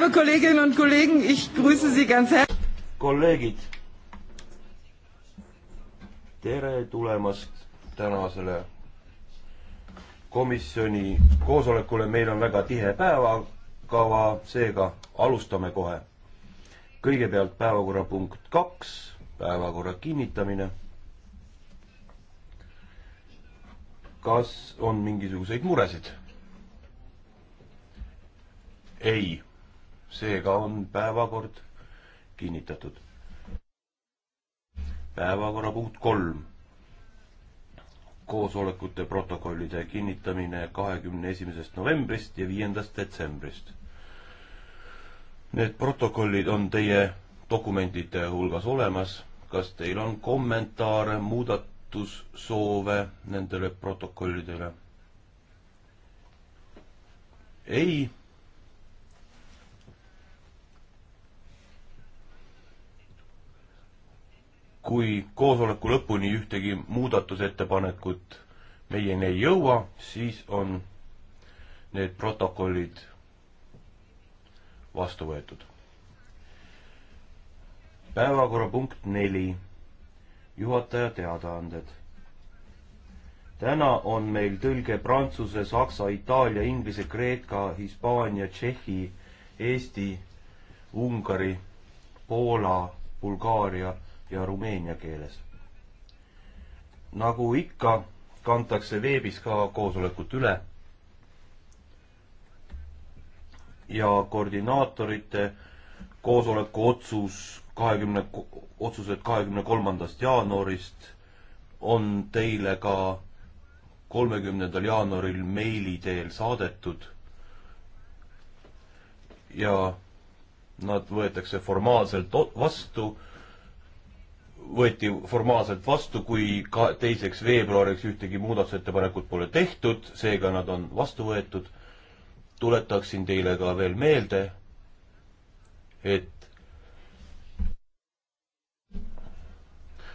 liebe Kolleginnen und Kollegen, ich grüße Sie ganz herzlich. kolleegid, tere tulemast tänasele komisjoni koosolekule, meil on väga tihe päevakava, seega alustame kohe. kõigepealt päevakorrapunkt kaks, päevakorra kinnitamine. kas on mingisuguseid muresid? ei seega on päevakord kinnitatud. päevakorrapunkt kolm. koosolekute protokollide kinnitamine kahekümne esimesest novembrist ja viiendast detsembrist. Need protokollid on teie dokumentide hulgas olemas. kas teil on kommentaare, muudatussoove nendele protokollidele? ei kui koosoleku lõpuni ühtegi muudatusettepanekut meieni ei jõua, siis on need protokollid vastu võetud. päevakorrapunkt neli, juhataja teadaanded. täna on meil tõlge prantsuse, saksa, itaalia, inglise, kreeka, hispaania, tšehhi, eesti, Ungari, Poola, Bulgaaria ja rumeenia keeles. nagu ikka, kantakse veebis ka koosolekut üle ja koordinaatorite koosoleku otsus kahekümne, otsused kahekümne kolmandast jaanuarist on teile ka kolmekümnendal jaanuaril meili teel saadetud ja nad võetakse formaalselt vastu võeti formaalselt vastu, kui ka teiseks veebruariks ühtegi muudatusettepanekut pole tehtud, seega nad on vastu võetud. tuletaksin teile ka veel meelde, et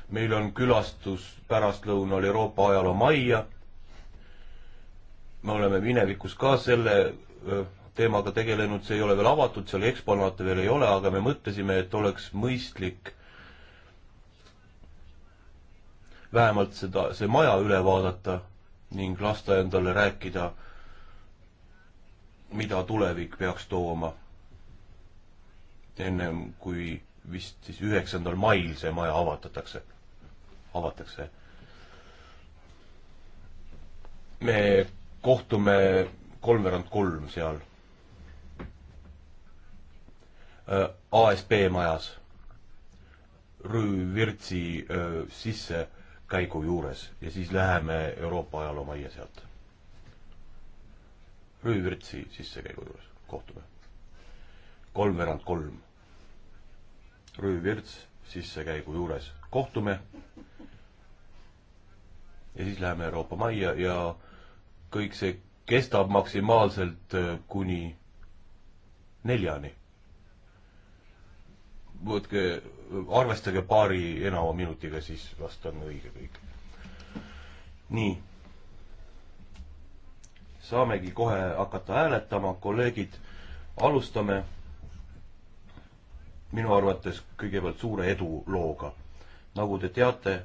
meil on külastus pärastlõunal Euroopa ajaloo majja. me oleme minevikus ka selle teemaga tegelenud, see ei ole veel avatud, seal eksponaate veel ei ole, aga me mõtlesime, et oleks mõistlik vähemalt seda, see maja üle vaadata ning lasta endale rääkida, mida tulevik peaks tooma. ennem kui vist siis üheksandal mail see maja avatatakse, avatakse. me kohtume kolmveerand kolm seal ASB majas, Rüü Virtsi öö, sisse käigu juures ja siis läheme Euroopa ajaloomajja sealt. röövürtsi sissekäigu juures kohtume. kolmveerand kolm. röövürts sissekäigu juures kohtume. ja siis läheme Euroopa majja ja kõik see kestab maksimaalselt äh, kuni neljani. võtke arvestage paari enama minutiga, siis vast on õige kõik. nii. saamegi kohe hakata hääletama, kolleegid, alustame minu arvates kõigepealt suure edulooga. nagu te teate,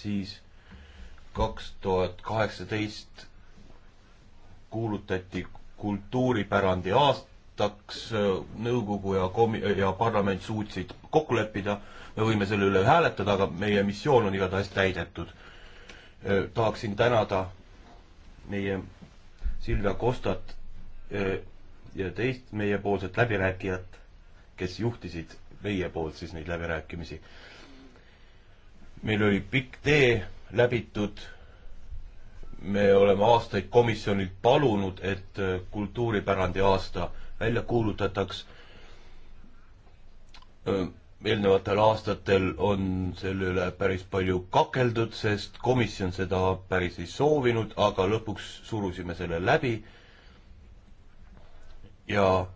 siis kaks tuhat kaheksateist kuulutati kultuuripärandi aast-, aastaks äh, nõukogu ja komi-, ja parlament suutsid kokku leppida, me võime selle üle hääletada, aga meie missioon on igatahes täidetud. Äh, tahaksin tänada meie Silvia Kostat äh, ja teist meiepoolset läbirääkijat, kes juhtisid meie poolt siis neid läbirääkimisi. meil oli pikk tee läbitud, me oleme aastaid komisjonilt palunud, et kultuuripärandi aasta välja kuulutataks. eelnevatel aastatel on selle üle päris palju kakeldud, sest komisjon seda päris ei soovinud, aga lõpuks surusime selle läbi. ja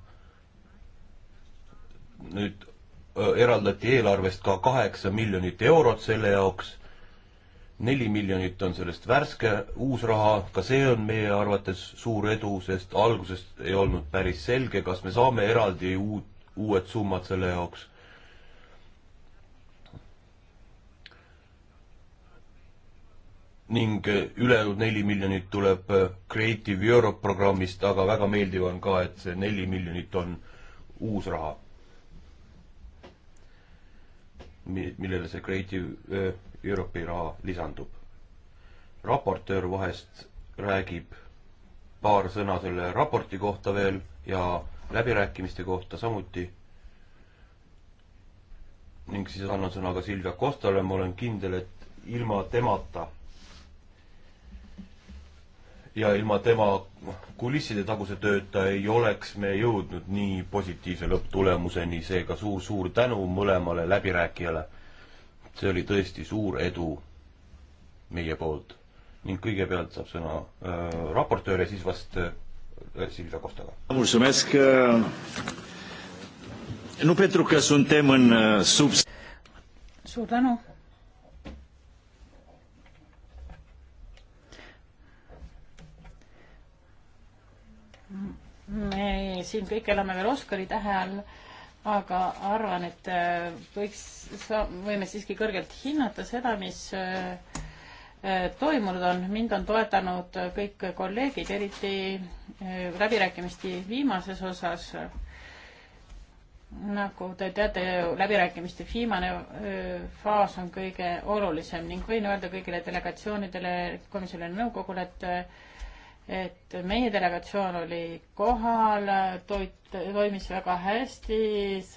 nüüd eraldati eelarvest ka kaheksa miljonit eurot selle jaoks neli miljonit on sellest värske uus raha, ka see on meie arvates suur edu, sest algusest ei olnud päris selge, kas me saame eraldi uut, uued summad selle jaoks. ning ülejäänud neli miljonit tuleb Creative Europe programmist, aga väga meeldiv on ka, et see neli miljonit on uus raha, millele see Creative eh, Europi raha lisandub. raportöör vahest räägib paar sõna selle raporti kohta veel ja läbirääkimiste kohta samuti. ning siis annan sõna ka Silvia Kostale, ma olen kindel, et ilma temata ja ilma tema kulisside taguse tööta ei oleks me jõudnud nii positiivse lõpptulemuseni, seega suur-suur tänu mõlemale läbirääkijale see oli tõesti suur edu meie poolt ning kõigepealt saab sõna äh, raportöör ja siis vast äh, Silvia Kostaga. mulțumesc äh,. nu pentru că suntem în äh, sub. suur tänu. me siin kõik elame veel Oscari tähe all aga arvan, et äh, võiks, võime siiski kõrgelt hinnata seda, mis äh, äh, toimunud on. mind on toetanud kõik kolleegid, eriti läbirääkimiste viimases osas. nagu te teate, läbirääkimiste viimane faas on kõige olulisem ning võin öelda kõigile delegatsioonidele, komisjonile, nõukogule, et et meie delegatsioon oli kohal, toit toimis väga hästi,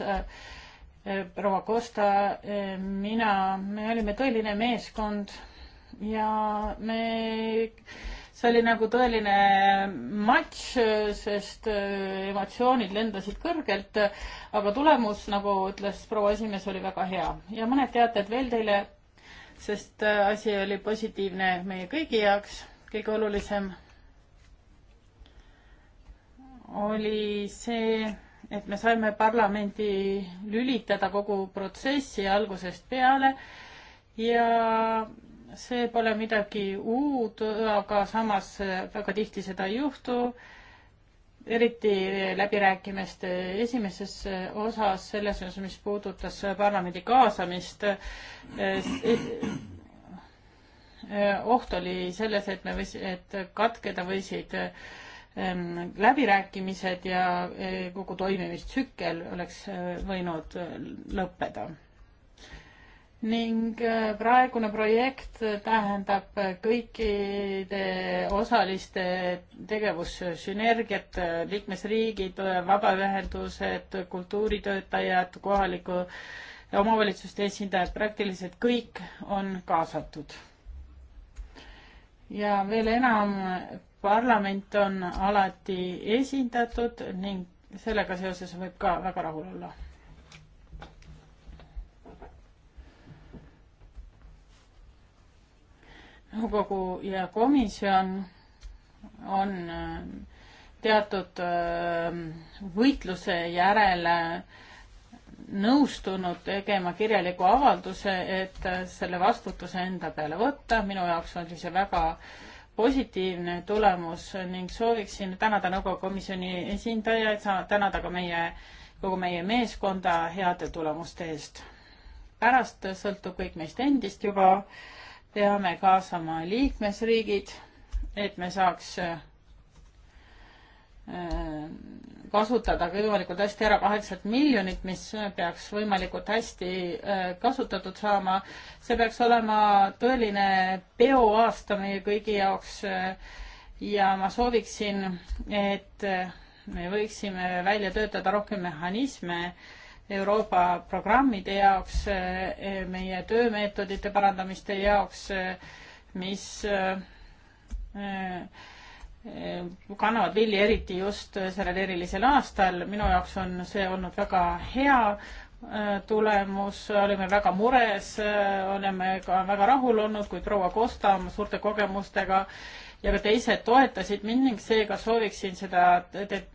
eh, proua Costa, eh, mina, me olime tõeline meeskond ja me, see oli nagu tõeline matš, sest eh, emotsioonid lendasid kõrgelt, aga tulemus, nagu ütles proua esimees, oli väga hea ja mõned teated veel teile, sest asi oli positiivne meie kõigi jaoks, kõige olulisem oli see, et me saime parlamendi lülitada kogu protsessi algusest peale ja see pole midagi uut, aga samas väga tihti seda ei juhtu. eriti läbirääkimiste esimeses osas, selles osas, mis puudutas parlamendi kaasamist. Eh, eh, oht oli selles, et me võis, et katkeda võisid Ähm, läbirääkimised ja äh, kogu toimimistsükkel oleks äh, võinud äh, lõppeda. ning praegune projekt tähendab kõikide osaliste tegevussünergiat, liikmesriigid, vabaühendused, kultuuritöötajad, kohaliku omavalitsuste esindajad, praktiliselt kõik on kaasatud. ja veel enam parlament on alati esindatud ning sellega seoses võib ka väga rahul olla. nõukogu ja komisjon on äh, teatud äh, võitluse järele nõustunud tegema kirjaliku avalduse, et äh, selle vastutuse enda peale võtta. minu jaoks oli see väga äh, positiivne tulemus ning sooviksin tänada nõukogu komisjoni esindajaid, tänada ka meie, kogu meie meeskonda heade tulemuste eest. pärast sõltub kõik meist endist juba, peame kaasama liikmesriigid, et me saaks äh, kasutada võimalikult hästi ära kaheksat miljonit, mis peaks võimalikult hästi äh, kasutatud saama. see peaks olema tõeline peoaasta meie kõigi jaoks. Äh, ja ma sooviksin, et äh, me võiksime välja töötada rohkem mehhanisme Euroopa programmide jaoks, meie töömeetodite parandamiste jaoks, mis äh, Ehm, kannavad villi eriti just äh, sellel erilisel aastal. minu jaoks on see olnud väga hea äh, tulemus, olime väga mures, äh, oleme ka väga rahul olnud, kui proua Kosta oma suurte kogemustega ja ka teised toetasid mind ning seega sooviksin seda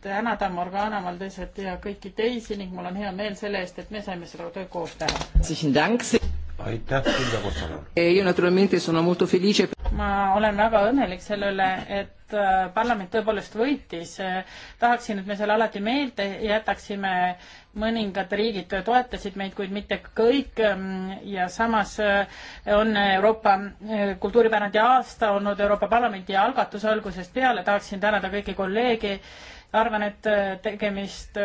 tänada Morgana Maldeset ja kõiki teisi ning mul on hea meel selle eest, et me saime seda tööd koos teha aitäh, Hilda Kossala. Eh, ma olen väga õnnelik selle üle, et äh, parlament tõepoolest võitis. Äh, tahaksin, et me selle alati meelde jätaksime. mõningad riigid toetasid meid, kuid mitte kõik. Ähm, ja samas äh, on Euroopa kultuuripärandi aasta olnud Euroopa Parlamendi algatus algusest peale. tahaksin tänada kõiki kolleege. arvan, et tegemist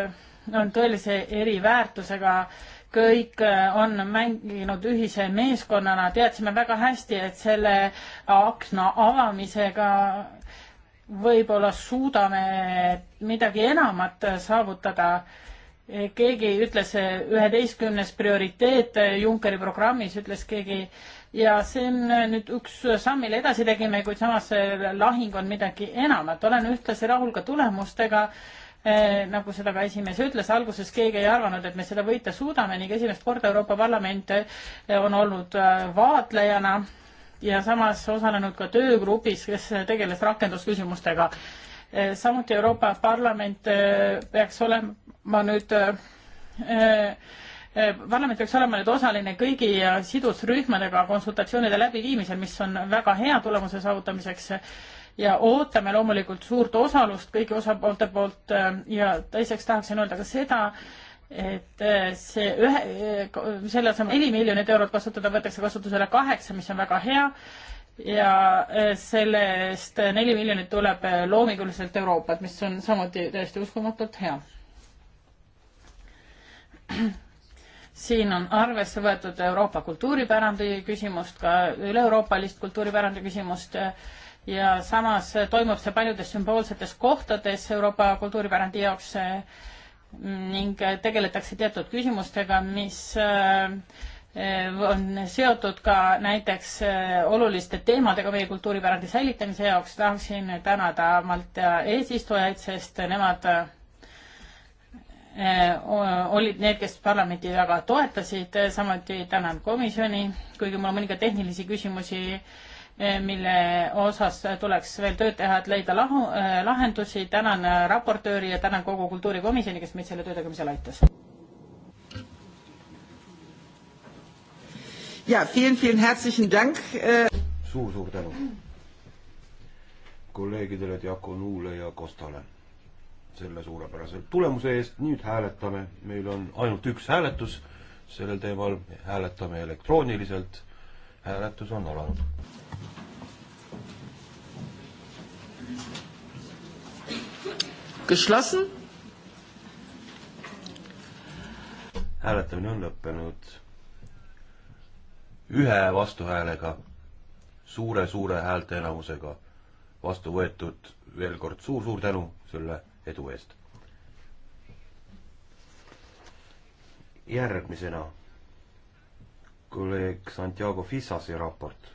on tõelise eriväärtusega kõik äh, on mänginud ühise meeskonnana, teadsime väga hästi, et selle akna avamisega võib-olla suudame midagi enamat saavutada. keegi ütles äh, üheteistkümnes prioriteet äh, Junckeri programmis, ütles keegi ja see on nüüd üks samm, mille edasi tegime, kuid samas lahing on midagi enamat. olen ühtlasi rahul ka tulemustega Eh, nagu seda ka esimees ütles, alguses keegi ei arvanud, et me seda võita suudame ning esimest korda Euroopa Parlament eh, on olnud eh, vaatlejana ja samas osalenud ka töögrupis, kes tegeles rakendusküsimustega. samuti Euroopa Parlament peaks olema nüüd parlament peaks olema nüüd osaline kõigi sidusrühmadega konsultatsioonide läbiviimisel, mis on väga hea tulemuse saavutamiseks ja ootame loomulikult suurt osalust kõigi osapoolte poolt äh, ja teiseks tahaksin öelda ka seda, et äh, see ühe, äh, selle asemel neli miljonit eurot kasutada, võetakse kasutusele kaheksa, mis on väga hea ja sellest neli miljonit tuleb loominguliselt Euroopat, mis on samuti täiesti uskumatult hea. siin on arvesse võetud Euroopa kultuuripärandi küsimust, ka üle-euroopalist kultuuripärandi küsimust äh, ja samas toimub see paljudes sümboolsetes kohtades Euroopa kultuuripärandi jaoks eh, ning tegeletakse teatud küsimustega, mis eh, on seotud ka näiteks eh, oluliste teemadega meie kultuuripärandi säilitamise jaoks. tahaksin tänada Malta eesistujaid, sest nemad olid need, kes parlamenti väga toetasid, samuti tänan komisjoni, kuigi mul on mõningaid tehnilisi küsimusi äh, Eh, mille osas tuleks veel tööd teha, et leida lahu, eh, lahendusi. tänan eh, raportööri ja tänan kogu kultuurikomisjoni, kes meid selle töö tegemisel aitas. ja, suur-suur äh, tänu kolleegidele Diakonuule ja Kostale selle suurepärase tulemuse eest. nüüd hääletame, meil on ainult üks hääletus sellel teemal, hääletame elektrooniliselt. hääletus on alanud. geschlossen. hääletamine on lõppenud ühe vastuhäälega suure,, suure-suure häälteenamusega vastu võetud veel kord suur-suur tänu selle edu eest. järgmisena kolleeg Santiago Fissasi raport.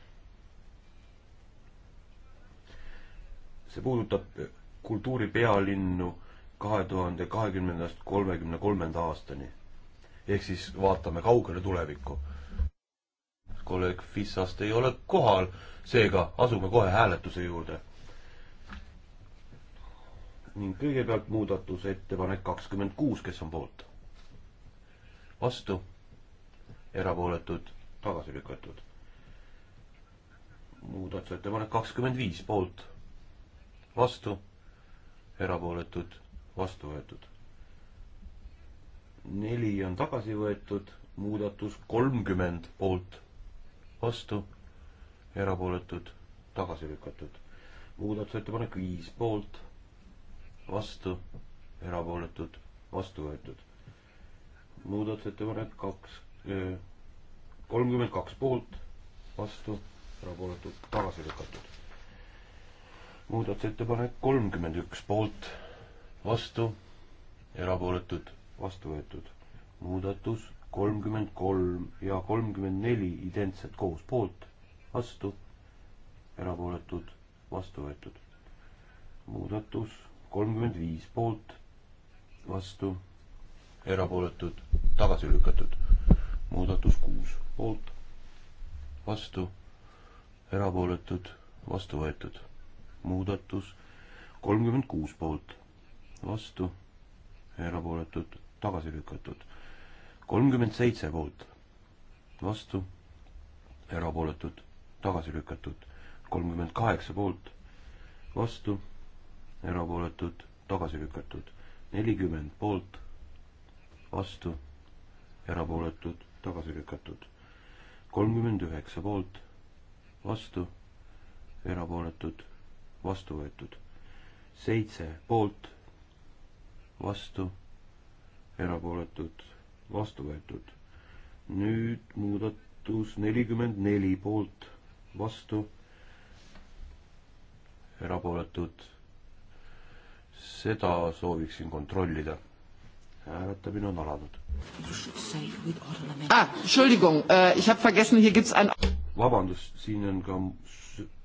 see puudutab kultuuripealinnu kahe tuhande kahekümnendast kolmekümne kolmanda aastani. ehk siis vaatame kaugele tulevikku. kolleeg Fissast ei ole kohal, seega asume kohe hääletuse juurde. ning kõigepealt muudatusettepanek kakskümmend kuus, kes on poolt? vastu, erapooletud, tagasi lükatud. muudatusettepanek kakskümmend viis poolt, vastu erapooletud, vastu võetud. neli on tagasi võetud, muudatus kolmkümmend poolt, vastu, erapooletud, tagasi lükatud. muudatusettepanek viis poolt, vastu, erapooletud, vastu võetud. muudatusettepanek kaks, kolmkümmend kaks poolt, vastu, erapooletud, tagasi lükatud muudatusettepanek kolmkümmend üks poolt, vastu, erapooletud, vastu võetud. muudatus kolmkümmend kolm ja kolmkümmend neli identsed koos poolt, vastu, erapooletud, vastu võetud. muudatus kolmkümmend viis poolt, vastu, erapooletud, tagasi lükatud. muudatus kuus poolt, vastu, erapooletud, vastu võetud muudatus kolmkümmend kuus poolt, vastu, erapooletud, tagasi lükatud. kolmkümmend seitse poolt, vastu, erapooletud, tagasi lükatud. kolmkümmend kaheksa poolt, vastu, erapooletud, tagasi lükatud. nelikümmend poolt, vastu, erapooletud, tagasi lükatud. kolmkümmend üheksa poolt, vastu, erapooletud vastu võetud. seitse poolt, vastu, erapooletud, vastu võetud. nüüd muudatus nelikümmend neli poolt, vastu, erapooletud. seda sooviksin kontrollida. hääletamine on alanud. Ah, Entschuldigung, äh, ich habe vergessen, hier gibt's ein vabandust, siin on ka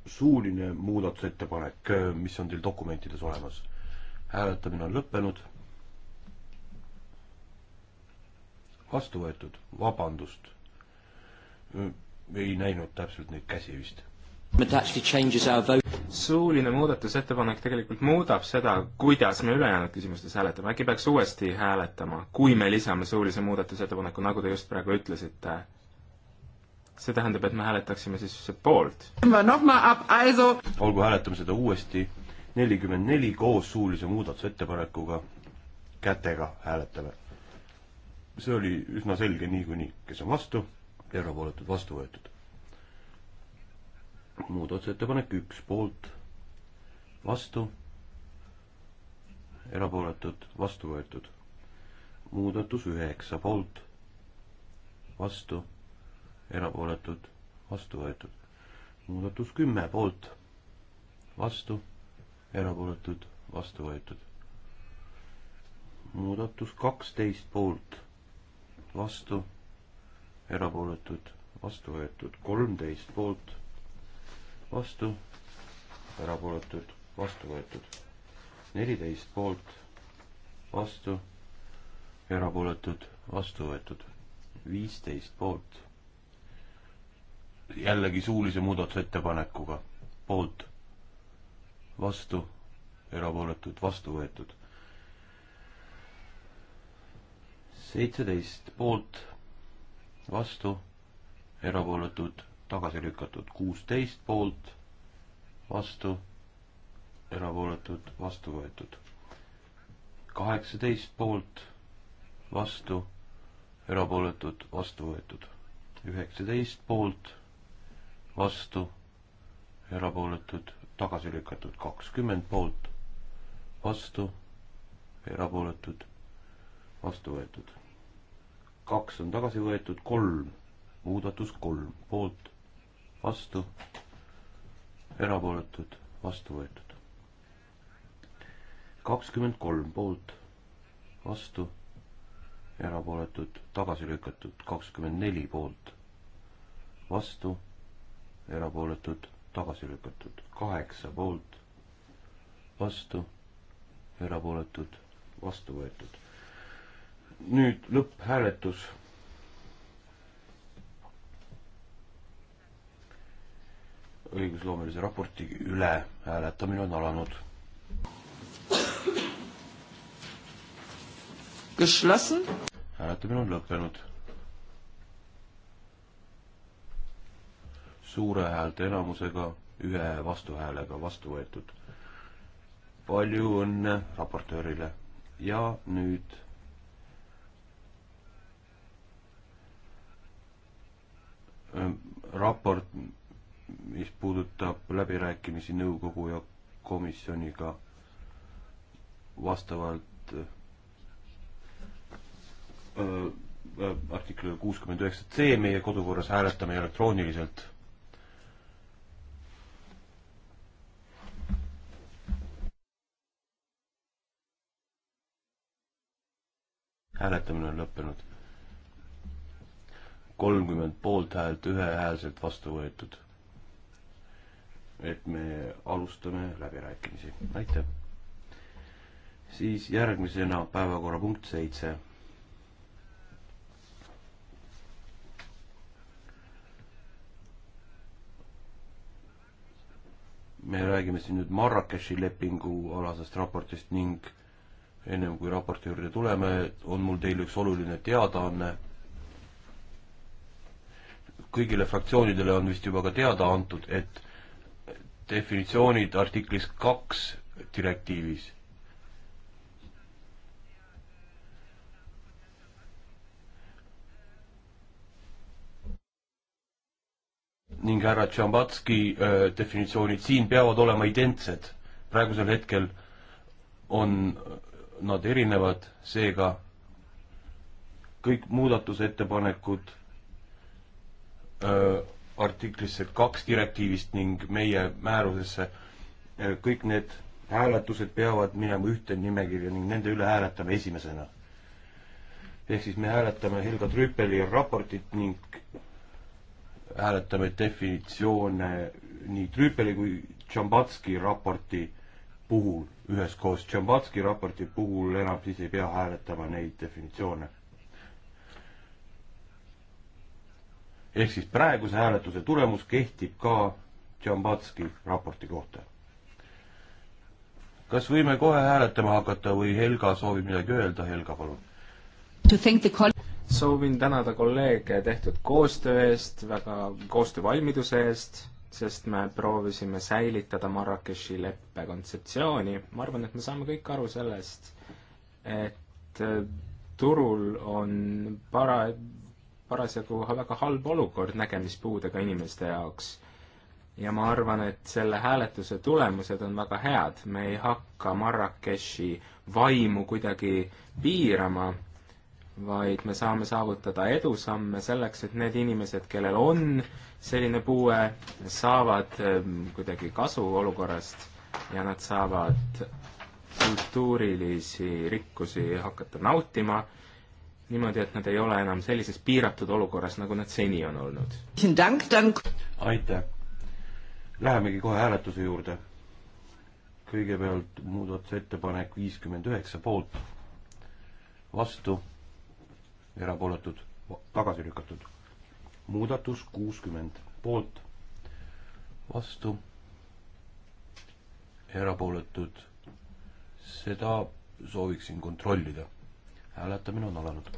suuline muudatusettepanek, mis on teil dokumentides olemas. hääletamine on lõppenud. vastu võetud, vabandust. ei näinud täpselt neid käsi vist. suuline muudatusettepanek tegelikult muudab seda, kuidas me ülejäänud küsimustes hääletame, äkki peaks uuesti hääletama, kui me lisame suulise muudatusettepaneku, nagu te just praegu ütlesite see tähendab, et me hääletaksime siis poolt. olgu, hääletame seda uuesti. nelikümmend neli koos suulise muudatusettepanekuga. kätega hääletame. see oli üsna selge niikuinii, kes on vastu, erapooletud vastu võetud. muudatusettepanek üks poolt, vastu, erapooletud, vastu võetud. muudatus üheksa poolt, vastu erapooletud, vastu võetud. muudatus kümme poolt, vastu, erapooletud, vastu võetud. muudatus kaksteist poolt, vastu, erapooletud, vastu võetud. kolmteist poolt, vastu, erapooletud, vastu võetud. neliteist poolt, vastu, erapooletud, vastu võetud. viisteist poolt jällegi suulise muudatusettepanekuga. poolt, vastu, erapooletud, vastu võetud. seitseteist poolt, vastu, erapooletud, tagasi lükatud. kuusteist poolt, vastu, erapooletud, vastu võetud. kaheksateist poolt, vastu, erapooletud, vastu võetud. üheksateist poolt vastu, erapooletud, tagasi lükatud kakskümmend poolt, vastu, erapooletud, vastu võetud. kaks on tagasi võetud, kolm, muudatus kolm, poolt, vastu, erapooletud, vastu võetud. kakskümmend kolm poolt, vastu, erapooletud, tagasi lükatud, kakskümmend neli poolt, vastu erapooletud, tagasi lükatud. kaheksa poolt, vastu, erapooletud, vastu võetud. nüüd lõpphääletus. õigusloomelise raporti üle hääletamine on alanud. Geschlossen. hääletamine on lõppenud suure häälte enamusega, ühe vastuhäälega vastu võetud. palju õnne raportöörile ja nüüd ähm, raport, mis puudutab läbirääkimisi nõukogu ja komisjoniga vastavalt äh, äh, artiklile kuuskümmend üheksa C meie kodukorras hääletame elektrooniliselt hääletamine on lõppenud. kolmkümmend poolthäält ühehäälselt vastu võetud. et me alustame läbirääkimisi, aitäh. siis järgmisena päevakorrapunkt seitse. me räägime siin nüüd Marrakechi lepingu alasest raportist ning ennem kui raporti juurde tuleme, on mul teile üks oluline teadaanne. kõigile fraktsioonidele on vist juba ka teada antud, et definitsioonid artiklis kaks direktiivis ning härra Tšambatski äh, definitsioonid siin peavad olema identsed. praegusel hetkel on nad erinevad, seega kõik muudatusettepanekud öö, äh, artiklisse kaks direktiivist ning meie määrusesse, äh, kõik need hääletused peavad minema ühte nimekirja ning nende üle hääletame esimesena. ehk siis me hääletame Helga Trüppeli raportit ning hääletame definitsioone nii Trüppeli kui Tšambatski raporti puhul üheskoos Tšambatski raporti puhul enam siis ei pea hääletama neid definitsioone. ehk siis praeguse hääletuse tulemus kehtib ka Tšambatski raporti kohta. kas võime kohe hääletama hakata või Helga soovib midagi öelda, Helga, palun? soovin tänada kolleege tehtud koostöö eest, väga koostöövalmiduse eest sest me proovisime säilitada Marrakechi leppe kontseptsiooni. ma arvan, et me saame kõik aru sellest, et äh, turul on para-, parasjagu väga halb olukord nägemispuudega inimeste jaoks. ja ma arvan, et selle hääletuse tulemused on väga head, me ei hakka Marrakechi vaimu kuidagi piirama vaid me saame saavutada edusamme selleks, et need inimesed, kellel on selline puue, saavad ähm, kuidagi kasu olukorrast ja nad saavad kultuurilisi rikkusi hakata nautima niimoodi, et nad ei ole enam sellises piiratud olukorras, nagu nad seni on olnud. aitäh! Lähemegi kohe hääletuse juurde. kõigepealt muudatusettepanek viiskümmend üheksa poolt, vastu erapooletud, tagasi lükatud. muudatus kuuskümmend, poolt, vastu, erapooletud, seda sooviksin kontrollida. hääletamine on alanud.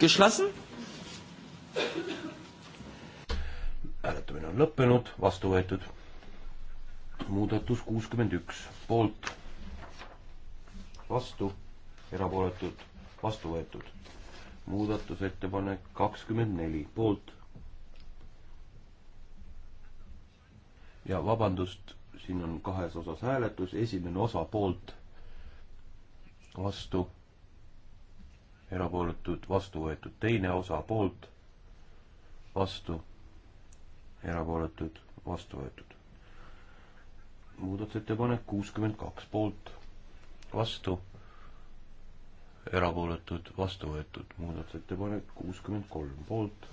Geschlossen? hääletamine on lõppenud, vastu võetud. muudatus kuuskümmend üks, poolt vastu, erapooletud, vastu võetud. muudatusettepanek kakskümmend neli, poolt. ja vabandust, siin on kahes osas hääletus, esimene osa poolt, vastu, erapooletud, vastu võetud, teine osa poolt, vastu, erapooletud, vastu võetud muudatusettepanek kuuskümmend kaks poolt vastu, erapooletud, vastu võetud. muudatusettepanek kuuskümmend kolm poolt,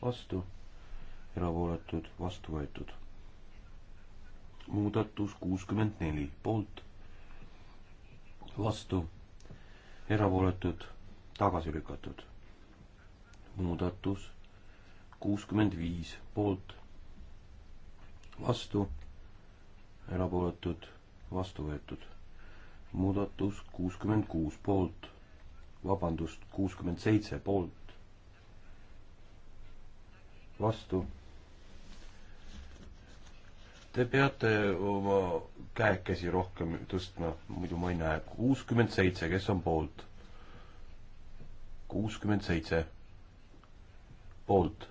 vastu, erapooletud, vastu võetud. muudatus kuuskümmend neli poolt, vastu, erapooletud, tagasi lükatud. muudatus kuuskümmend viis poolt, vastu, erapooletud, vastu võetud muudatus kuuskümmend kuus poolt, vabandust, kuuskümmend seitse poolt, vastu. Te peate oma käekesi rohkem tõstma, muidu ma ei näe. kuuskümmend seitse, kes on poolt? kuuskümmend seitse poolt,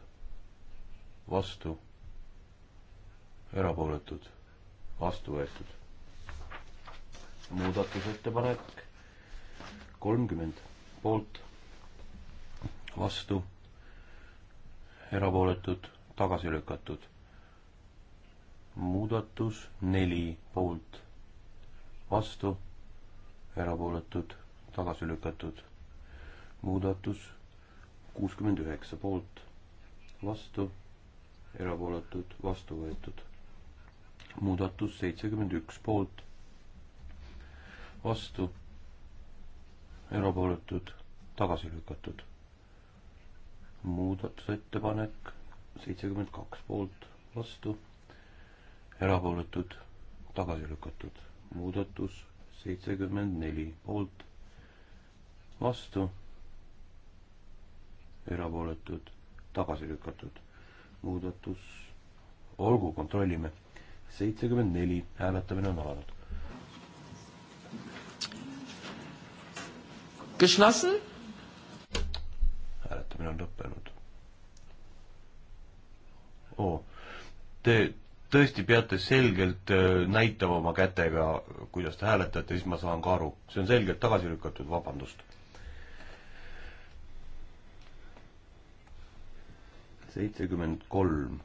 vastu, erapooletud, vastu võetud muudatusettepanek kolmkümmend poolt, vastu, erapooletud, tagasi lükatud. muudatus neli poolt, vastu, erapooletud, tagasi lükatud. muudatus kuuskümmend üheksa poolt, vastu, erapooletud, vastu võetud. muudatus seitsekümmend üks poolt vastu, erapooletud, tagasi lükatud. muudatusettepanek seitsekümmend kaks poolt, vastu, erapooletud, tagasi lükatud. muudatus seitsekümmend neli poolt, vastu, erapooletud, tagasi lükatud. muudatus, olgu, kontrollime. seitsekümmend neli, hääletamine on alanud. Geschlossen? hääletamine on lõppenud oo, te tõesti peate selgelt äh, näitama oma kätega, kuidas te hääletate, siis ma saan ka aru. see on selgelt tagasi lükatud, vabandust. seitsekümmend kolm,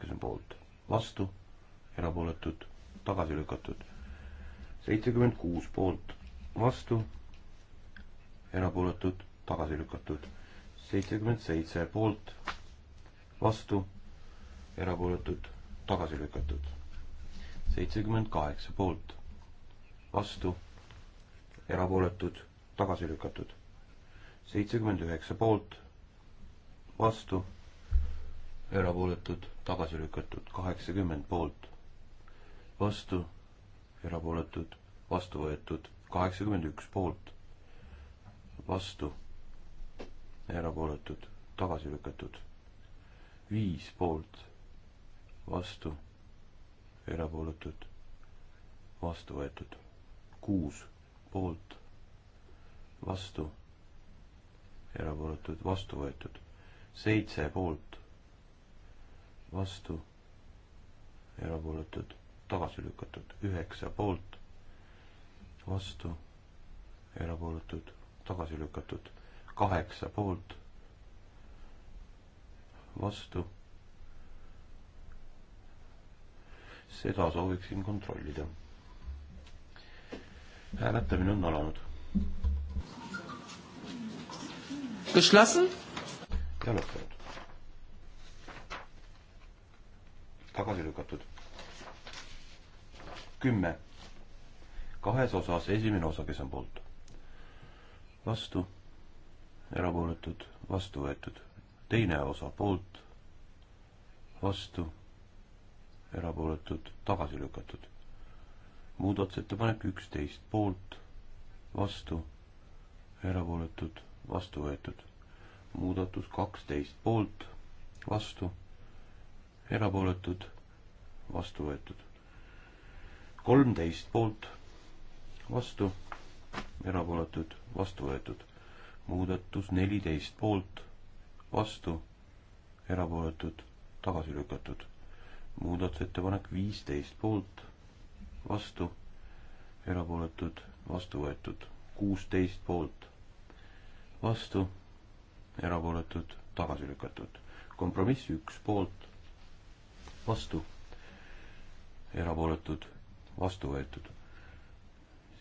kes on poolt, vastu, erapooletud, tagasi lükatud seitsekümmend kuus poolt, vastu, erapooletud, tagasi lükatud. seitsekümmend seitse poolt, vastu, erapooletud, tagasi lükatud. seitsekümmend kaheksa poolt, vastu, erapooletud, tagasi lükatud. seitsekümmend üheksa poolt, vastu, erapooletud, tagasi lükatud. kaheksakümmend poolt, vastu erapooletud, vastu võetud, kaheksakümmend üks poolt, vastu, erapooletud, tagasi lükatud, viis poolt, vastu, erapooletud, vastu võetud, kuus poolt, vastu, erapooletud, vastu võetud, seitse poolt, vastu, erapooletud tagasi lükatud, üheksa poolt, vastu, erapooletud, tagasi lükatud, kaheksa poolt, vastu. seda sooviksin kontrollida. hääletamine on alanud. Geschlossen? ja lõppenud. tagasi lükatud kümme kahes osas, esimene osa, kes on poolt. vastu, erapooletud, vastu võetud. teine osa poolt, vastu, erapooletud, tagasi lükatud. muudatusettepanek üksteist poolt, vastu, erapooletud, vastu võetud. muudatus kaksteist poolt, vastu, erapooletud, vastu võetud kolmteist poolt, vastu, erapooletud, vastu võetud. muudatus neliteist poolt, vastu, erapooletud, tagasi lükatud. muudatusettepanek viisteist poolt, vastu, erapooletud, vastu võetud. kuusteist poolt, vastu, erapooletud, tagasi lükatud. kompromiss üks poolt, vastu, erapooletud vastu võetud.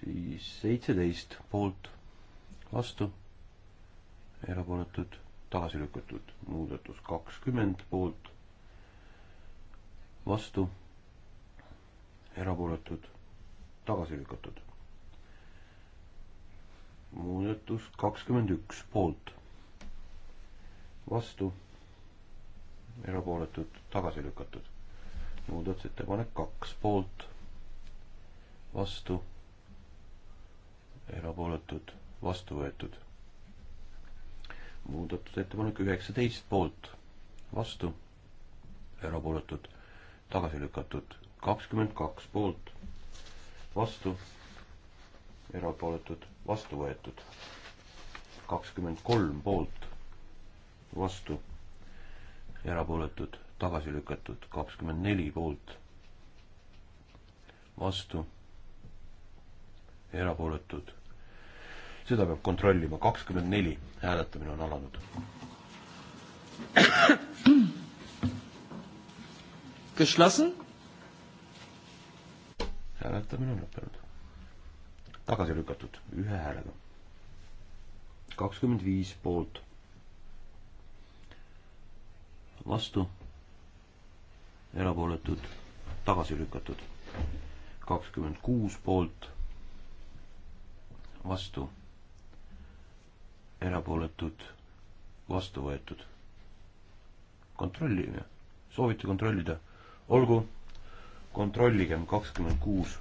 siis seitseteist poolt vastu, erapooletud, tagasi lükatud, muudatus kakskümmend poolt vastu, erapooletud, tagasi lükatud. muudatus kakskümmend üks poolt vastu, erapooletud, tagasi lükatud muudatusettepanek kaks poolt, vastu, erapooletud, vastu võetud. muudatusettepanek üheksateist poolt, vastu, erapooletud, tagasi lükatud, kakskümmend kaks poolt, vastu, erapooletud, vastu võetud, kakskümmend kolm poolt, vastu, erapooletud, tagasi lükatud, kakskümmend neli poolt, vastu erapooletud. seda peab kontrollima, kakskümmend neli hääletamine on alanud. Geschlossen? hääletamine on lõppenud. tagasi lükatud ühe häälega. kakskümmend viis poolt. vastu. erapooletud, tagasi lükatud. kakskümmend kuus poolt vastu, erapooletud, vastu võetud. kontrollime, soovite kontrollida, olgu, kontrolligem kakskümmend kuus.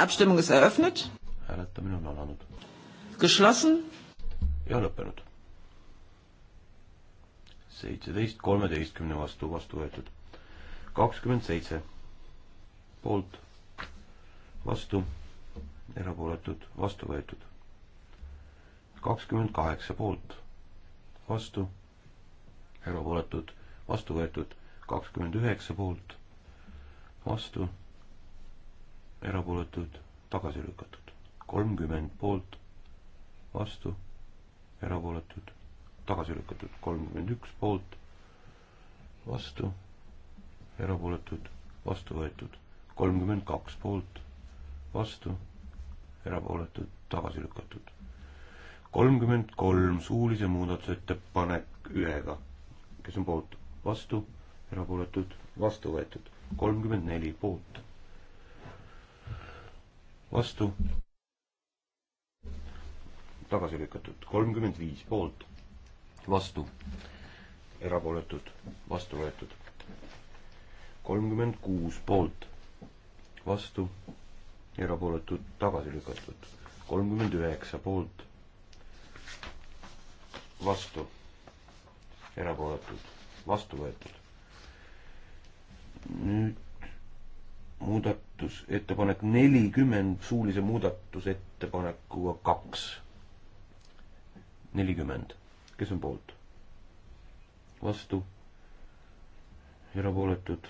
Abstimmung ist eröffnet. hääletamine on alanud. Geschlossen. ja lõppenud. seitseteist kolmeteistkümne vastu, vastu võetud. kakskümmend seitse poolt, vastu erapooletud, vastu võetud. kakskümmend kaheksa poolt, vastu, erapooletud, vastu võetud, kakskümmend üheksa poolt, vastu, erapooletud, tagasi lükatud, kolmkümmend poolt, vastu, erapooletud, tagasi lükatud, kolmkümmend üks poolt, vastu, erapooletud, vastu võetud, kolmkümmend kaks poolt, vastu erapooletud, tagasi lükatud. kolmkümmend kolm suulise muudatusettepanek ühega, kes on poolt, vastu, erapooletud, vastu võetud. kolmkümmend neli poolt, vastu, tagasi lükatud. kolmkümmend viis poolt, vastu, erapooletud, vastu võetud. kolmkümmend kuus poolt, vastu erapooletud tagasi lükatud. kolmkümmend üheksa poolt, vastu, erapooletud, vastu võetud. nüüd muudatusettepanek nelikümmend suulise muudatusettepanekuga kaks. nelikümmend, kes on poolt? vastu, erapooletud.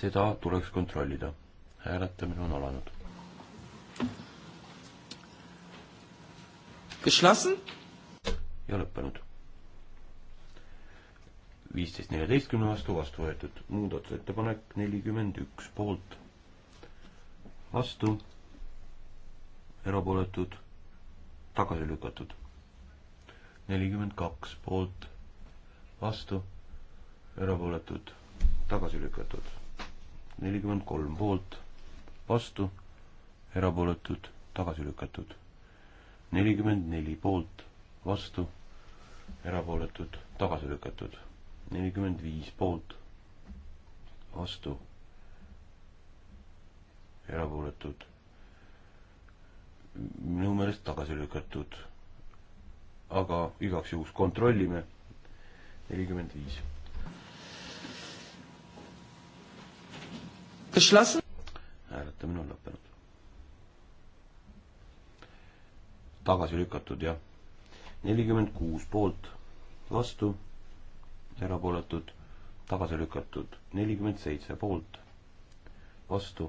seda tuleks kontrollida hääletamine on alanud. ja lõppenud. viisteist neljateistkümne vastu vastu võetud muudatusettepanek nelikümmend üks poolt, vastu, erapooletud, tagasi lükatud. nelikümmend kaks poolt, vastu, erapooletud, tagasi lükatud. nelikümmend kolm poolt vastu, erapooletud, tagasi lükatud. nelikümmend neli poolt, vastu, erapooletud, tagasi lükatud. nelikümmend viis poolt, vastu, erapooletud, minu meelest tagasi lükatud. aga igaks juhuks kontrollime, nelikümmend viis. geschlossen? tagasi lükatud, jah. nelikümmend kuus poolt, vastu, erapooletud, tagasi lükatud, nelikümmend seitse poolt, vastu,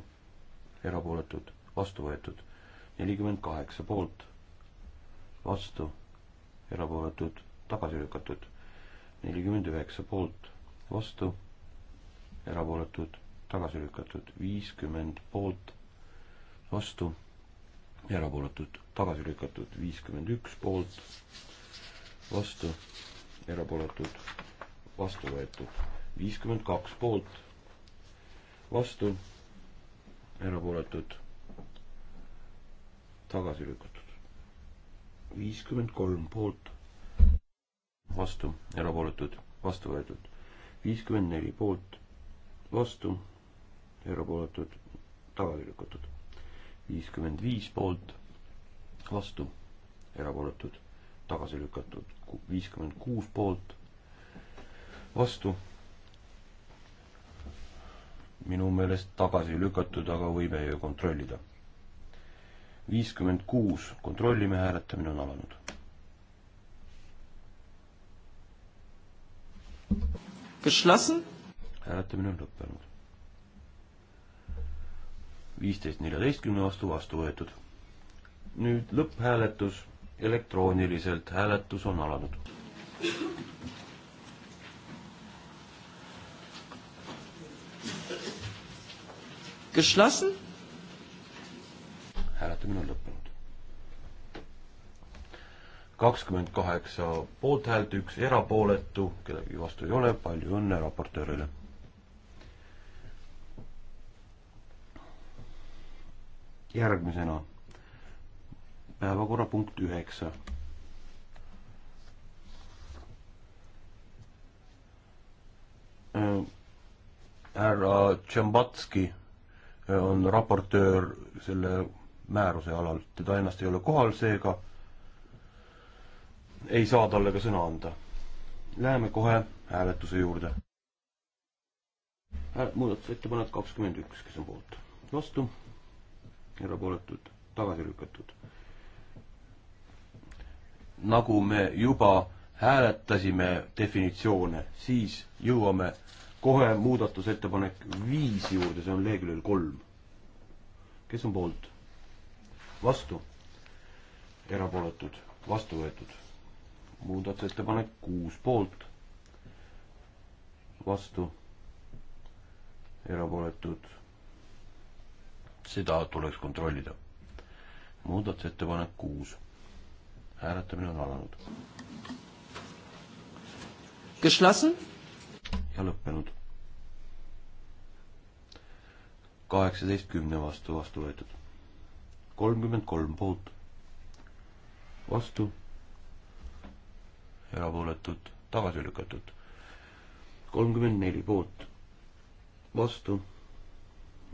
erapooletud, vastu võetud, nelikümmend kaheksa poolt, vastu, erapooletud, tagasi lükatud, nelikümmend üheksa poolt, vastu, erapooletud, tagasi lükatud, viiskümmend poolt, vastu erapooletud, tagasi lükatud viiskümmend üks poolt, vastu, erapooletud, vastu võetud viiskümmend kaks poolt, vastu, erapooletud, tagasi lükatud viiskümmend kolm poolt, vastu, erapooletud, vastu võetud viiskümmend neli poolt, vastu, erapooletud, tagasi lükatud viiskümmend viis poolt, vastu, erapooletud, tagasi lükatud, viiskümmend kuus poolt, vastu. minu meelest tagasi lükatud, aga võime ju kontrollida. viiskümmend kuus, kontrollime, hääletamine on alanud. Geschlossen? hääletamine on lõppenud viisteist neljateistkümne vastu vastu võetud. nüüd lõpphääletus elektrooniliselt, hääletus on alanud. Geschlossen? hääletamine on lõppenud. kakskümmend kaheksa poolthäält, üks erapooletu, kedagi vastu ei ole, palju õnne raportöörile järgmisena päevakorrapunkt üheksa. Äh, härra Tšambatski äh, on raportöör selle määruse alal, teda ennast ei ole kohal, seega ei saa talle ka sõna anda. Läheme kohe hääletuse juurde. Äh, muudatusettepanek kakskümmend üks, kes on poolt, vastu erapooletud, tagasi lükatud. nagu me juba hääletasime definitsioone, siis jõuame kohe muudatusettepanek viis juurde, see on leheküljel kolm. kes on poolt? vastu? erapooletud? vastu võetud? muudatusettepanek kuus poolt, vastu, erapooletud seda tuleks kontrollida. muudatusettepanek kuus. hääletamine on alanud. Geschlossen? ja lõppenud. kaheksateist kümne vastu vastu võetud. kolmkümmend kolm poolt. vastu. erapooletud, tagasi lükatud. kolmkümmend neli poolt. vastu.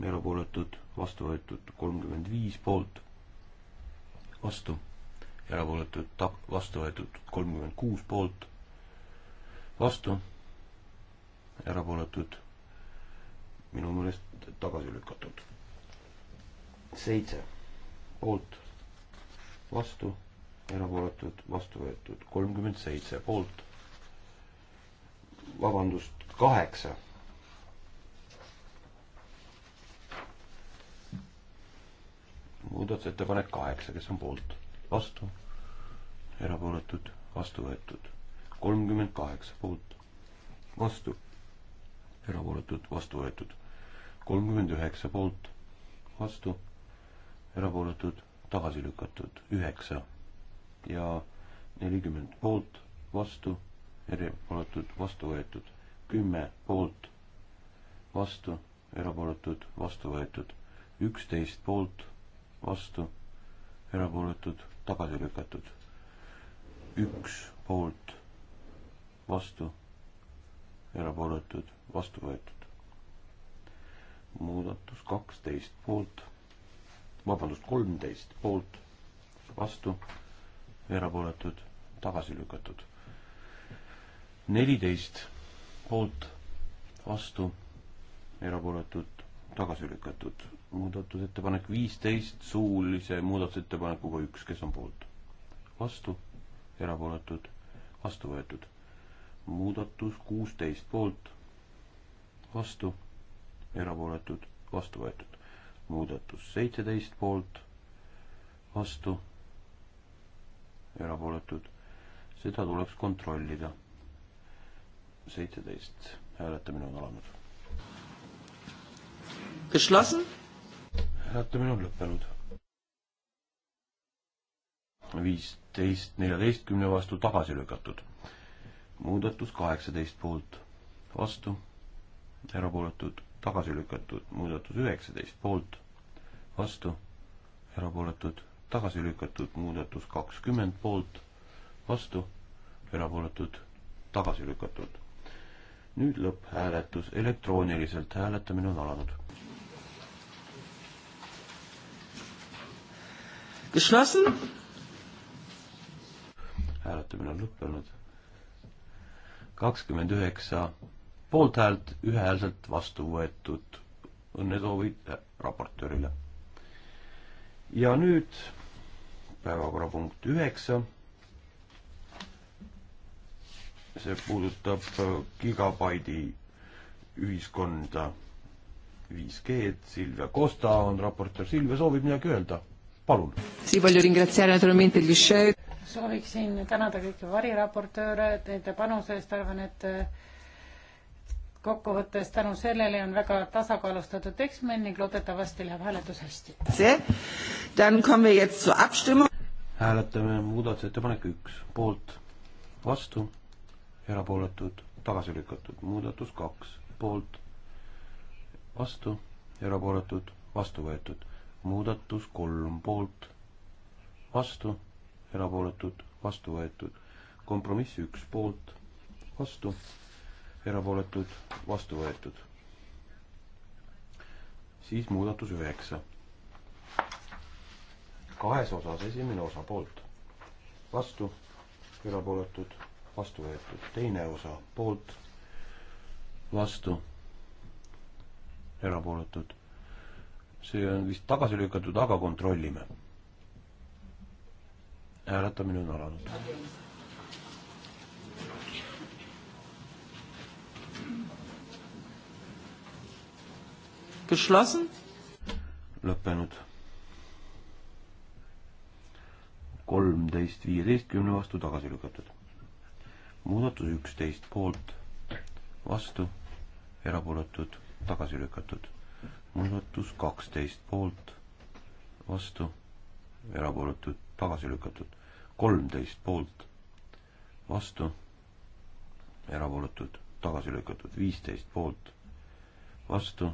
erapooletud vastu võetud kolmkümmend viis poolt, vastu, erapooletud ta-, vastu võetud kolmkümmend kuus poolt, vastu, erapooletud minu meelest tagasi lükatud. seitse poolt, vastu, erapooletud, vastu võetud kolmkümmend seitse poolt, vabandust, kaheksa muudatusettepanek kaheksa, kes on poolt, vastu, erapooletud, vastu võetud. kolmkümmend kaheksa poolt, vastu, erapooletud, vastu võetud. kolmkümmend üheksa poolt, vastu, erapooletud, tagasi lükatud, üheksa ja nelikümmend poolt, vastu, erapooletud, vastu võetud, kümme poolt, vastu, erapooletud, vastu võetud, üksteist poolt vastu, erapooletud, tagasi lükatud. üks poolt, vastu, erapooletud, vastu võetud. muudatus kaksteist poolt, vabandust, kolmteist poolt, vastu, erapooletud, tagasi lükatud. neliteist poolt, vastu, erapooletud, tagasi lükatud muudatusettepanek viisteist suulise muudatusettepanekuga üks, kes on poolt? vastu, erapooletud, vastu võetud. muudatus kuusteist poolt, vastu, erapooletud, vastu võetud. muudatus seitseteist poolt, vastu, erapooletud. seda tuleks kontrollida. seitseteist, hääletamine on alanud. Geschlossen? hääletamine on lõppenud. viisteist neljateistkümne vastu tagasi lükatud. muudatus kaheksateist poolt vastu, erapooletud tagasi lükatud, muudatus üheksateist poolt vastu, erapooletud tagasi lükatud, muudatus kakskümmend poolt vastu, erapooletud tagasi lükatud. nüüd lõpphääletus, elektrooniliselt hääletamine on alanud. geschlossen. hääletamine on lõppenud. kakskümmend üheksa poolthäält ühehäälselt vastu võetud. õnnesoovid raportöörile. ja nüüd päevakorrapunkt üheksa. see puudutab gigabaidi ühiskonda 5G-d, Silvia Kosta on raportöör, Silvia soovib midagi öelda palun. sooviksin tänada kõiki variraportööre teie panuse eest, arvan, et eh, kokkuvõttes tänu sellele on väga tasakaalustatud tekstmees ning loodetavasti läheb hääletus hästi. hääletame muudatusettepanek üks, poolt, vastu, erapooletud, tagasi lükatud, muudatus kaks, poolt, vastu, erapooletud, vastu võetud muudatus kolm poolt, vastu, erapooletud, vastu võetud. kompromiss üks poolt, vastu, erapooletud, vastu võetud. siis muudatus üheksa. kahes osas esimene osa poolt, vastu, erapooletud, vastu võetud. teine osa poolt, vastu, erapooletud see on vist tagasi lükatud, aga kontrollime. hääletamine on alanud. Geschlossen? lõppenud. kolmteist viieteistkümne vastu tagasi lükatud. muudatus üksteist poolt, vastu, erapooletud, tagasi lükatud muudatus kaksteist poolt, vastu, erapooletud, tagasi lükatud. kolmteist poolt, vastu, erapooletud, tagasi lükatud. viisteist poolt, vastu,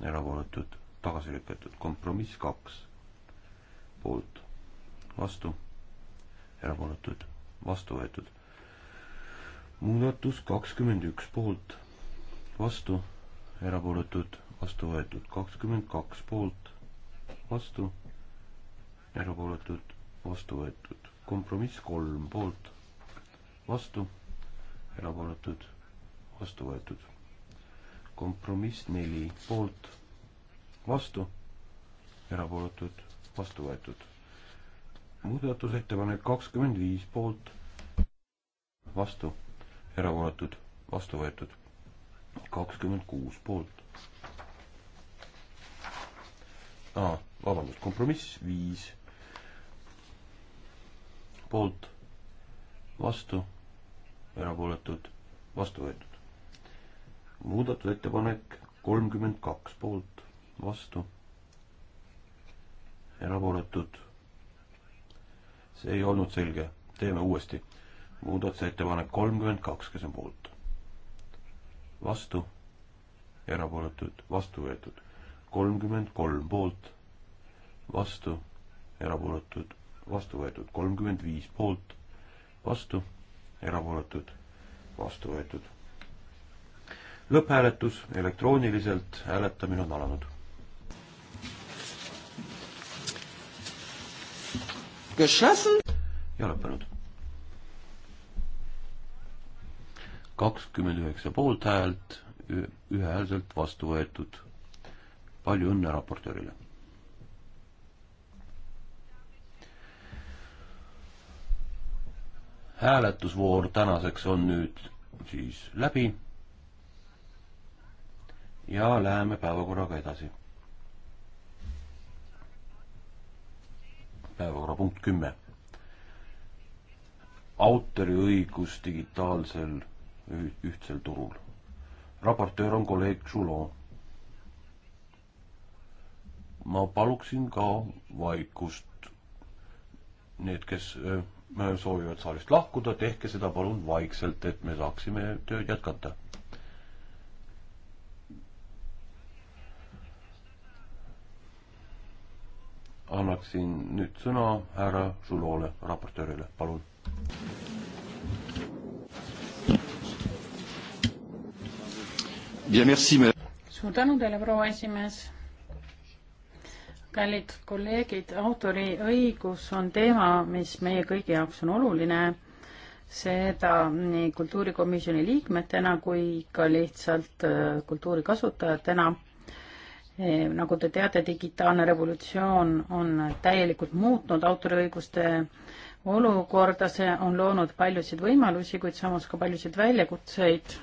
erapooletud, tagasi lükatud. kompromiss kaks, poolt, vastu, erapooletud, vastu võetud. muudatus kakskümmend üks poolt, vastu, erapooletud vastu võetud kakskümmend kaks poolt, vastu, erapooletud, vastu võetud, kompromiss kolm poolt, vastu, erapooletud, vastu võetud, kompromiss neli poolt, vastu, erapooletud, vastu võetud, muudatusettepanek kakskümmend viis poolt, vastu, erapooletud, vastu võetud, kakskümmend kuus poolt ah,, vabandust, kompromiss viis. poolt, vastu, erapooletud, vastu võetud. muudatusettepanek kolmkümmend kaks poolt, vastu, erapooletud. see ei olnud selge, teeme uuesti. muudatusettepanek kolmkümmend kaks, kes on poolt, vastu erapooletud vastu võetud kolmkümmend kolm poolt, vastu, erapooletud, vastu võetud kolmkümmend viis poolt, vastu, erapooletud, vastu võetud. lõpphääletus elektrooniliselt, hääletamine on alanud. ja lõppenud. kakskümmend üheksa poolthäält, ühehäälselt vastu võetud palju õnne raportöörile. hääletusvoor tänaseks on nüüd siis läbi ja läheme päevakorraga edasi. päevakorrapunkt kümme. autoriõigus digitaalsel ühtsel turul. raportöör on kolleeg Žulov ma paluksin ka vaikust. Need, kes äh, äh, soovivad saalist lahkuda, tehke seda palun vaikselt, et me saaksime tööd jätkata. annaksin nüüd sõna härra Žulole, raportöörile, palun. suur tänu teile, proua esimees kallid kolleegid, autoriõigus on teema, mis meie kõigi jaoks on oluline, seda nii kultuurikomisjoni liikmetena kui ka lihtsalt äh, kultuuri kasutajatena. E, nagu te teate, digitaalne revolutsioon on täielikult muutnud autoriõiguste olukorda, see on loonud paljusid võimalusi, kuid samas ka paljusid väljakutseid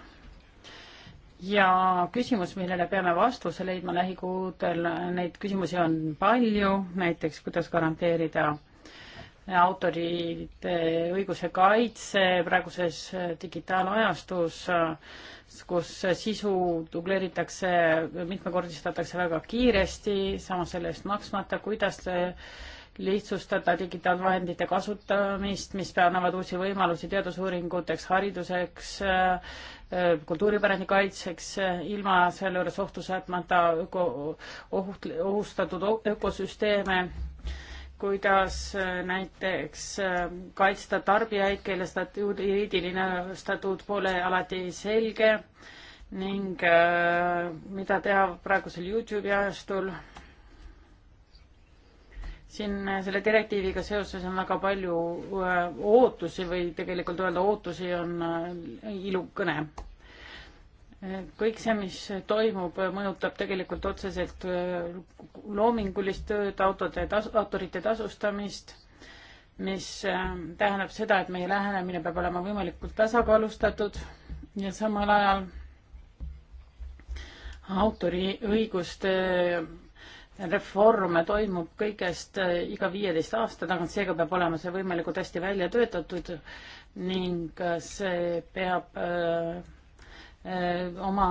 ja küsimus, millele peame vastuse leidma lähikuudel, neid küsimusi on palju, näiteks kuidas garanteerida autorite õiguse kaitse praeguses digitaalajastus, kus sisu dubleeritakse, mitmekordistatakse väga kiiresti, samas selle eest maksmata, kuidas lihtsustada digitaalvahendite kasutamist, mis annavad uusi võimalusi teadusuuringuteks, hariduseks, äh, kultuuripärandi kaitseks, ilma sealjuures ohtu saatmata öko, ohut, ohustatud ökosüsteeme, kuidas äh, näiteks äh, kaitsta tarbijaid, kelle statuut, juriidiline statuut pole alati selge ning mida teha praegusel Youtube'i ajastul siin äh, selle direktiiviga seoses on väga palju äh, ootusi või tegelikult öelda ootusi on äh, ilukõne. kõik see, mis toimub, mõjutab tegelikult otseselt loomingulist tööd, autode tasu, autorite tasustamist, mis tähendab seda, et meie lähenemine peab olema võimalikult tasakaalustatud ja samal ajal autoriõiguste reforme toimub kõigest äh, iga viieteist aasta tagant, seega peab olema see võimalikult hästi välja töötatud ning äh, see peab öö, äh, öö, oma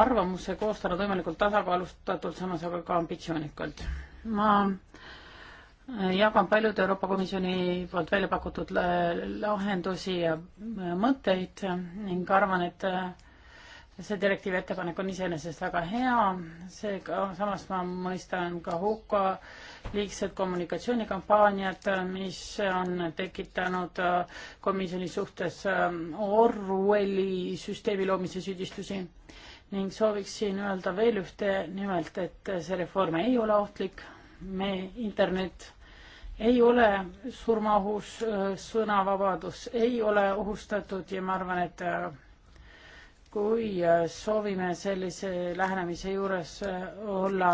arvamuse koostanud võimalikult tasakaalustatult, samas aga ka ambitsioonikalt. ma jagan paljude Euroopa Komisjoni poolt välja pakutud lahendusi ja mõtteid ning arvan, et see direktiivi ettepanek on iseenesest väga hea, seega samas ma mõistan ka hukka liigsed kommunikatsioonikampaaniad, mis on tekitanud äh, komisjoni suhtes äh, Orwelli süsteemi loomise süüdistusi ning sooviksin öelda veel ühte, nimelt, et see reform ei ole ohtlik, me internet ei ole surmaohus, äh, sõnavabadus ei ole ohustatud ja ma arvan, et kui äh, soovime sellise lähenemise juures äh, olla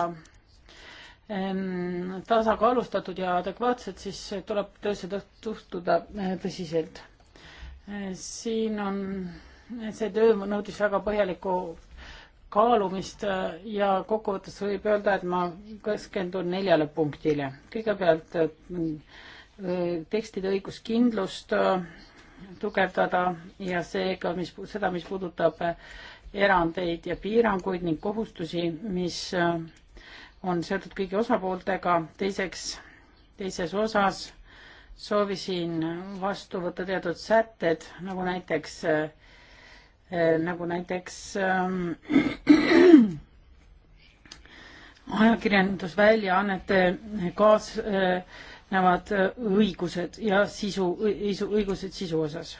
ähm, tasakaalustatud ja adekvaatsed, siis tuleb töösse suhtuda äh, tõsiselt. siin on, see töö nõudis väga põhjalikku kaalumist ja kokkuvõttes võib öelda, et ma keskendun neljale punktile. kõigepealt tekstide õiguskindlust tugevdada ja seega, mis, seda, mis puudutab äh, erandeid ja piiranguid ning kohustusi, mis äh, on seotud kõigi osapooltega. teiseks, teises osas soovisin vastu võtta teatud sätted, nagu näiteks äh,, äh nagu näiteks äh, ajakirjandusväljaannete kaas äh, erinevad äh, õigused ja sisu, õigused sisu osas.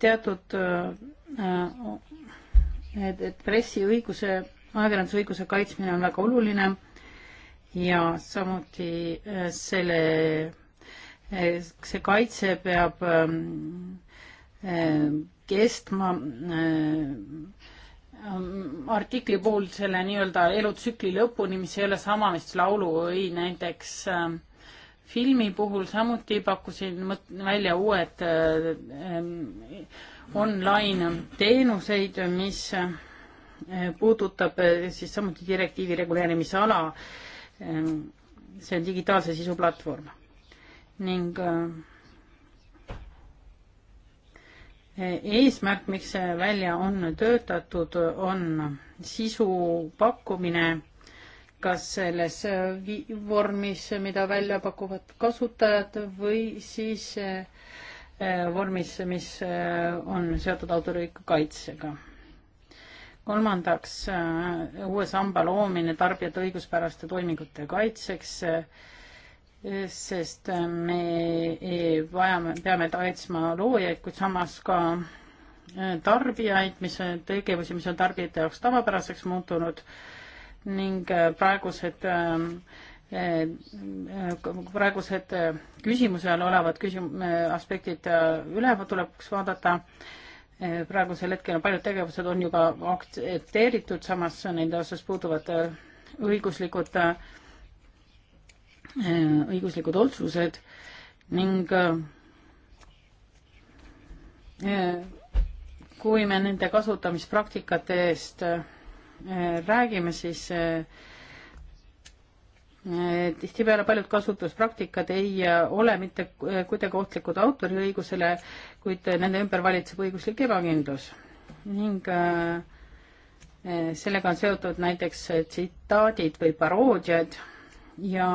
teatud äh, äh, et, et pressiõiguse, ajakirjandusõiguse kaitsmine on väga oluline ja samuti selle, see kaitse peab ähm, kestma ähm, artikli puhul selle nii-öelda elutsükli lõpuni, mis ei ole sama, mis laulu või näiteks äh, filmi puhul samuti pakkusin mõt-, välja uued äh, äh, online teenuseid, mis äh, puudutab siis samuti direktiivi reguleerimisala, see on digitaalse sisu platvorm ning eesmärk, miks see välja on töötatud, on sisu pakkumine kas selles äh, vormis, mida välja pakuvad kasutajad või siis äh, äh, vormis, mis on seotud autoriõiguse kaitsega. kolmandaks, uue samba loomine tarbijate õiguspäraste toimingute kaitseks, sest me vajame, peame kaitsma loojaid, kuid samas ka tarbijaid, mis on tegevusi, mis on tarbijate jaoks tavapäraseks muutunud ning äh, praegused ähm, äh, äh, praegused küsimuse all olevad küsim-, aspektid üle tuleks vaadata. praegusel hetkel on paljud tegevused on juba aktsepteeritud, samas nende osas puuduvad õiguslikud, õiguslikud otsused ning kui me nende kasutamispraktikate eest räägime, siis eh, tihtipeale paljud kasutuspraktikad ei eh, ole mitte eh, kuidagi ohtlikud autoriõigusele, kuid nende ümber valitseb õiguslik ebakindlus ning sellega on seotud näiteks tsitaadid või paroodiad ja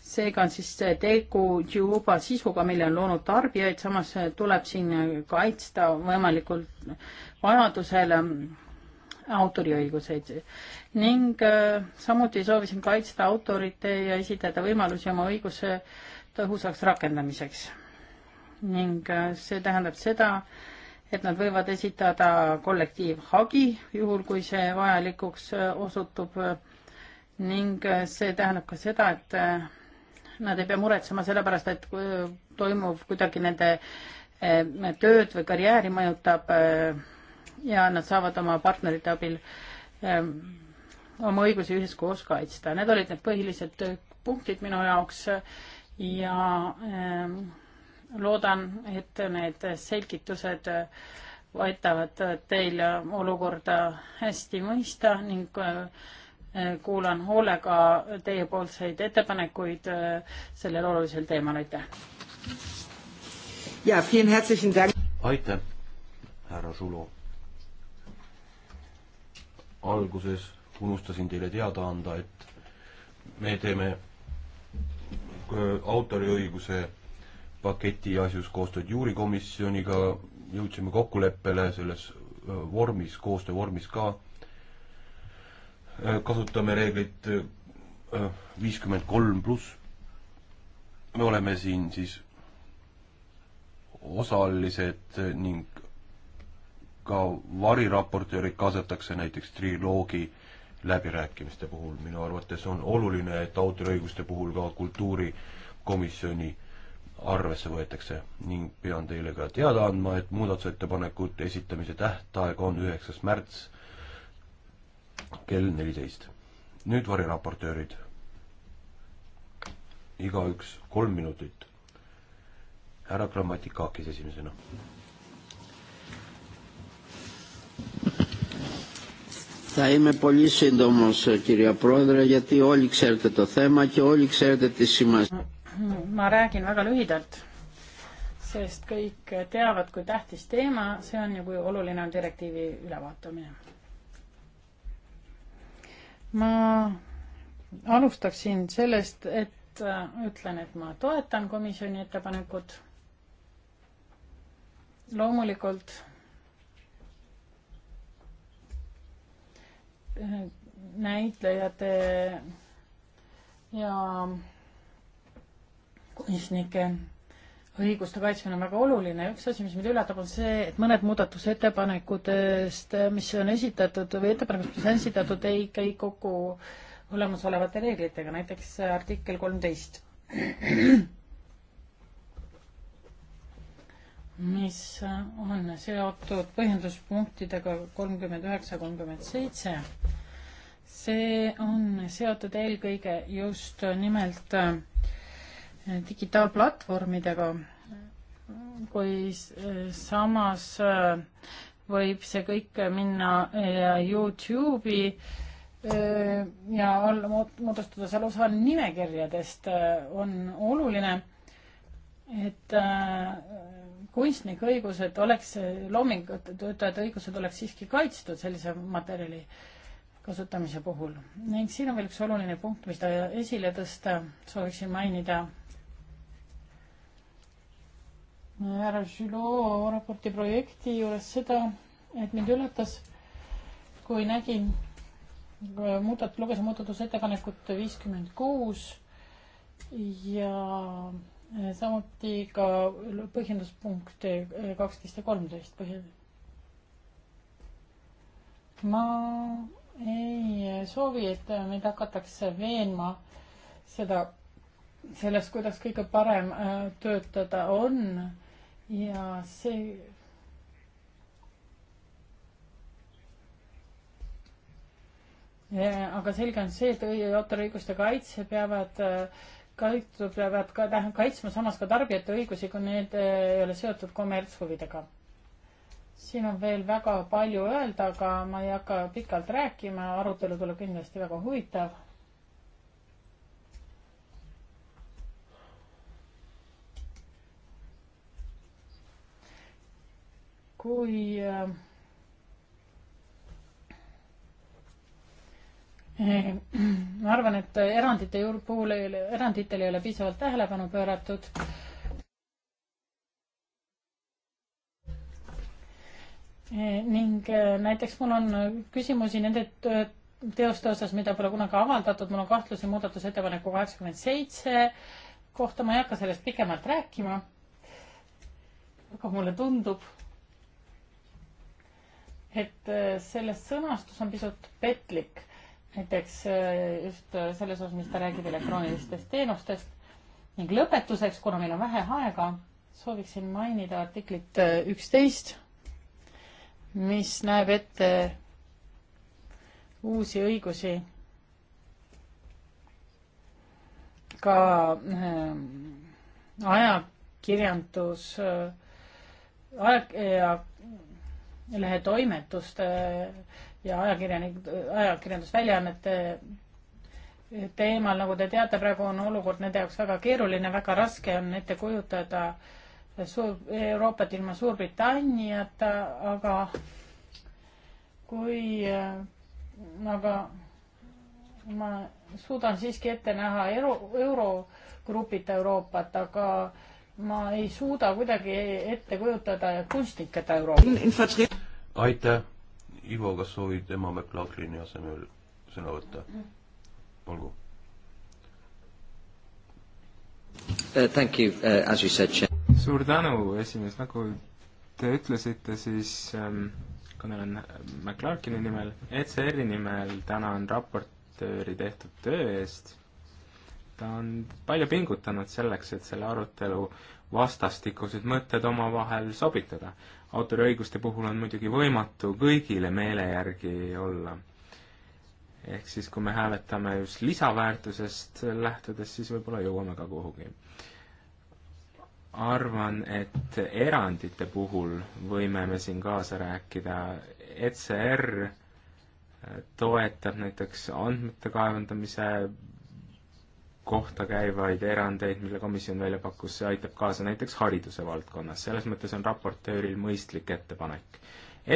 seega on siis tegu juba sisuga, mille on loonud tarbijaid, samas tuleb siin kaitsta võimalikult vajadusel autoriõiguseid ning äh, samuti soovisin kaitsta autorite ja esitada võimalusi oma õiguse tõhusaks rakendamiseks. ning äh, see tähendab seda, et nad võivad esitada kollektiivhagi, juhul kui see vajalikuks äh, osutub ning see tähendab ka seda, et nad ei pea muretsema selle pärast, et toimuv kuidagi nende tööd või karjääri mõjutab ja nad saavad oma partnerite abil ähm, oma õigusi üheskoos kaitsta. Need olid need põhilised äh, punktid minu jaoks ja ähm, loodan, et need selgitused äh, aitavad äh, teil olukorda hästi mõista ning kuulan hoolega teiepoolseid ettepanekuid sellel olulisel teemal, aitäh! aitäh, härra Sulo! alguses unustasin teile teada anda, et me teeme äh, autoriõiguse paketi asjus koostööd juurikomisjoniga, jõudsime kokkuleppele selles äh, vormis, koostöövormis ka. Äh, kasutame reeglit viiskümmend kolm pluss. me oleme siin siis osalised ning ka variraportöörid kaasatakse näiteks triloogi läbirääkimiste puhul. minu arvates on oluline, et autoriõiguste puhul ka kultuurikomisjoni arvesse võetakse ning pean teile ka teada andma, et muudatusettepanekute esitamise tähtaeg on üheksas märts kell neliteist. nüüd variraportöörid. igaüks kolm minutit. härra Grammatikakis esimesena Θα είμαι πολύ σύντομος κυρία Πρόεδρε γιατί όλοι ξέρετε το θέμα και όλοι ξέρετε τη σημασία. Ma räägin väga lühidalt, sest kõik teavad, kui tähtis teema see on ja kui oluline on direktiivi ülevaatamine. Ma alustaksin sellest, et äh, ütlen, et ma toetan komisjoni ettepanekut. Loomulikult näitlejate ja kunstnike õiguste kaitsmine on väga oluline. üks asi, mis mind üllatab, on see, et mõned muudatusettepanekutest, mis on esitatud või ettepanekust, mis on esitatud, ei käi kokku olemasolevate reeglitega, näiteks artikkel kolmteist mis on seotud põhjenduspunktidega kolmkümmend üheksa, kolmkümmend seitse. see on seotud eelkõige just nimelt äh, digitaalplatvormidega, kui samas äh, võib see kõik minna äh, Youtube'i ja olla, moodustada seal osa nimekirjadest, on oluline, et kunstnike õigused oleks, loomingtöötajate õigused oleks siiski kaitstud sellise materjali kasutamise puhul. ning siin on veel üks oluline punkt, mis ta esile tõsta, sooviksin mainida. härra Žilo raporti projekti juures seda, et mind üllatas, kui nägin muudat-, lugesin muudatusettepanekut viiskümmend kuus ja Äh, samuti ka põhjenduspunkt äh, kaksteist ja kolmteist põhjend-. ma ei soovi, et meid hakatakse veenma seda, sellest, kuidas kõige parem äh, töötada on ja see Ja, aga selge on see, et autoriõiguste kaitse peavad äh, kaitstud, peavad ka, tähendab kaitsma samas ka tarbijate õigusi, kui need äh, ei ole seotud kommertshuvidega. siin on veel väga palju öelda, aga ma ei hakka pikalt rääkima, arutelu tuleb kindlasti väga huvitav. kui äh, Ehm, ma arvan, et erandite juurde puhul, eranditel ei ole piisavalt tähelepanu pööratud. Ehm, ning äh, näiteks mul on küsimusi nende teoste osas, mida pole kunagi avaldatud, mul on kahtlusi muudatusettepaneku kaheksakümmend seitse kohta, ma ei hakka sellest pikemalt rääkima. aga mulle tundub, et äh, selles sõnastus on pisut petlik näiteks äh, just äh, selles osas, mis ta räägib elektroonilistest teenustest. ning lõpetuseks, kuna meil on vähe aega, sooviksin mainida artiklit äh, üksteist, mis näeb ette uusi õigusi ka ajakirjandus, aeg- ja lehetoimetuste äh, ja ajakirjanik, ajakirjandusväljaannete teemal, nagu te teate, praegu on olukord nende jaoks väga keeruline, väga raske on ette kujutada suur, Euroopat ilma Suurbritanniata, aga kui, aga ma suudan siiski ette näha euro, eurogrupita Euroopat, aga ma ei suuda kuidagi ette kujutada kunstniketa Euroopat. aitäh Ivo, kas soovid ema McLaughlini asemel sõna võtta? olgu uh,. Thank you uh,, as you said. suur tänu, esimees, nagu te ütlesite, siis ähm, um, kõnelen McLarkini nimel, ECR-i nimel tänan raportööri tehtud töö eest. ta on palju pingutanud selleks, et selle arutelu vastastikusid mõtted omavahel sobitada autoriõiguste puhul on muidugi võimatu kõigile meele järgi olla. ehk siis, kui me hääletame just lisaväärtusest lähtudes, siis võib-olla jõuame ka kuhugi. arvan, et erandite puhul võime me siin kaasa rääkida, ECR toetab näiteks andmete kaevandamise kohta käivaid erandeid, mille komisjon välja pakkus, see aitab kaasa näiteks hariduse valdkonnas, selles mõttes on raportööril mõistlik ettepanek.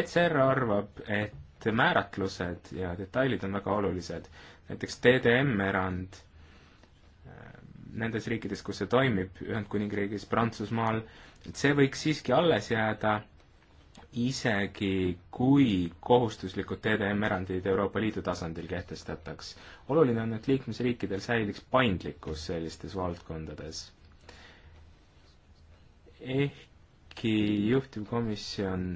ECR arvab, et määratlused ja detailid on väga olulised, näiteks TDM-erand äh, nendes riikides, kus see toimib, Ühendkuningriigis, Prantsusmaal, et see võiks siiski alles jääda isegi kui kohustuslikud TDM erandid Euroopa Liidu tasandil kehtestataks. oluline on, et liikmesriikidel säiliks paindlikkus sellistes valdkondades. ehkki juhtivkomisjon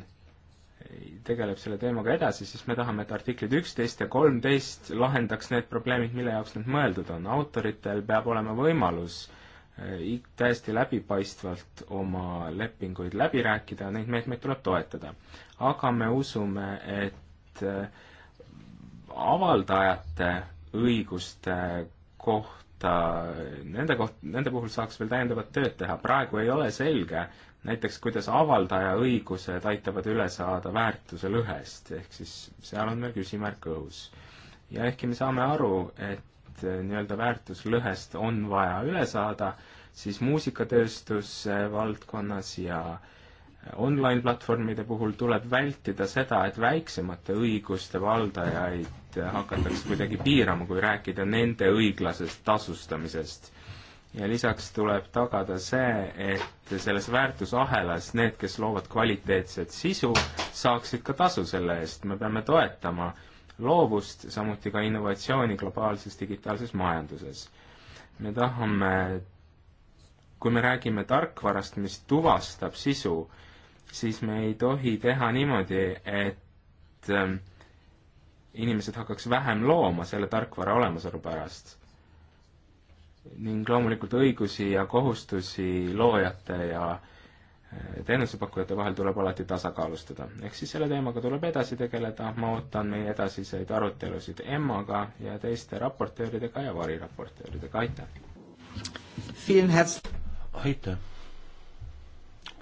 tegeleb selle teemaga edasi, siis me tahame, et artiklid üksteist ja kolmteist lahendaks need probleemid, mille jaoks need mõeldud on. autoritel peab olema võimalus Äh, täiesti läbipaistvalt oma lepinguid läbi rääkida, neid meetmeid tuleb toetada. aga me usume, et äh, avaldajate õiguste kohta, nende koht, nende puhul saaks veel täiendavat tööd teha, praegu ei ole selge, näiteks kuidas avaldaja õigused aitavad üle saada väärtuse lõhest, ehk siis seal on veel küsimärk õhus. ja ehkki me saame aru, et sellest eh, nii-öelda väärtuslõhest on vaja üle saada, siis muusikatööstuse valdkonnas ja eh, online-platvormide puhul tuleb vältida seda, et väiksemate õiguste valdajaid eh, hakatakse kuidagi piirama, kui rääkida nende õiglasest tasustamisest ja lisaks tuleb tagada see, et selles väärtusahelas need, kes loovad kvaliteetset sisu, saaksid ka tasu selle eest, me peame toetama äh, loovust, samuti ka innovatsiooni globaalses digitaalses majanduses. me tahame, kui me räägime tarkvarast, mis tuvastab sisu, siis me ei tohi teha niimoodi, et ähm, inimesed hakkaks vähem looma selle tarkvara olemasolu pärast ning loomulikult õigusi ja kohustusi loojate ja äh, Äh, teenusepakkujate vahel tuleb alati tasakaalustada. ehk siis selle teemaga tuleb edasi tegeleda, ma ootan meie edasiseid arutelusid EMMA-ga ja teiste raportööridega ja variraportööridega, aitäh! aitäh,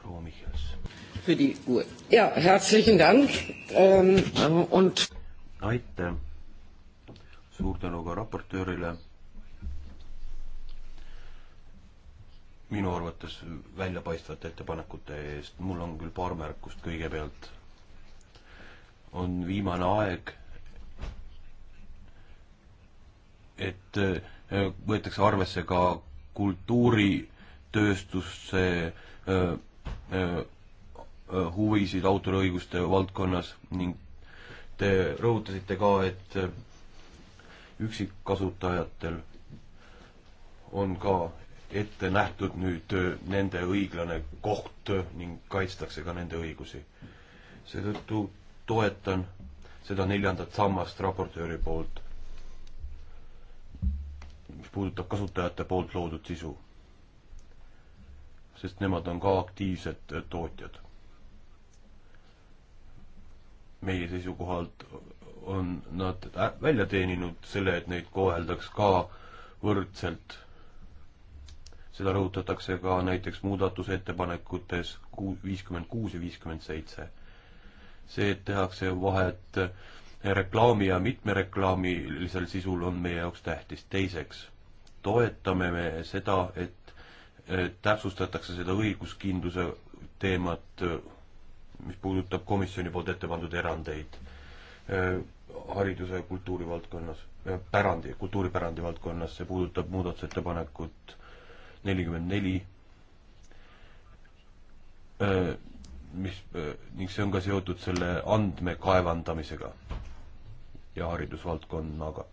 proua Michals! ja, herzlichen Dank ähm, und aitäh! suur tänu ka raportöörile minu arvates väljapaistvate ettepanekute eest. mul on küll paar märkust kõigepealt. on viimane aeg, et äh, võetakse arvesse ka kultuuritööstusse äh, äh, huvisid autoriõiguste valdkonnas ning te rõhutasite ka, et üksikkasutajatel on ka ette nähtud nüüd äh, nende õiglane koht ning kaitstakse ka nende õigusi. seetõttu toetan seda neljandat sammast raportööri poolt, mis puudutab kasutajate poolt loodud sisu. sest nemad on ka aktiivsed äh, tootjad. meie seisukohalt on nad välja teeninud selle, et neid koheldaks ka võrdselt seda rõhutatakse ka näiteks muudatusettepanekutes viiskümmend kuus ja viiskümmend seitse. see, et tehakse vahet reklaami ja mitmereklaamilisel sisul, on meie jaoks tähtis. teiseks, toetame me seda, et täpsustatakse seda õiguskindluse teemat, mis puudutab komisjoni poolt ette pandud erandeid äh, hariduse ja kultuuri valdkonnas, äh, pärandi, kultuuripärandi valdkonnas, see puudutab muudatusettepanekut nelikümmend neli, mis, ning see on ka seotud selle andme kaevandamisega ja haridusvaldkonnaga.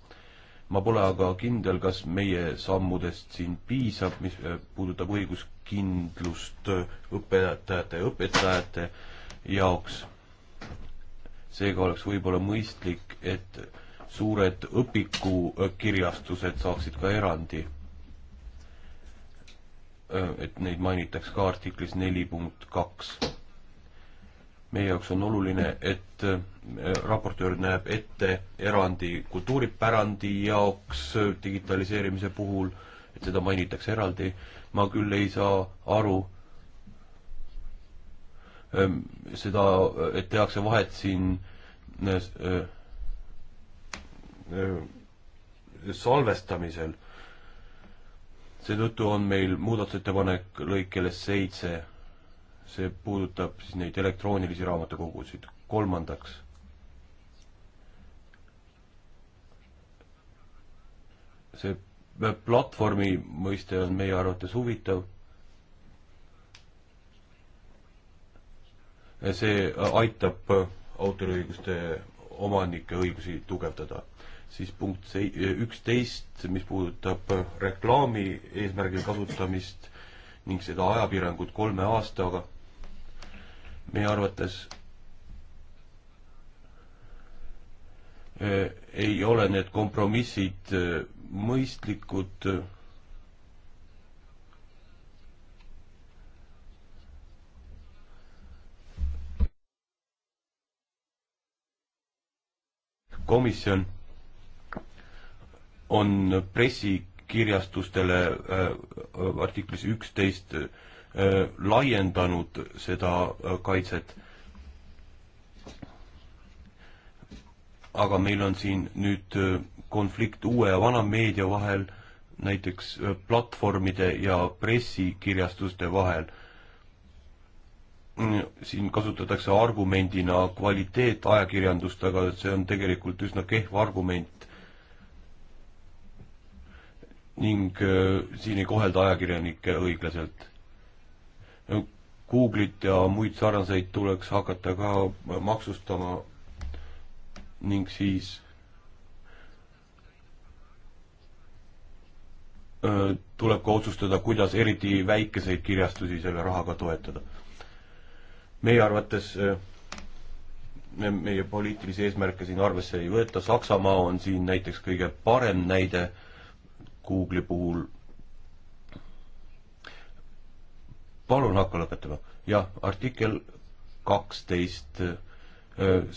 ma pole aga kindel, kas meie sammudest siin piisab, mis puudutab õiguskindlust õpetajate ja õpetajate jaoks. seega oleks võib-olla mõistlik, et suured õpikukirjastused saaksid ka erandi Äh, et neid mainitaks ka artiklis neli punkt kaks. meie jaoks on oluline, et äh, raportöör näeb ette erandi kultuuripärandi jaoks äh, digitaliseerimise puhul, et seda mainitakse eraldi. ma küll ei saa aru ähm, seda, et tehakse vahet siin salvestamisel seetõttu on meil muudatusettepanek lõikele seitse. see puudutab siis neid elektroonilisi raamatukogusid. kolmandaks. see platvormi mõiste on meie arvates huvitav. see aitab autoriõiguste omanike õigusi tugevdada siis punkt sei-, üksteist, mis puudutab äh, reklaami eesmärgil kasutamist ning seda ajapiirangut kolme aastaga. meie arvates äh, ei ole need kompromissid äh, mõistlikud. komisjon on pressikirjastustele äh, artiklis üksteist äh, laiendanud seda äh, kaitset. aga meil on siin nüüd äh, konflikt uue ja vana meedia vahel, näiteks äh, platvormide ja pressikirjastuste vahel mm, siin kasutatakse argumendina kvaliteetajakirjandust, aga see on tegelikult üsna kehv argument ning äh, siin ei kohelda ajakirjanikke õiglaselt. Google'it ja muid sarnaseid tuleks hakata ka äh, maksustama ning siis äh, tuleb ka otsustada, kuidas eriti väikeseid kirjastusi selle rahaga toetada. meie arvates meie poliitilisi eesmärke siin arvesse ei võeta, Saksamaa on siin näiteks kõige parem näide Google'i puhul. palun hakka lõpetama. jah, artikkel kaksteist,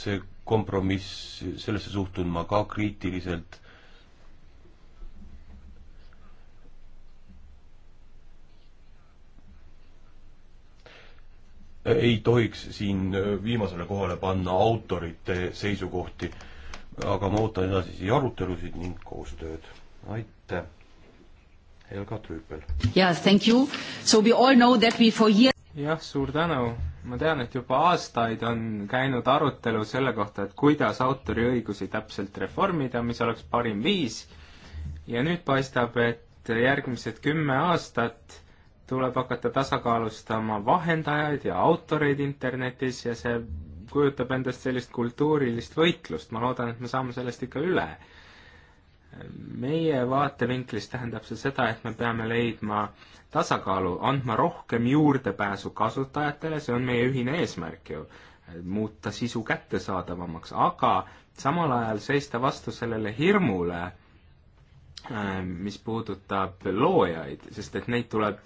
see kompromiss, sellesse suhtun ma ka kriitiliselt. ei tohiks siin viimasele kohale panna autorite seisukohti, aga ma ootan edasisi arutelusid ning koostööd. aitäh! Helga Trüüpel. jaa, thank you. So we all know that we for years jah, suur tänu. ma tean, et juba aastaid on käinud arutelu selle kohta, et kuidas autoriõigusi täpselt reformida, mis oleks parim viis. ja nüüd paistab, et järgmised kümme aastat tuleb hakata tasakaalustama vahendajaid ja autoreid internetis ja see kujutab endast sellist kultuurilist võitlust. ma loodan, et me saame sellest ikka üle meie vaatevinklist tähendab see seda, et me peame leidma tasakaalu, andma rohkem juurdepääsu kasutajatele, see on meie ühine eesmärk ju, muuta sisu kättesaadavamaks, aga samal ajal seista vastu sellele hirmule, ähm, mis puudutab loojaid, sest et neid tuleb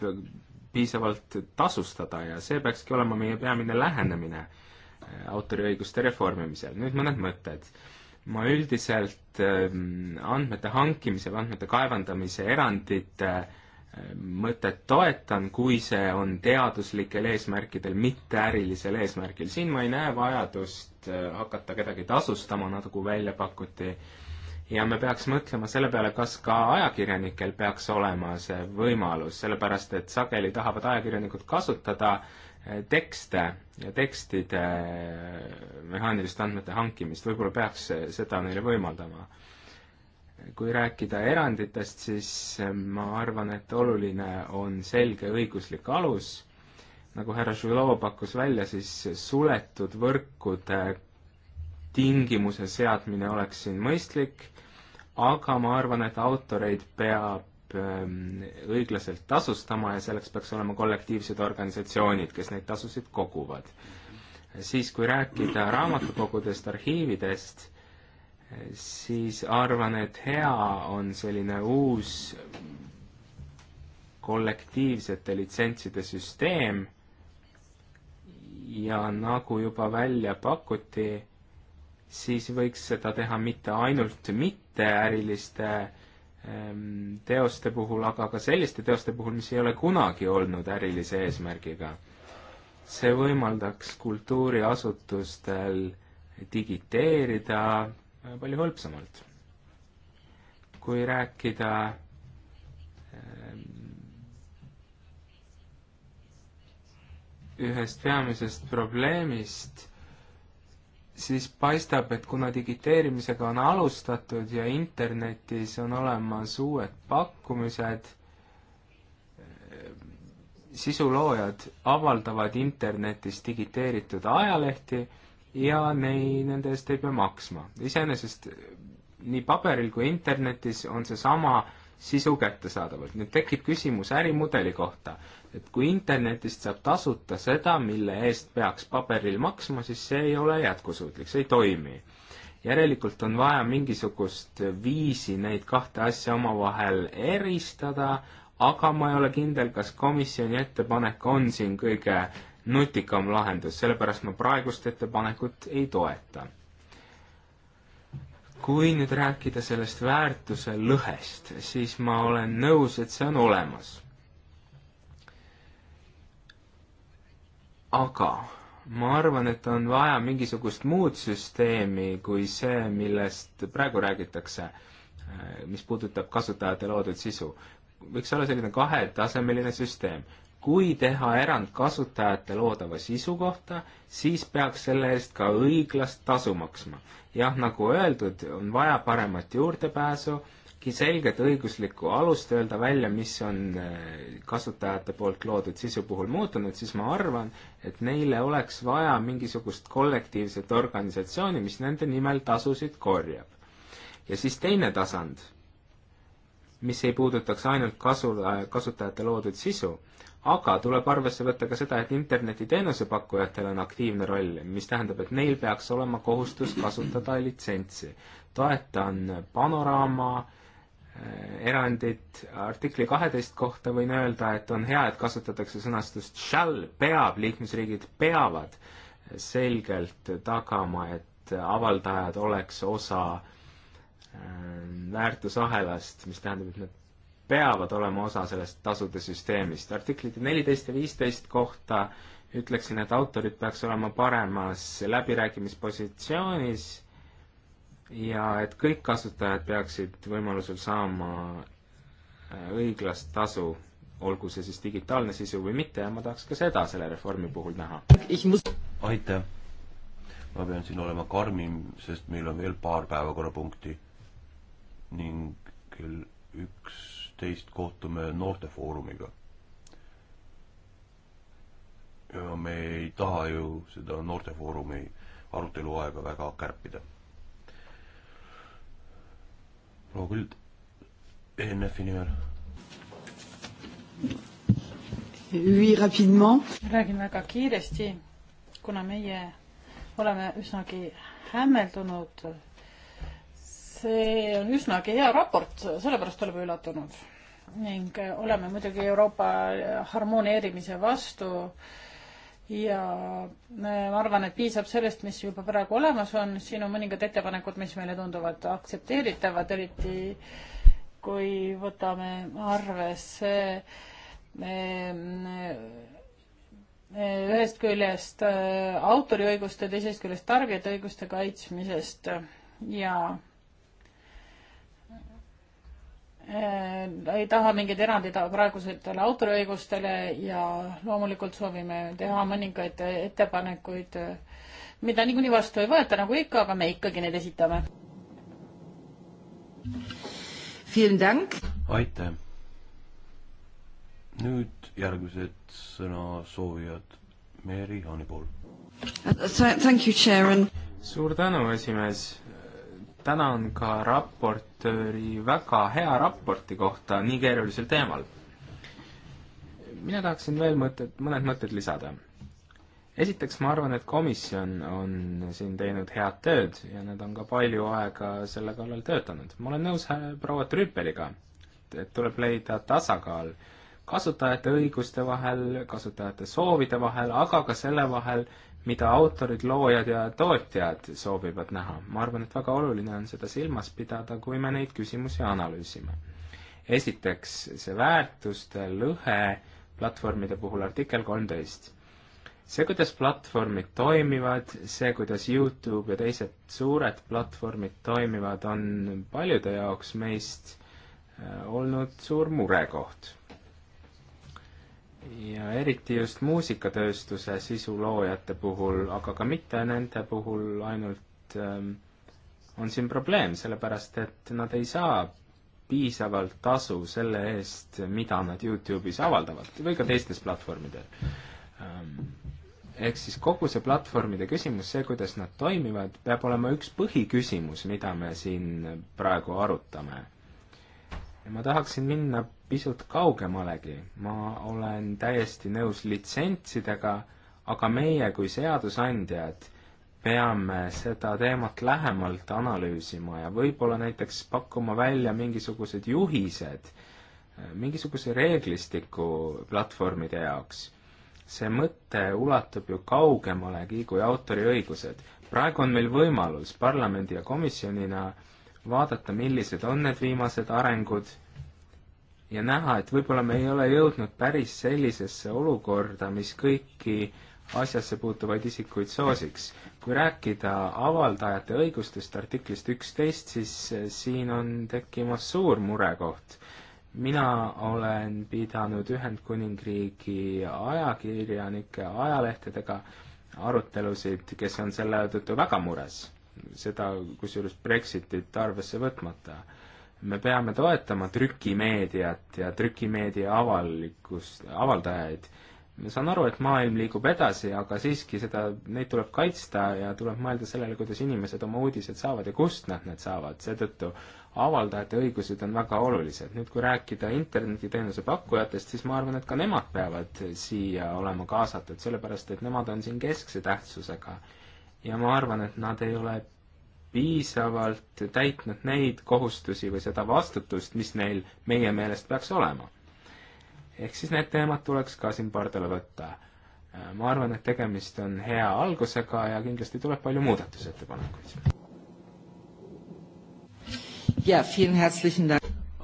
piisavalt tasustada ja see peakski olema meie peamine lähenemine äh, autoriõiguste reformimisel. nüüd mõned mõtted ma üldiselt ähm, andmete hankimise või andmete kaevandamise erandite ähm, mõtet toetan, kui see on teaduslikel eesmärkidel, mitte ärilisel eesmärgil. siin ma ei näe vajadust äh, hakata kedagi tasustama, nagu välja pakuti. ja me peaks mõtlema selle peale, kas ka ajakirjanikel peaks olema see võimalus, sellepärast et sageli tahavad ajakirjanikud kasutada äh, Äh, tekste ja tekstide äh, mehaaniliste andmete hankimist, võib-olla peaks seda neile võimaldama. kui rääkida eranditest, siis äh, ma arvan, et oluline on selge õiguslik alus, nagu härra Žilova pakkus välja, siis suletud võrkude tingimuse seadmine oleks siin mõistlik, aga ma arvan, et autoreid peab Ähm, õiglaselt tasustama ja selleks peaks olema kollektiivsed organisatsioonid, kes neid tasusid koguvad. siis, kui rääkida raamatukogudest, arhiividest, siis arvan, et hea on selline uus kollektiivsete litsentside süsteem ja nagu juba välja pakuti, siis võiks seda teha mitte ainult mitteäriliste Ehm, teoste puhul, aga ka selliste teoste puhul, mis ei ole kunagi olnud ärilise eesmärgiga. see võimaldaks kultuuriasutustel digiteerida äh, palju hõlpsamalt. kui rääkida ehm, ühest peamisest probleemist siis paistab, et kuna digiteerimisega on alustatud ja internetis on olemas uued pakkumised, sisuloojad avaldavad internetis digiteeritud ajalehti ja nei-, nende eest ei pea maksma. iseenesest nii paberil kui internetis on seesama äh, sisu kättesaadavalt. nüüd tekib küsimus ärimudeli kohta, et kui internetist saab tasuta seda, mille eest peaks paberil maksma, siis see ei ole jätkusuutlik, see ei toimi. järelikult on vaja mingisugust viisi neid kahte asja omavahel eristada, aga ma ei ole kindel, kas komisjoni ettepanek on siin kõige nutikam lahendus, sellepärast ma praegust ettepanekut ei toeta kui nüüd rääkida sellest väärtuse lõhest, siis ma olen nõus, et see on olemas. aga ma arvan, et on vaja mingisugust muud süsteemi kui see, millest praegu räägitakse, mis puudutab kasutajate loodud sisu. võiks olla selline kahetasemeline süsteem kui teha erand kasutajate loodava sisu kohta, siis peaks selle eest ka õiglast tasu maksma. jah, nagu öeldud, on vaja paremat juurdepääsu, selget õiguslikku alust öelda välja, mis on eh, kasutajate poolt loodud sisu puhul muutunud, siis ma arvan, et neile oleks vaja mingisugust kollektiivset organisatsiooni, mis nende nimel tasusid korjab. ja siis teine tasand, mis ei puudutaks ainult kasu, eh, kasutajate loodud sisu aga tuleb arvesse võtta ka seda, et internetiteenuse pakkujatel on aktiivne roll, mis tähendab, et neil peaks olema kohustus kasutada litsentsi. toetan Panorama eh, erandit artikli kaheteist kohta võin öelda, et on hea, et kasutatakse sõnastust shall, peab, liikmesriigid peavad eh, selgelt tagama, et avaldajad oleks osa eh, väärtusahelast, mis tähendab, et nad peavad olema osa sellest tasude süsteemist. artiklite neliteist ja viisteist kohta ütleksin, et autorid peaks olema paremas läbirääkimispositsioonis ja et kõik kasutajad peaksid võimalusel saama äh, õiglast tasu, olgu see siis digitaalne sisu või mitte ja ma tahaks ka seda selle reformi puhul näha. aitäh! ma pean siin olema karmim, sest meil on veel paar päevakorrapunkti ning kell üks kaksteist kohtume Noortefoorumiga. ja me ei taha ju seda Noortefoorumi arutelu aega väga kärpida. proua Küld, ENF-i nimel. räägin väga kiiresti, kuna meie oleme üsnagi hämmeldunud see on üsnagi hea raport, sellepärast oleme üllatunud ning oleme muidugi Euroopa harmoneerimise vastu ja ma arvan, et piisab sellest, mis juba praegu olemas on, siin on mõningad ettepanekud, mis meile tunduvad aktsepteeritavad, eriti kui võtame arvesse ühest küljest äh, autoriõiguste, teisest küljest tarbijate õiguste kaitsmisest ja Äh, ei taha mingeid erandeid praegusetele autoriõigustele ja loomulikult soovime teha mõningaid ettepanekuid, mida niikuinii vastu ei võeta, nagu ikka, aga me ikkagi need esitame. aitäh! nüüd järgmised sõnasoovijad Meri Haanipool. suur tänu, esimees tänan ka raportööri väga hea raporti kohta nii keerulisel teemal. mina tahaksin veel mõtted, mõned mõtted lisada. esiteks ma arvan, et komisjon on siin teinud head tööd ja nad on ka palju aega selle kallal töötanud. ma olen nõus äh, proua Trüppeliga, et tuleb leida tasakaal kasutajate õiguste vahel, kasutajate soovide vahel, aga ka selle vahel, mida autorid, loojad ja tootjad soovivad näha. ma arvan, et väga oluline on seda silmas pidada, kui me neid küsimusi analüüsime. esiteks, see väärtuste lõhe platvormide puhul artikkel kolmteist. see, kuidas platvormid toimivad, see, kuidas Youtube ja teised suured platvormid toimivad, on paljude jaoks meist äh, olnud suur murekoht eriti just muusikatööstuse sisuloojate puhul, aga ka mitte nende puhul ainult ähm, on siin probleem, sellepärast et nad ei saa piisavalt tasu selle eest, mida nad Youtube'is avaldavad või ka teistes platvormidel ähm,. ehk siis kogu see platvormide küsimus, see, kuidas nad toimivad, peab olema üks põhiküsimus, mida me siin praegu arutame ma tahaksin minna pisut kaugemalegi, ma olen täiesti nõus litsentsidega, aga meie kui seadusandjad peame seda teemat lähemalt analüüsima ja võib-olla näiteks pakkuma välja mingisugused juhised, mingisuguse reeglistiku platvormide jaoks see mõte ulatub ju kaugemalegi kui autoriõigused. praegu on meil võimalus parlamendi ja komisjonina vaadata, millised on need viimased arengud ja näha, et võib-olla me ei ole jõudnud päris sellisesse olukorda, mis kõiki asjasse puutuvaid isikuid soosiks. kui rääkida avaldajate õigustest artiklist üksteist, siis eh, siin on tekkimas suur murekoht. mina olen pidanud Ühendkuningriigi ajakirjanike, ajalehtedega arutelusid, kes on selle tõttu väga mures seda kusjuures Brexitit arvesse võtmata. me peame toetama trükimeediat ja trükimeedia avalikkust, avaldajaid. ma saan aru, et maailm liigub edasi, aga siiski seda, neid tuleb kaitsta ja tuleb mõelda sellele, kuidas inimesed oma uudised saavad ja kust nad need saavad, seetõttu avaldajate õigused on väga olulised. nüüd, kui rääkida internetiteenuse pakkujatest, siis ma arvan, et ka nemad peavad siia olema kaasatud, sellepärast et nemad on siin keskse tähtsusega ja ma arvan, et nad ei ole piisavalt täitnud neid kohustusi või seda vastutust, mis neil meie meelest peaks olema. ehk siis need teemad tuleks ka siin pardale võtta. ma arvan, et tegemist on hea algusega ja kindlasti tuleb palju muudatusettepanekuid.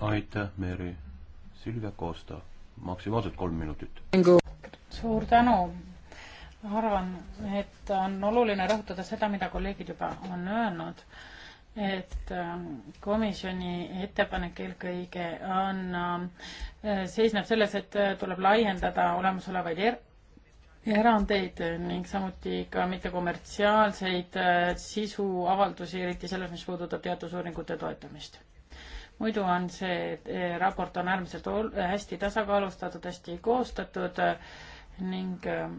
aitäh, Meri. Silvia Koosta, maksimaalselt kolm minutit. suur tänu arvan, et on oluline rõhutada seda, mida kolleegid juba on öelnud, et ähm, komisjoni ettepanek eelkõige on, ähm, seisneb selles, et äh, tuleb laiendada olemasolevaid er erandeid ning samuti ka mittekommertsiaalseid äh, sisuavaldusi, eriti selles, mis puudutab teadusuuringute toetamist. muidu on see äh, raport on äärmiselt hästi tasakaalustatud, hästi koostatud ning ähm,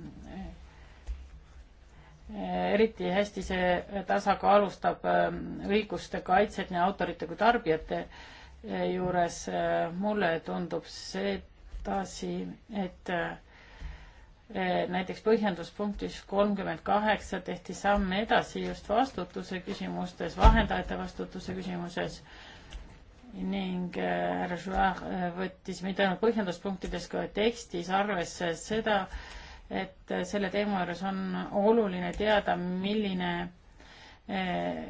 eriti hästi see tasakaalustab ähm, õiguste kaitset nii autorite kui tarbijate äh, juures. Äh, mulle tundub sedasi, et äh, näiteks põhjenduspunktis kolmkümmend kaheksa tehti samme edasi just vastutuse küsimustes, vahendajate vastutuse küsimuses ning härra Joar võttis mitte ainult põhjenduspunktides, ka tekstis arvesse seda, et selle teema juures on oluline teada, milline eh,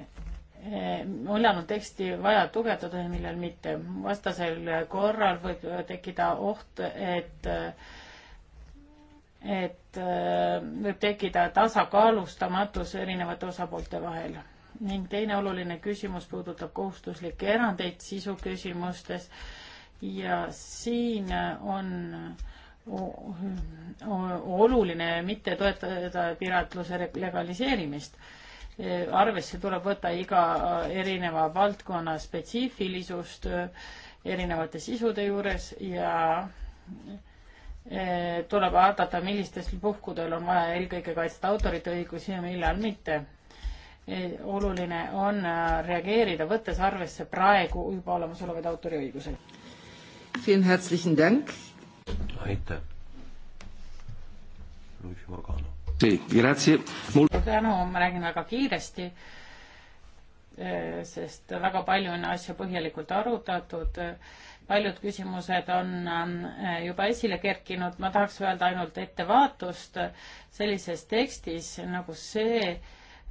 eh, mõlemal teksti vaja tugevdada ja millal mitte. vastasel korral võib tekkida oht, et et eh, võib tekkida tasakaalustamatus erinevate osapoolte vahel. ning teine oluline küsimus puudutab kohustuslikke erandeid sisu küsimustes ja siin on äh, oluline mitte toetada piraatluse legaliseerimist. arvesse tuleb võtta iga erineva valdkonna spetsiifilisust erinevate sisude juures ja e, tuleb vaadata, millistel puhkudel on vaja eelkõige kaitsta autorite õigusi ja millal mitte. E, oluline on reageerida, võttes arvesse praegu juba olemasolevaid autoriõigusi aitäh. Luigi Morgano. suur tänu, ma räägin väga kiiresti, sest väga palju on asja põhjalikult arutatud. paljud küsimused on ähm, juba esile kerkinud, ma tahaks öelda ainult ettevaatust sellises tekstis nagu see,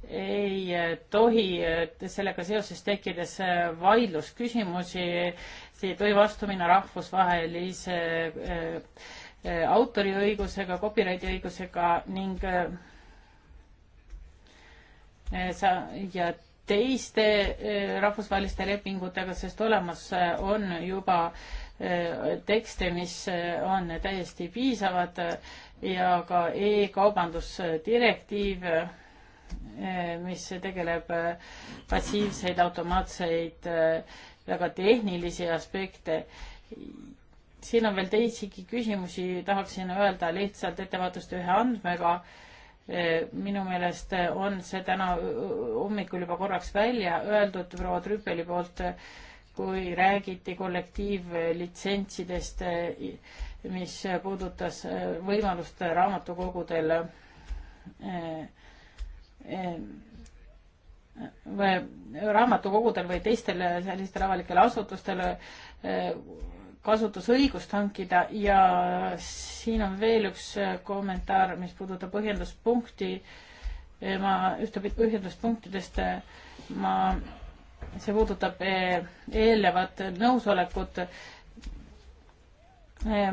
ei tohi sellega seoses tekkides vaidlusküsimusi see ei tohi vastu minna rahvusvahelise eh, eh, autoriõigusega, copyrighti õigusega ning eh, sa ja teiste rahvusvaheliste lepingutega, sest olemas on juba tekste, mis on täiesti piisavad ja ka e-kaubandusdirektiiv, mis tegeleb passiivseid automaatseid väga tehnilisi aspekte. siin on veel teisigi küsimusi, tahaksin öelda lihtsalt ettevaatust ühe andmega. E, minu meelest on see täna hommikul juba korraks välja öeldud proua Trüppeli poolt, kui räägiti kollektiivlitsentsidest, e, mis puudutas e, võimalust raamatukogudel raamatukogudel või teistel sellistel avalikel asutustel eh, kasutusõigust hankida ja siin on veel üks eh, kommentaar, mis puudutab põhjenduspunkti. Eh, ma ühte põhjenduspunktidest, ma, see puudutab eelnevat nõusolekut.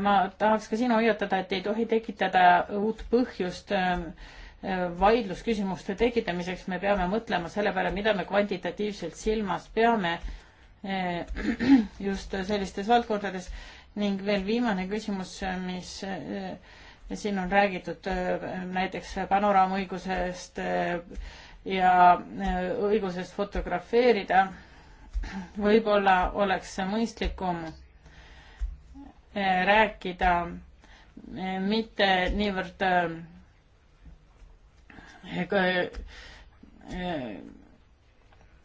ma tahaks ka siin hoiatada, et ei tohi tekitada uut põhjust äh, vaidlusküsimuste tekitamiseks me peame mõtlema selle peale, mida me kvantitatiivselt silmas peame eh, just sellistes valdkondades ning veel viimane küsimus, mis eh, siin on räägitud eh, näiteks panoraamoõigusest ja õigusest fotografeerida. võib-olla oleks mõistlikum rääkida mitte niivõrd Eh,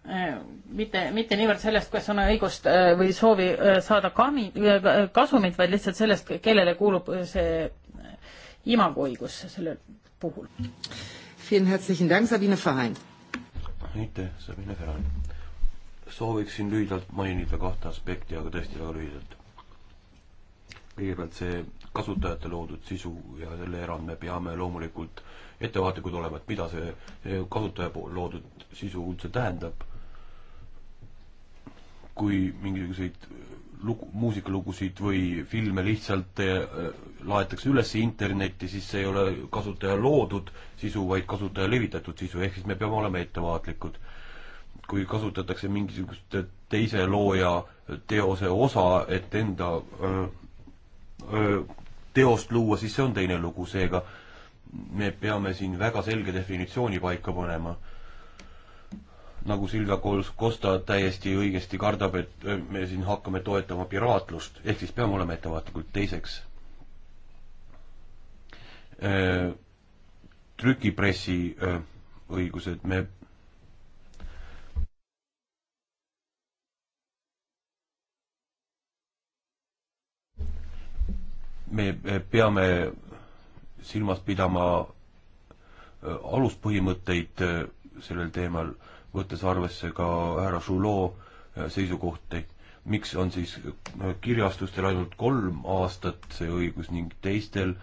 eh, mitte, mitte niivõrd sellest, kas on õigust eh, või soovi saada kami, kasumit, vaid lihtsalt sellest, kellele kuulub see imagoõigus sellel puhul. aitäh, Sabine Ferran. sooviksin lühidalt mainida kahte aspekti, aga tõesti väga lühidalt. kõigepealt see kasutajate loodud sisu ja selle erand me peame loomulikult ettevaatlikud olema, et mida see, see kasutaja loodud sisu üldse tähendab. kui mingisuguseid lugu, muusikalugusid või filme lihtsalt eh, laetakse üles internetti, siis see ei ole kasutaja loodud sisu, vaid kasutaja levitatud sisu, ehk siis me peame olema ettevaatlikud. kui kasutatakse mingisugust teise looja teose osa, et enda öö, eh, öö, eh, teost luua, siis see on teine lugu, seega me peame siin väga selge definitsiooni paika panema. nagu Silvia Kosta täiesti õigesti kardab, et me siin hakkame toetama piraatlust, ehk siis peame olema ettevaatlikud. teiseks, trükipressi õigused, me me peame silmas pidama aluspõhimõtteid sellel teemal, võttes arvesse ka härra Žulov seisukohti. miks on siis kirjastustel ainult kolm aastat see õigus ning teistel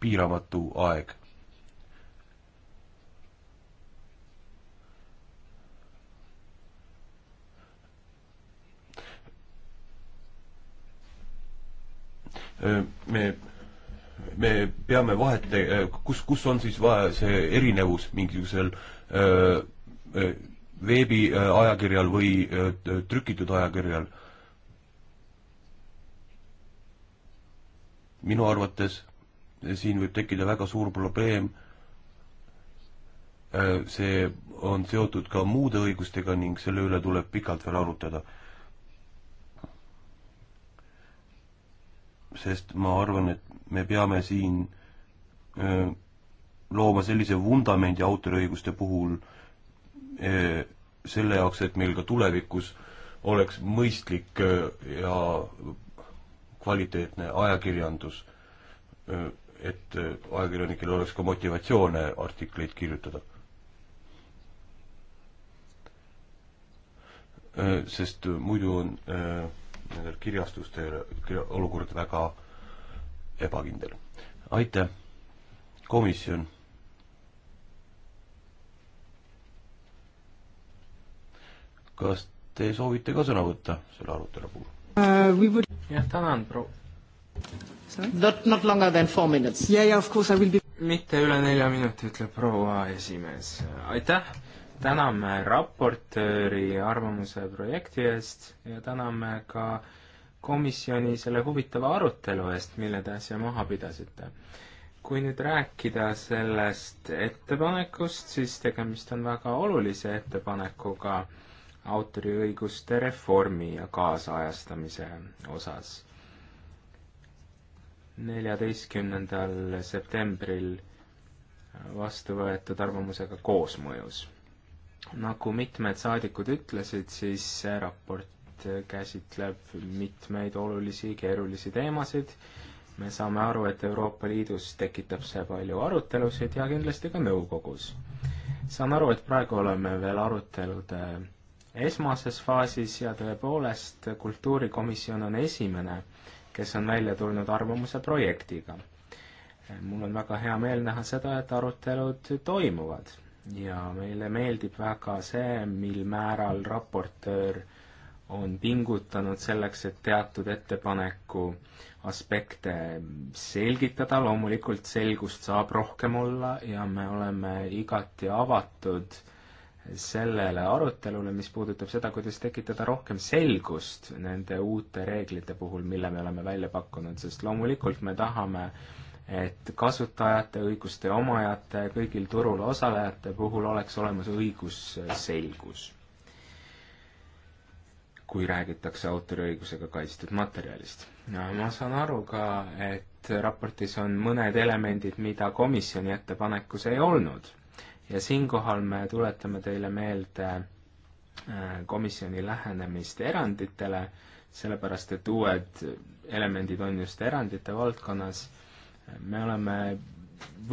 piiramatu aeg? me me peame vahet, kus, kus on siis vaja see erinevus mingisugusel veebiajakirjal või öö, trükitud ajakirjal? minu arvates siin võib tekkida väga suur probleem. see on seotud ka muude õigustega ning selle üle tuleb pikalt veel arutada sest ma arvan, et me peame siin öö, looma sellise vundamendi autoriõiguste puhul öö, selle jaoks, et meil ka tulevikus oleks mõistlik öö, ja kvaliteetne ajakirjandus, et ajakirjanikel oleks ka motivatsioone artikleid kirjutada sest muidu on nendel kirjastustel olukord väga ebakindel. aitäh, komisjon. kas te soovite ka sõna võtta selle arutelu puhul uh,? Would... jah, tänan, proua. Not, not longer than four minutes. Yeah, yeah, of course I will be. mitte üle nelja minuti, ütleb proua esimees. aitäh täname raportööri arvamuse projekti eest ja täname ka äh, komisjoni selle huvitava arutelu eest, mille te äsja maha pidasite. kui nüüd rääkida sellest ettepanekust, siis tegemist on väga olulise ettepanekuga autoriõiguste reformi ja kaasajastamise osas. neljateistkümnendal septembril vastu võetud arvamusega koosmõjus. nagu mitmed saadikud ütlesid, siis see raport raport käsitleb mitmeid olulisi keerulisi teemasid. me saame aru, et Euroopa Liidus tekitab see palju arutelusid ja kindlasti ka nõukogus. saan aru, et praegu oleme veel arutelude esmases faasis ja tõepoolest kultuurikomisjon on esimene, kes on välja tulnud arvamuse projektiga. mul on väga hea meel näha seda, et arutelud toimuvad ja meile meeldib väga see, mil määral raportöör on pingutanud selleks, et teatud ettepaneku aspekte selgitada, loomulikult selgust saab rohkem olla ja me oleme igati avatud sellele arutelule, mis puudutab seda, kuidas tekitada rohkem selgust nende uute reeglite puhul, mille me oleme välja pakkunud, sest loomulikult me tahame, et kasutajate, õiguste omajate, kõigil turul osalejate puhul oleks olemas õigusselgus kui räägitakse autoriõigusega kaitstud materjalist. ma saan aru ka, et raportis on mõned elemendid, mida komisjoni ettepanekus ei olnud ja siinkohal me tuletame teile meelde äh, komisjoni lähenemist eranditele, sellepärast et uued elemendid on just erandite valdkonnas. me oleme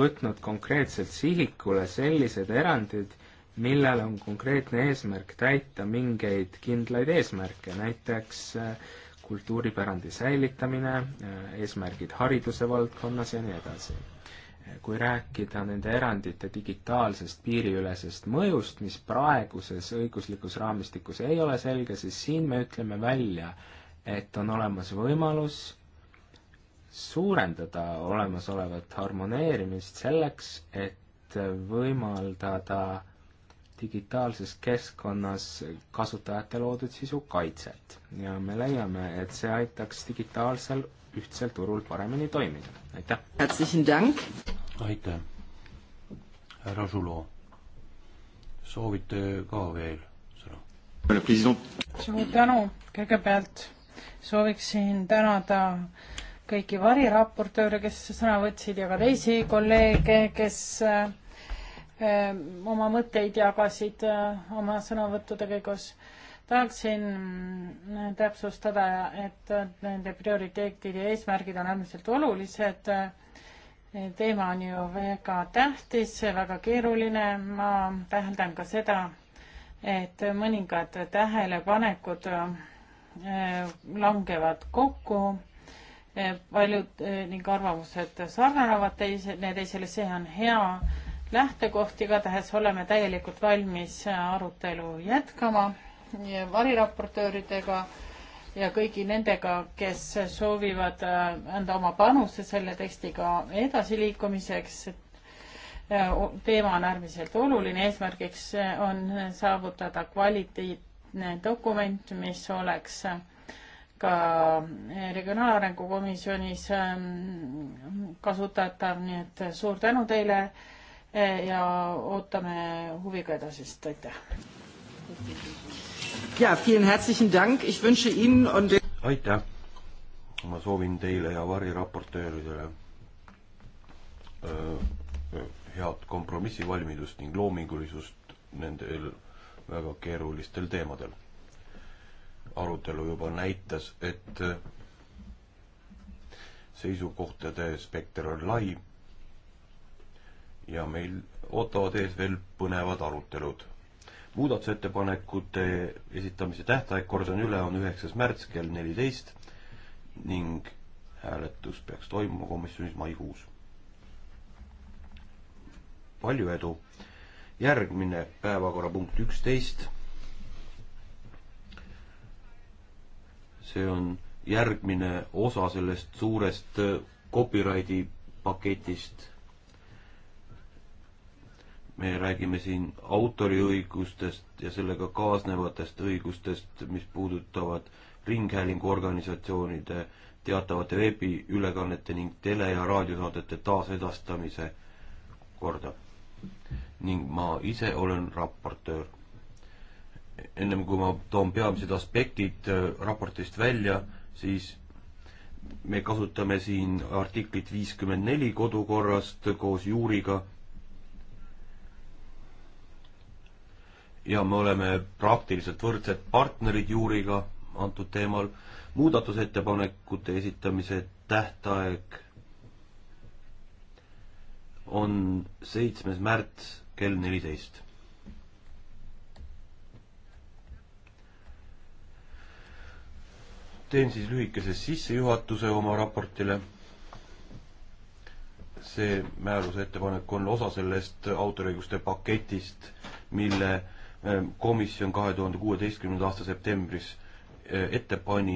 võtnud konkreetselt sihikule sellised erandid, millel on konkreetne eesmärk täita mingeid kindlaid eesmärke, näiteks äh, kultuuripärandi säilitamine, äh, eesmärgid hariduse valdkonnas ja nii edasi. kui rääkida nende erandite digitaalsest piiriülesest mõjust, mis praeguses õiguslikus raamistikus ei ole selge, siis siin me ütleme välja, et on olemas võimalus suurendada olemasolevat harmoneerimist selleks, et võimaldada digitaalses keskkonnas kasutajate loodud sisu kaitset ja me leiame, et see aitaks digitaalsel ühtsel turul paremini toimida, aitäh! aitäh! härra Žulo, soovite ka veel sõna? suur tänu, kõigepealt sooviksin tänada kõiki variraportööre, kes sõna võtsid ja ka teisi kolleege, kes äh, Ehm, oma mõtteid jagasid äh, oma sõnavõttude käigus. tahaksin mm, täpsustada, et äh, nende prioriteetid ja eesmärgid on äärmiselt olulised. Äh, teema on ju väga tähtis, väga keeruline. ma täheldan ka seda, et mõningad tähelepanekud langevad kokku paljud ning arvamused sarnanevad teise, teisele, see on hea lähtekoht, igatahes oleme täielikult valmis arutelu jätkama variraportööridega ja kõigi nendega, kes soovivad äh, anda oma panuse selle tekstiga edasiliikumiseks. Äh, teema on äärmiselt oluline, eesmärgiks äh, on saavutada kvaliteetne dokument, mis oleks ka Regionaalarengu Komisjonis ähm, kasutatav, nii et suur tänu teile Eh, ja ootame huviga edasist, aitäh. ja, vielen herzlichen Dank, ich wünsche Ihnen und aitäh, ma soovin teile ja variraportööridele äh, äh, head kompromissivalmidust ning loomingulisust nendel väga keerulistel teemadel. arutelu juba näitas, et äh, seisukohtade spekter on lai ja meil ootavad ees veel põnevad arutelud. muudatusettepanekute esitamise tähtaeg, kordan üle, on üheksas märts kell neliteist ning hääletus peaks toimuma komisjonis maikuus. palju edu! järgmine päevakorrapunkt üksteist. see on järgmine osa sellest suurest copyrighti paketist me räägime siin autoriõigustest ja sellega kaasnevatest õigustest, mis puudutavad ringhäälinguorganisatsioonide teatavate veebiülekannete ning tele- ja raadiosaadete taasedastamise korda. ning ma ise olen raportöör. ennem kui ma toon peamised aspektid äh, raportist välja, siis me kasutame siin artiklit viiskümmend neli kodukorrast koos juuriga ja me oleme praktiliselt võrdsed partnerid juuriga antud teemal. muudatusettepanekute esitamise tähtaeg on seitsmes märts kell neliteist. teen siis lühikese sissejuhatuse oma raportile. see määruse ettepanek on osa sellest autoriõiguste paketist, mille Ehm, komisjon kahe tuhande kuueteistkümnenda aasta septembris ehm, ette pani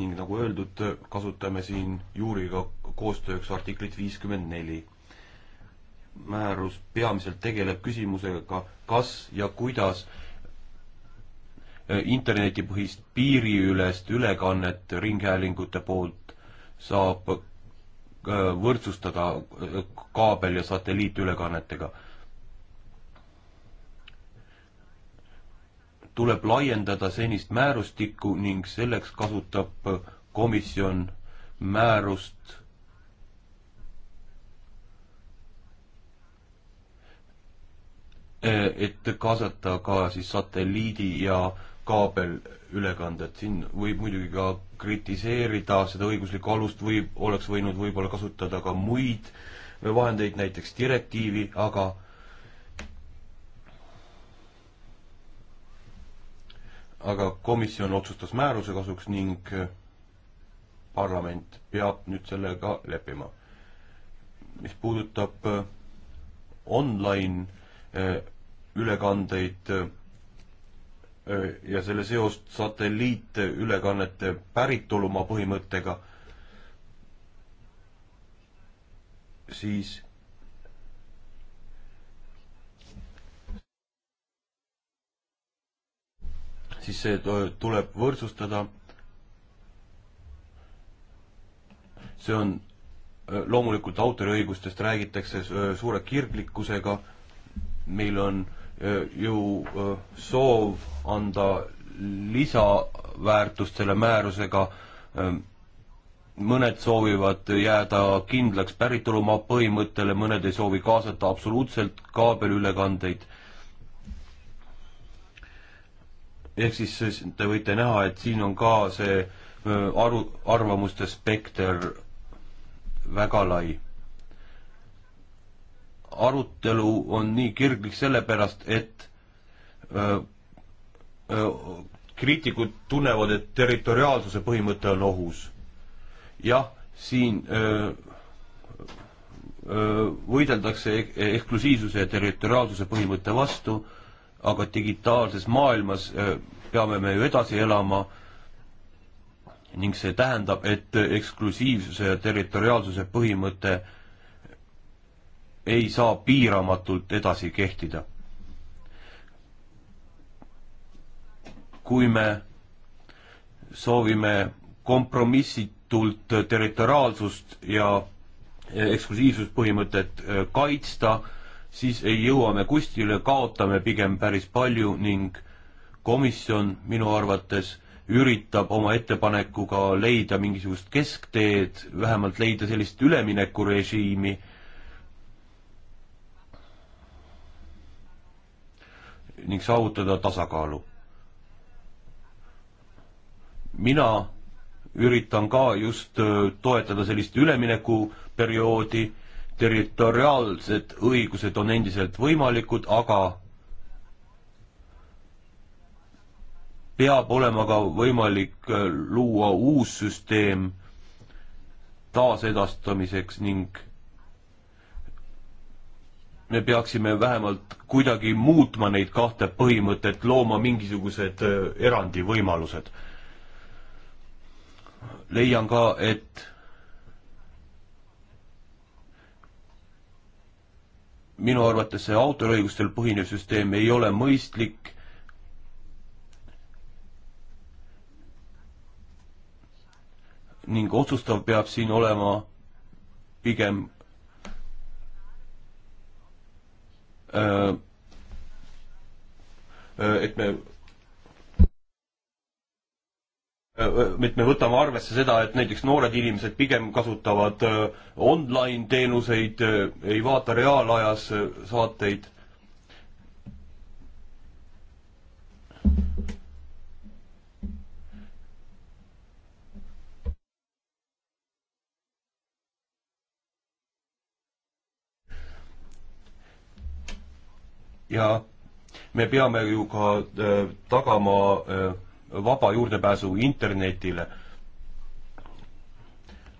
ning nagu öeldud, kasutame siin juuriga koostööks artiklit viiskümmend neli. määrus peamiselt tegeleb küsimusega, kas ja kuidas ehm, internetipõhist piiriülest ülekannet ringhäälingute poolt saab võrdsustada kaabel- ja satelliitülekannetega tuleb laiendada senist määrustikku ning selleks kasutab komisjon määrust eh, et kaasata ka siis satelliidi ja kaabelülekanded, siin võib muidugi ka kritiseerida seda õiguslikku alust, võib, oleks võinud võib-olla kasutada ka muid vahendeid, näiteks direktiivi, aga aga komisjon otsustas määruse kasuks ning äh, parlament peab nüüd sellega leppima. mis puudutab äh, online äh, ülekandeid ja selle seost satelliitülekannete päritolumaa põhimõttega, siis siis see tuleb võrdsustada. see on, loomulikult autoriõigustest räägitakse suure kirglikkusega, meil on ju soov anda lisaväärtust selle määrusega, mõned soovivad jääda kindlaks päritolumaa põhimõttele, mõned ei soovi kaasata absoluutselt kaabelülekandeid ehk siis te võite näha, et siin on ka see aru, arvamuste spekter väga lai. arutelu on nii kirglik sellepärast, et öö, öö, kriitikud tunnevad, et territoriaalsuse põhimõte on ohus. jah, siin öö, öö, võideldakse eksklusiivsuse ja territoriaalsuse põhimõtte vastu aga digitaalses maailmas äh, peame me ju edasi elama ning see tähendab, et äh, eksklusiivsuse ja territoriaalsuse põhimõte ei saa piiramatult edasi kehtida. kui me soovime kompromissitult territoriaalsust ja äh, eksklusiivsuspõhimõtet kaitsta, siis ei jõua me kuskile, kaotame pigem päris palju ning komisjon minu arvates üritab oma ettepanekuga leida mingisugust keskteed, vähemalt leida sellist üleminekurežiimi, ning saavutada tasakaalu. mina üritan ka just äh, toetada sellist üleminekuperioodi territoriaalsed õigused on endiselt võimalikud, aga peab olema ka võimalik äh, luua uus süsteem taasedastamiseks ning me peaksime vähemalt kuidagi muutma neid kahte põhimõtet, looma mingisugused äh, erandivõimalused. leian ka, et minu arvates see autoriõigustel põhinev süsteem ei ole mõistlik. ning otsustav peab siin olema pigem öö, äh, öö, äh, et me et me võtame arvesse seda, et näiteks noored inimesed pigem kasutavad äh, online teenuseid, äh, ei vaata reaalajas äh, saateid. ja me peame ju ka tagama vaba juurdepääsu internetile.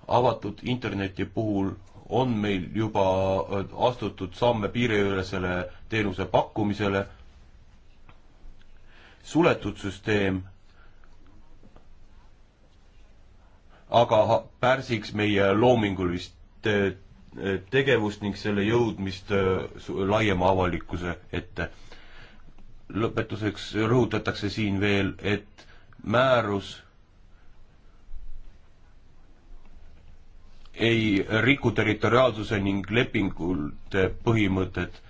avatud interneti puhul on meil juba äh, astutud samme piiriülesele teenuse pakkumisele. suletud süsteem aga pärsiks meie loomingulist äh, äh, tegevust ning selle jõudmist laiema avalikkuse ette lõpetuseks rõhutatakse siin veel, et määrus ei riku territoriaalsuse ning lepingute põhimõtet.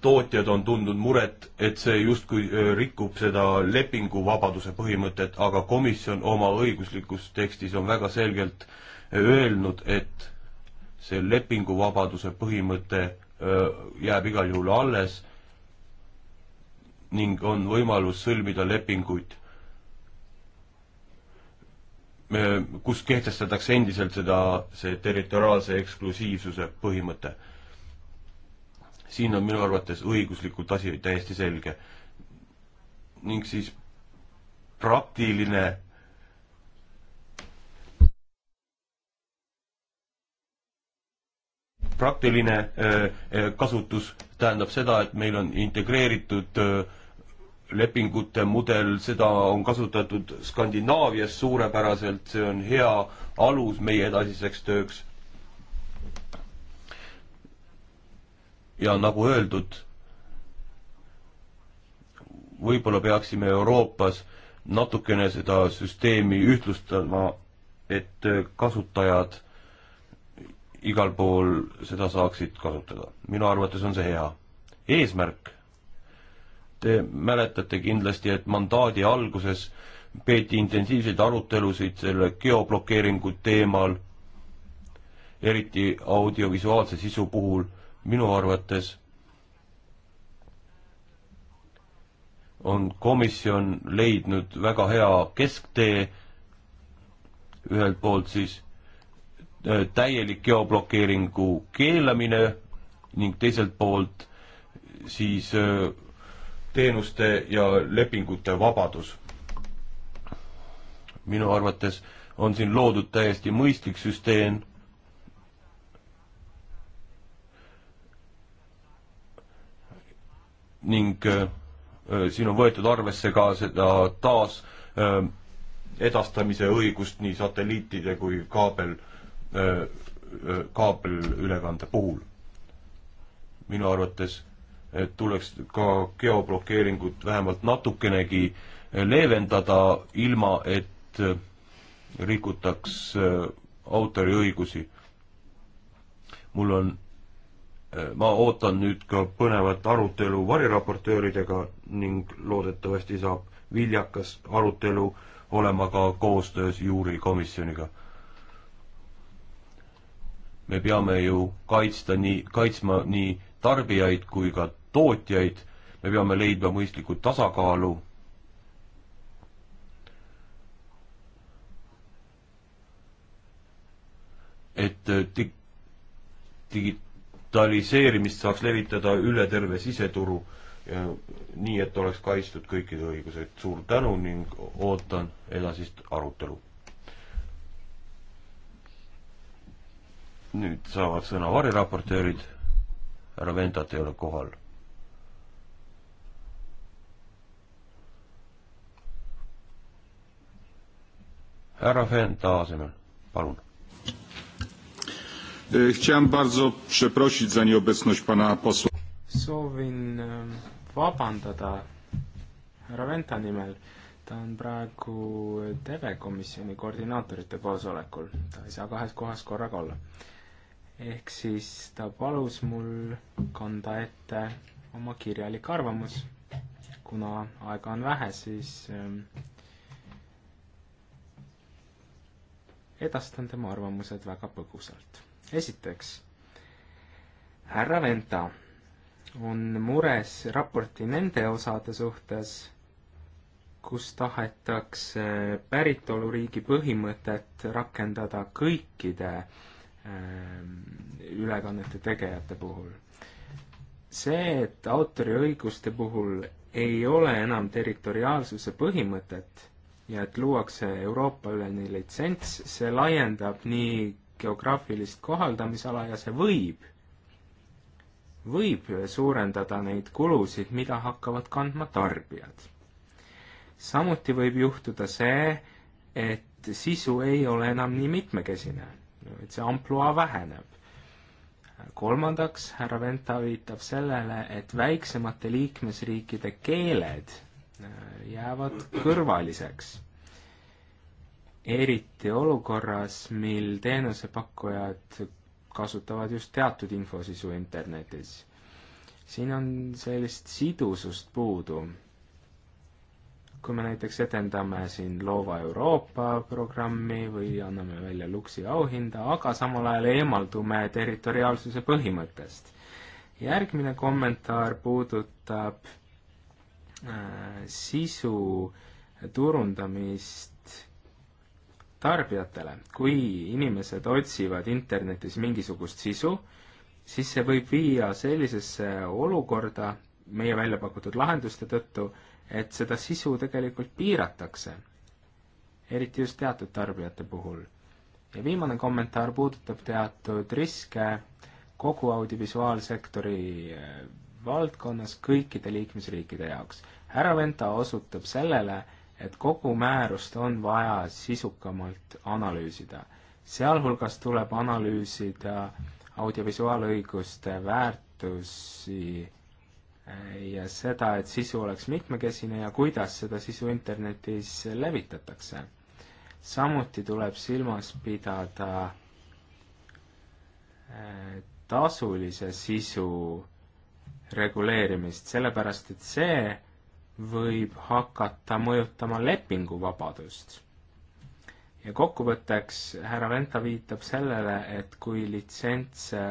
tootjad on tundnud muret, et see justkui äh, rikub seda lepinguvabaduse põhimõtet, aga komisjon oma õiguslikus tekstis on väga selgelt äh, öelnud, et see lepinguvabaduse põhimõte jääb igal juhul alles ning on võimalus sõlmida lepinguid, kus kehtestatakse endiselt seda, see territoriaalse eksklusiivsuse põhimõte. siin on minu arvates õiguslikult asi täiesti selge. ning siis praktiline praktiline äh, äh, kasutus tähendab seda, et meil on integreeritud äh, lepingute mudel, seda on kasutatud Skandinaavias suurepäraselt, see on hea alus meie edasiseks tööks. ja nagu öeldud, võib-olla peaksime Euroopas natukene seda süsteemi ühtlustama, et kasutajad igal pool seda saaksid kasutada. minu arvates on see hea. eesmärk. Te mäletate kindlasti, et mandaadi alguses peeti intensiivseid arutelusid selle geoblokeeringu teemal, eriti audiovisuaalse sisu puhul, minu arvates on komisjon leidnud väga hea kesktee, ühelt poolt siis Äh, täielik geoblokeeringu keelamine ning teiselt poolt siis äh, teenuste ja lepingute vabadus. minu arvates on siin loodud täiesti mõistlik süsteem ning äh, äh, siin on võetud arvesse ka seda taas äh, edastamise õigust nii satelliitide kui kaabel Äh, äh, kaabelülekande puhul. minu arvates tuleks ka geoblokeeringut vähemalt natukenegi leevendada, ilma et äh, rikutaks autoriõigusi. mul on, ma ootan nüüd ka põnevat arutelu variraportööridega ning loodetavasti saab viljakas arutelu olema ka koostöös juurikomisjoniga me peame ju kaitsta nii, kaitsma nii tarbijaid kui ka tootjaid, me peame leidma mõistliku tasakaalu. et äh, dig-, digitaliseerimist saaks levitada üle terve siseturu, nii et oleks kaitstud kõikide õigused. suur tänu ning ootan edasist arutelu nüüd saavad sõna variraportöörid. härra Ventat ei ole kohal. härra Venta asemel, palun. E, chciałem bardzo przeprosić za nieobecność pana posła. Soovin e, vabandada härra Venta nimel. ta on praegu TV-komisjoni koordinaatorite koosolekul, ta ei saa kahes kohas korraga olla ehk siis ta palus mul kanda ette oma kirjalik arvamus. kuna aega on vähe, siis ähm, edastan tema arvamused väga põgusalt. esiteks, härra Venta on mures raporti nende osade suhtes, kus tahetakse päritoluriigi põhimõtet rakendada kõikide äh, Ähm, ülekannete tegejate puhul. see, et autoriõiguste puhul ei ole enam territoriaalsuse põhimõtet ja et luuakse Euroopa-ülene litsents, see laiendab nii geograafilist kohaldamisala ja see võib, võib suurendada neid kulusid, mida hakkavad kandma tarbijad. samuti võib juhtuda see, et sisu ei ole enam nii mitmekesine et see ampluaa väheneb. kolmandaks, härra Venta viitab sellele, et väiksemate liikmesriikide keeled äh, jäävad kõrvaliseks. eriti olukorras, mil teenusepakkujad kasutavad just teatud infosisu internetis. siin on sellist sidusust puudu kui me näiteks edendame siin Loova Euroopa programmi või anname välja Luksi auhinda, aga samal ajal eemaldume territoriaalsuse põhimõttest. järgmine kommentaar puudutab äh, sisu turundamist tarbijatele. kui inimesed otsivad internetis mingisugust sisu, siis see võib viia sellisesse olukorda meie välja pakutud lahenduste tõttu, et seda sisu tegelikult piiratakse, eriti just teatud tarbijate puhul. ja viimane kommentaar puudutab teatud riske kogu audiovisuaalsektori äh, valdkonnas kõikide liikmesriikide jaoks. härra Venta osutab sellele, et kogu määrust on vaja sisukamalt analüüsida. sealhulgas tuleb analüüsida audiovisuaalõiguste väärtusi ja seda, et sisu oleks mitmekesine ja kuidas seda sisu internetis levitatakse. samuti tuleb silmas pidada äh, tasulise sisu reguleerimist, sellepärast et see võib hakata mõjutama lepinguvabadust. ja kokkuvõtteks härra Venta viitab sellele, et kui litsentse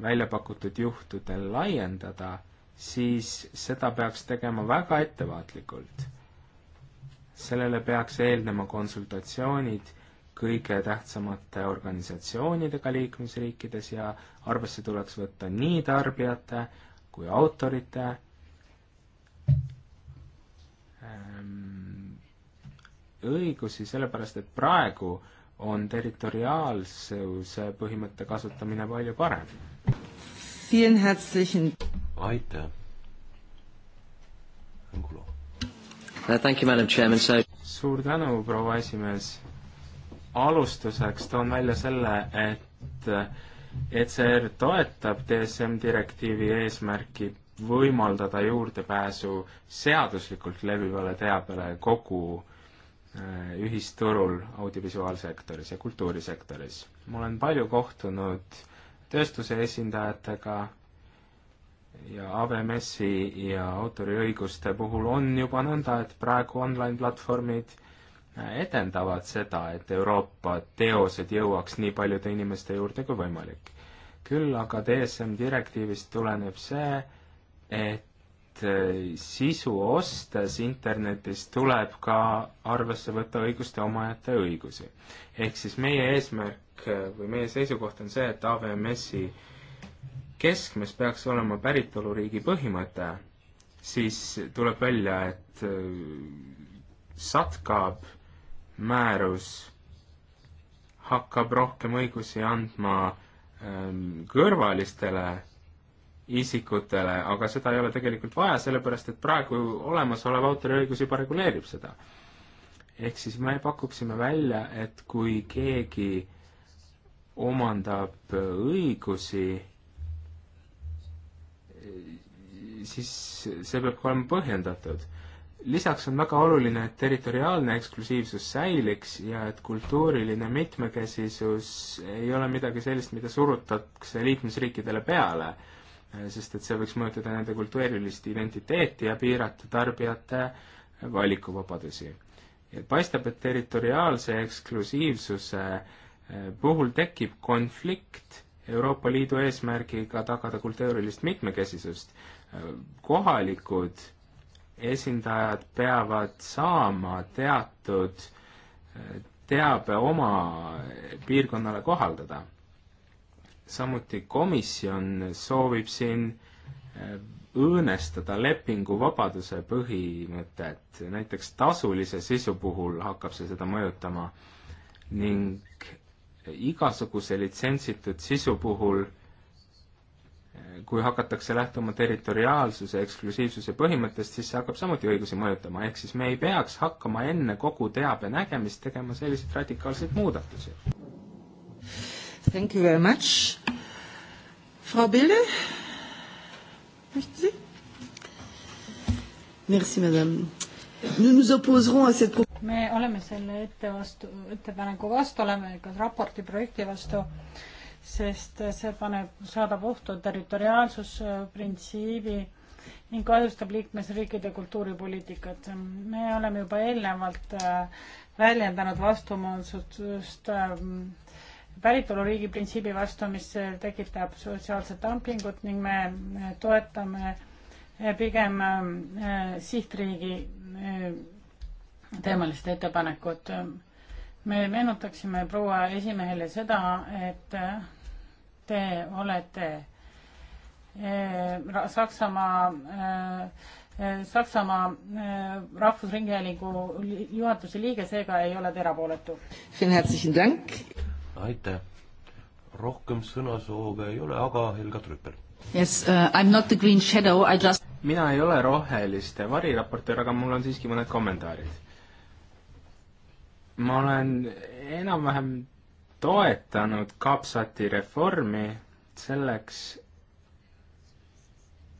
välja pakutud juhtudel laiendada siis seda peaks tegema väga ettevaatlikult. sellele peaks eelnema konsultatsioonid kõige tähtsamate organisatsioonidega liikmesriikides ja arvesse tuleks võtta nii tarbijate kui autorite ähm, õigusi, sellepärast et praegu on territoriaalsuse põhimõtte kasutamine palju parem aitäh. Angulo. Uh, suur tänu, proua esimees. alustuseks toon välja selle, et uh, ECR toetab DSM direktiivi eesmärki võimaldada juurdepääsu seaduslikult levivale teabele kogu uh, ühisturul audiovisuaalsektoris ja kultuurisektoris. ma olen palju kohtunud tööstuse esindajatega, ja AWS-i ja autoriõiguste puhul on juba nõnda, et praegu online-platvormid äh, edendavad seda, et Euroopa teosed jõuaks nii paljude inimeste juurde kui võimalik. küll aga DSM direktiivist tuleneb see, et äh, sisu ostes internetis tuleb ka arvesse võtta õiguste omajate õigusi. ehk siis meie eesmärk äh, või meie seisukoht on see, et AWS-i äh, keskmes peaks olema päritoluriigi põhimõte, siis tuleb välja, et äh, SATKAB määrus hakkab rohkem õigusi andma ähm, kõrvalistele isikutele, aga seda ei ole tegelikult vaja, sellepärast et praegu olemasolev autoriõigus juba reguleerib seda. ehk siis me pakuksime välja, et kui keegi omandab õigusi siis see peab olema põhjendatud. lisaks on väga oluline, et territoriaalne eksklusiivsus säiliks ja et kultuuriline mitmekesisus ei ole midagi sellist, mida surutakse liikmesriikidele peale, sest et see võiks mõjutada nende kultuurilist identiteeti ja piirata tarbijate valikuvabadusi. et paistab, et territoriaalse eksklusiivsuse puhul tekib konflikt Euroopa Liidu eesmärgiga tagada kultuurilist mitmekesisust. kohalikud esindajad peavad saama teatud teabe oma piirkonnale kohaldada. samuti komisjon soovib siin eh, õõnestada lepinguvabaduse põhimõtet, näiteks tasulise sisu puhul hakkab see seda mõjutama ning igasuguse litsentsitud sisu puhul, kui hakatakse lähtuma territoriaalsuse, eksklusiivsuse põhimõttest, siis see hakkab samuti õigusi mõjutama, ehk siis me ei peaks hakkama enne kogu teabe nägemist tegema selliseid radikaalseid muudatusi. Thank you very much. Frau Bilde, möchten Sie? Merci, madame me oleme selle ette vastu, ettepaneku vastu, oleme ka raporti projekti vastu, sest see paneb, saadab ohtu territoriaalsusprintsiibi ning kahjustab liikmesriikide kultuuripoliitikat. me oleme juba eelnevalt äh, väljendanud vastumeelsust äh, päritoluriigi printsiibi vastu, mis tekitab sotsiaalset dumpingut ning me toetame pigem äh, sihtriigi äh, teemalist ettepanekut. me meenutaksime proua esimehele seda, et äh, te olete Saksamaa, Saksamaa Rahvusringhäälingu juhatuse liige, seega ei ole te erapooletu. aitäh, rohkem sõnasoove ei ole, aga Helga Trüppel Yes, uh, I am not the green shadow, I just mina ei ole roheliste variraportöör, aga mul on siiski mõned kommentaarid. ma olen enam-vähem toetanud kapsati reformi selleks,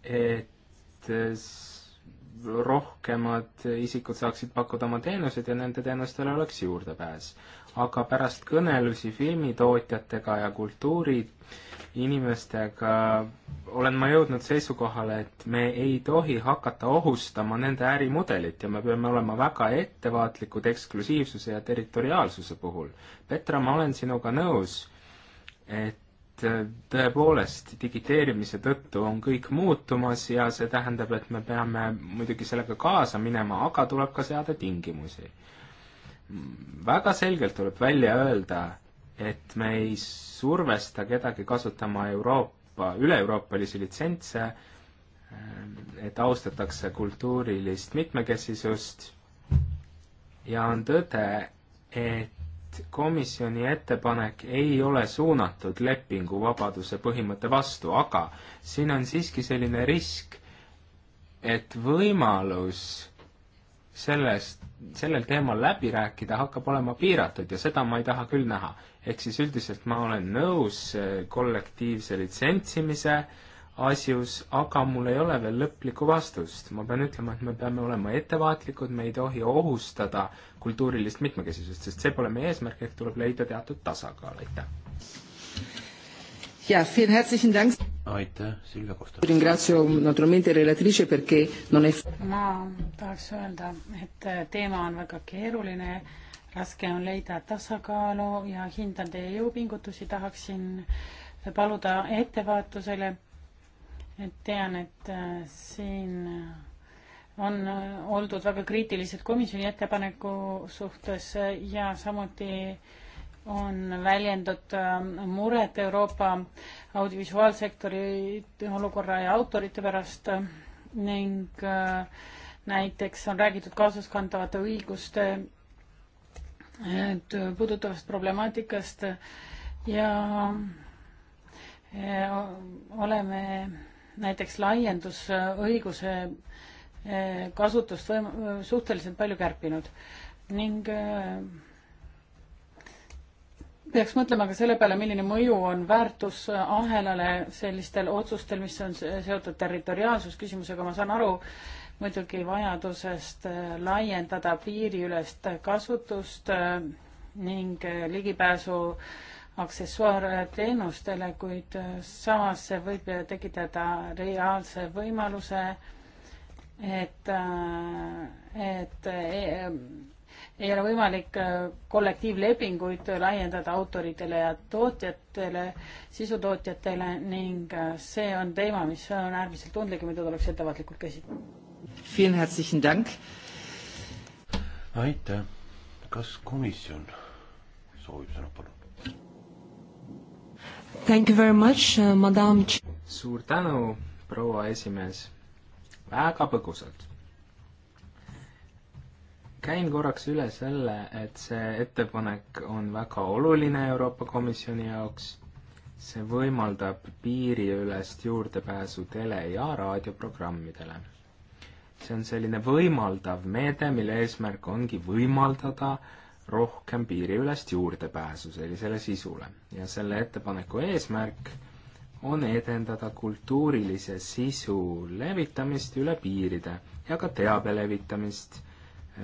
et rohkemad isikud saaksid pakkuda oma teenuseid ja nende teenustele oleks juurdepääs aga pärast kõnelusi filmitootjatega ja kultuuriinimestega olen ma jõudnud seisukohale, et me ei tohi hakata ohustama nende ärimudelit ja me peame olema väga ettevaatlikud eksklusiivsuse ja territoriaalsuse puhul. Petra, ma olen sinuga nõus, et tõepoolest, digiteerimise tõttu on kõik muutumas ja see tähendab, et me peame muidugi sellega kaasa minema, aga tuleb ka seada tingimusi väga selgelt tuleb välja öelda, et me ei survesta kedagi kasutama Euroopa, üle-euroopalisi litsentse, et austatakse kultuurilist mitmekesisust ja on tõde, et komisjoni ettepanek ei ole suunatud lepinguvabaduse põhimõtte vastu, aga siin on siiski selline risk, et võimalus sellest, sellel teemal läbi rääkida hakkab olema piiratud ja seda ma ei taha küll näha. ehk siis üldiselt ma olen nõus äh, kollektiivse litsentsimise asjus, aga mul ei ole veel lõplikku vastust. ma pean ütlema, et me peame olema ettevaatlikud, me ei tohi ohustada kultuurilist mitmekesisust, sest see pole meie eesmärk, ehk tuleb leida teatud tasakaal, aitäh ja, vielen herzlichen Dank. aitäh, Silvia Kosta. Ringrazio naturalmente relatrice perché non è. ma tahaks öelda, et teema on väga keeruline, raske on leida tasakaalu ja hindan teie jõupingutusi, tahaksin paluda ettevaatusele. et tean, et äh, siin on oldud väga kriitilised komisjoni ettepaneku suhtes ja samuti äh, on väljendud ähm, muret Euroopa audiovisuaalsektori olukorra ja autorite pärast äh, ning äh, näiteks on räägitud kaasaskantavate õiguste äh, puudutavast problemaatikast ja oleme näiteks laiendusõiguse kasutust võim-, suhteliselt palju kärpinud ning peaks mõtlema ka selle peale, milline mõju on väärtusahelale sellistel otsustel, mis on seotud territoriaalsusküsimusega, ma saan aru muidugi vajadusest äh, laiendada piiriülest kasutust äh, ning äh, ligipääsu aksessuaarteenustele, kuid samas see võib tekitada reaalse võimaluse, et, et ei ole võimalik äh, kollektiivlepinguid laiendada autoritele ja tootjatele, sisutootjatele ning äh, see on teema, mis on äärmiselt tundlik ja mida tuleks ettevaatlikult käsitleda. aitäh, kas komisjon soovib sõna, palun? Thank you very much, uh, madam. suur tänu, proua esimees. väga põgusalt käin korraks üle selle, et see ettepanek on väga oluline Euroopa Komisjoni jaoks. see võimaldab piiriülest juurdepääsu tele- ja raadioprogrammidele. see on selline võimaldav meede, mille eesmärk ongi võimaldada rohkem piiriülest juurdepääsu sellisele sisule ja selle ettepaneku eesmärk on edendada kultuurilise sisu levitamist üle piiride ja ka teabe levitamist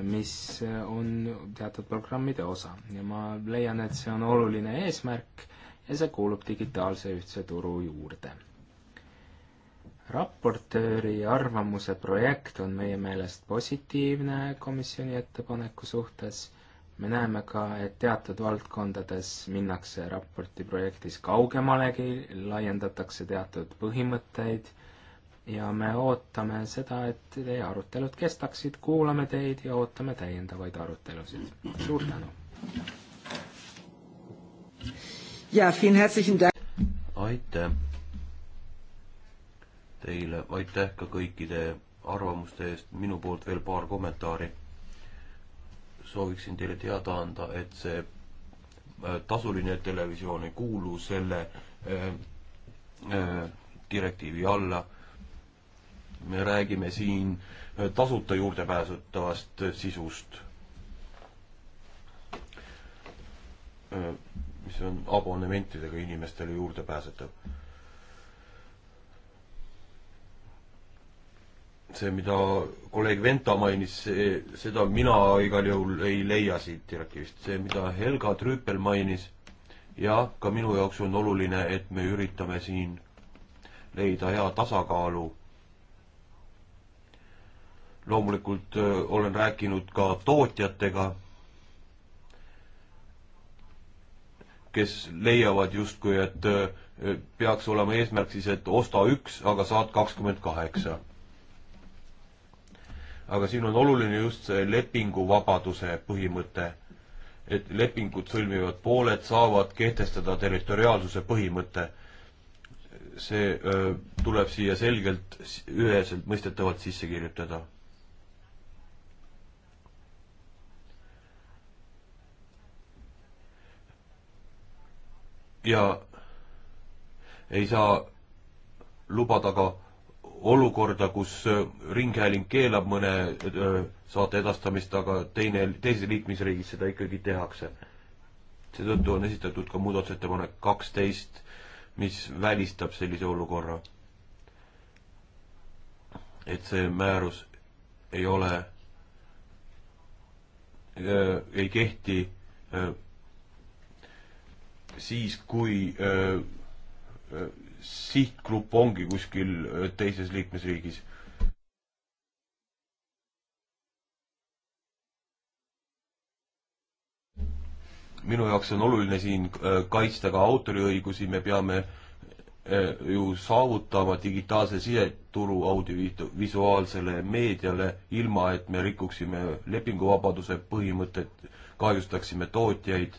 mis on teatud programmide osa ja ma leian, et see on oluline eesmärk ja see kuulub digitaalse ühtse turu juurde. raportööri arvamuse projekt on meie meelest positiivne komisjoni ettepaneku suhtes, me näeme ka, et teatud valdkondades minnakse raporti projektis kaugemalegi, laiendatakse teatud põhimõtteid ja me ootame seda, et teie arutelud kestaksid, kuulame teid ja ootame täiendavaid arutelusid. suur tänu! aitäh teile, aitäh ka kõikide arvamuste eest, minu poolt veel paar kommentaari. sooviksin teile teada anda, et see äh, tasuline televisioon ei kuulu selle äh, äh, direktiivi alla me räägime siin äh, tasuta juurdepääsetavast äh, sisust, äh, mis on abonementidega inimestele juurdepääsetav. see, mida kolleeg Venta mainis, see, seda mina igal juhul ei leia siit direktiivist. see, mida Helga Trüüpel mainis, jah, ka minu jaoks on oluline, et me üritame siin leida hea tasakaalu loomulikult olen rääkinud ka tootjatega, kes leiavad justkui, et peaks olema eesmärk siis, et osta üks, aga saad kakskümmend kaheksa. aga siin on oluline just see lepinguvabaduse põhimõte, et lepingud sõlmivad pooled saavad kehtestada territoriaalsuse põhimõte see öö, tuleb siia selgelt, üheselt mõistetavalt sisse kirjutada ja ei saa lubada ka olukorda, kus äh, Ringhääling keelab mõne äh, saate edastamist, aga teine, teises liikmesriigis seda ikkagi tehakse. seetõttu on esitatud ka muudatusettepanek kaksteist, mis välistab sellise olukorra. et see määrus ei ole, äh, ei kehti öö, siis, kui öö, äh, öö, äh, sihtgrupp ongi kuskil äh, teises liikmesriigis. minu jaoks on oluline siin kaitsta ka autoriõigusi, me peame ju saavutama digitaalse siseturu audiovisuaalsele meediale, ilma et me rikuksime lepinguvabaduse põhimõtet, kahjustaksime tootjaid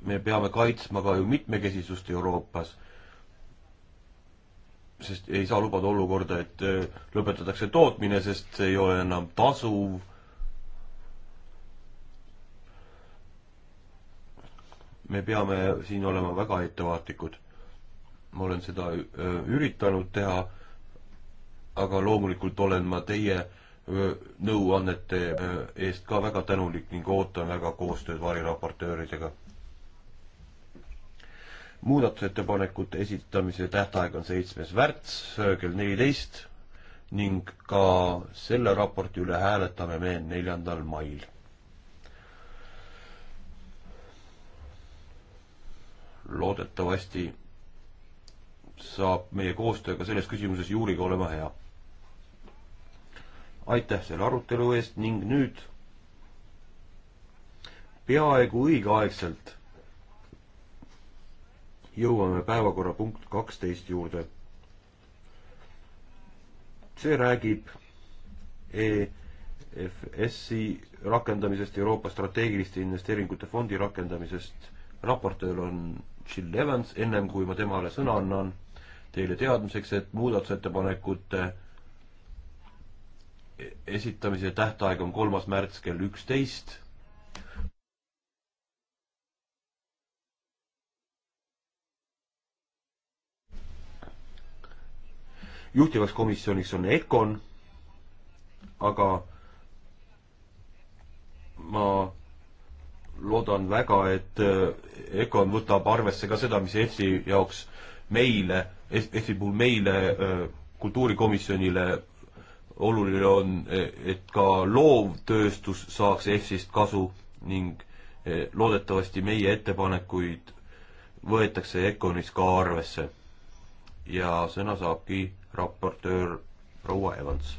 me peame kaitsma ka ju mitmekesisust Euroopas, sest ei saa lubada olukorda, et äh, lõpetatakse tootmine, sest see ei ole enam tasuv. me peame siin olema väga ettevaatlikud. ma olen seda äh, üritanud teha, aga loomulikult olen ma teie äh, nõuannete eest ka väga tänulik ning ootan väga koostööd variraportööridega muudatusettepanekute esitamise tähtaeg on seitsmes märts äh, kell neliteist ning ka selle raporti üle hääletame me neljandal mail. loodetavasti saab meie koostöö ka selles küsimuses Juuriga olema hea. aitäh selle arutelu eest ning nüüd peaaegu õigeaegselt jõuame päevakorrapunkt kaksteist juurde. see räägib EFSi rakendamisest, Euroopa strateegiliste investeeringute fondi rakendamisest. raportöör on Jill Evans, ennem kui ma temale sõna annan, teile teadmiseks, et muudatusettepanekute esitamise tähtaeg on kolmas märts kell üksteist juhtivaks komisjoniks on EKON, aga ma loodan väga, et äh, EKON võtab arvesse ka seda, mis EFSi jaoks meile, EFSi puhul meile, äh, kultuurikomisjonile oluline on, et ka loovtööstus saaks EFSist kasu ning äh, loodetavasti meie ettepanekuid võetakse EKONis ka arvesse. ja sõna saabki raportöör proua Evans.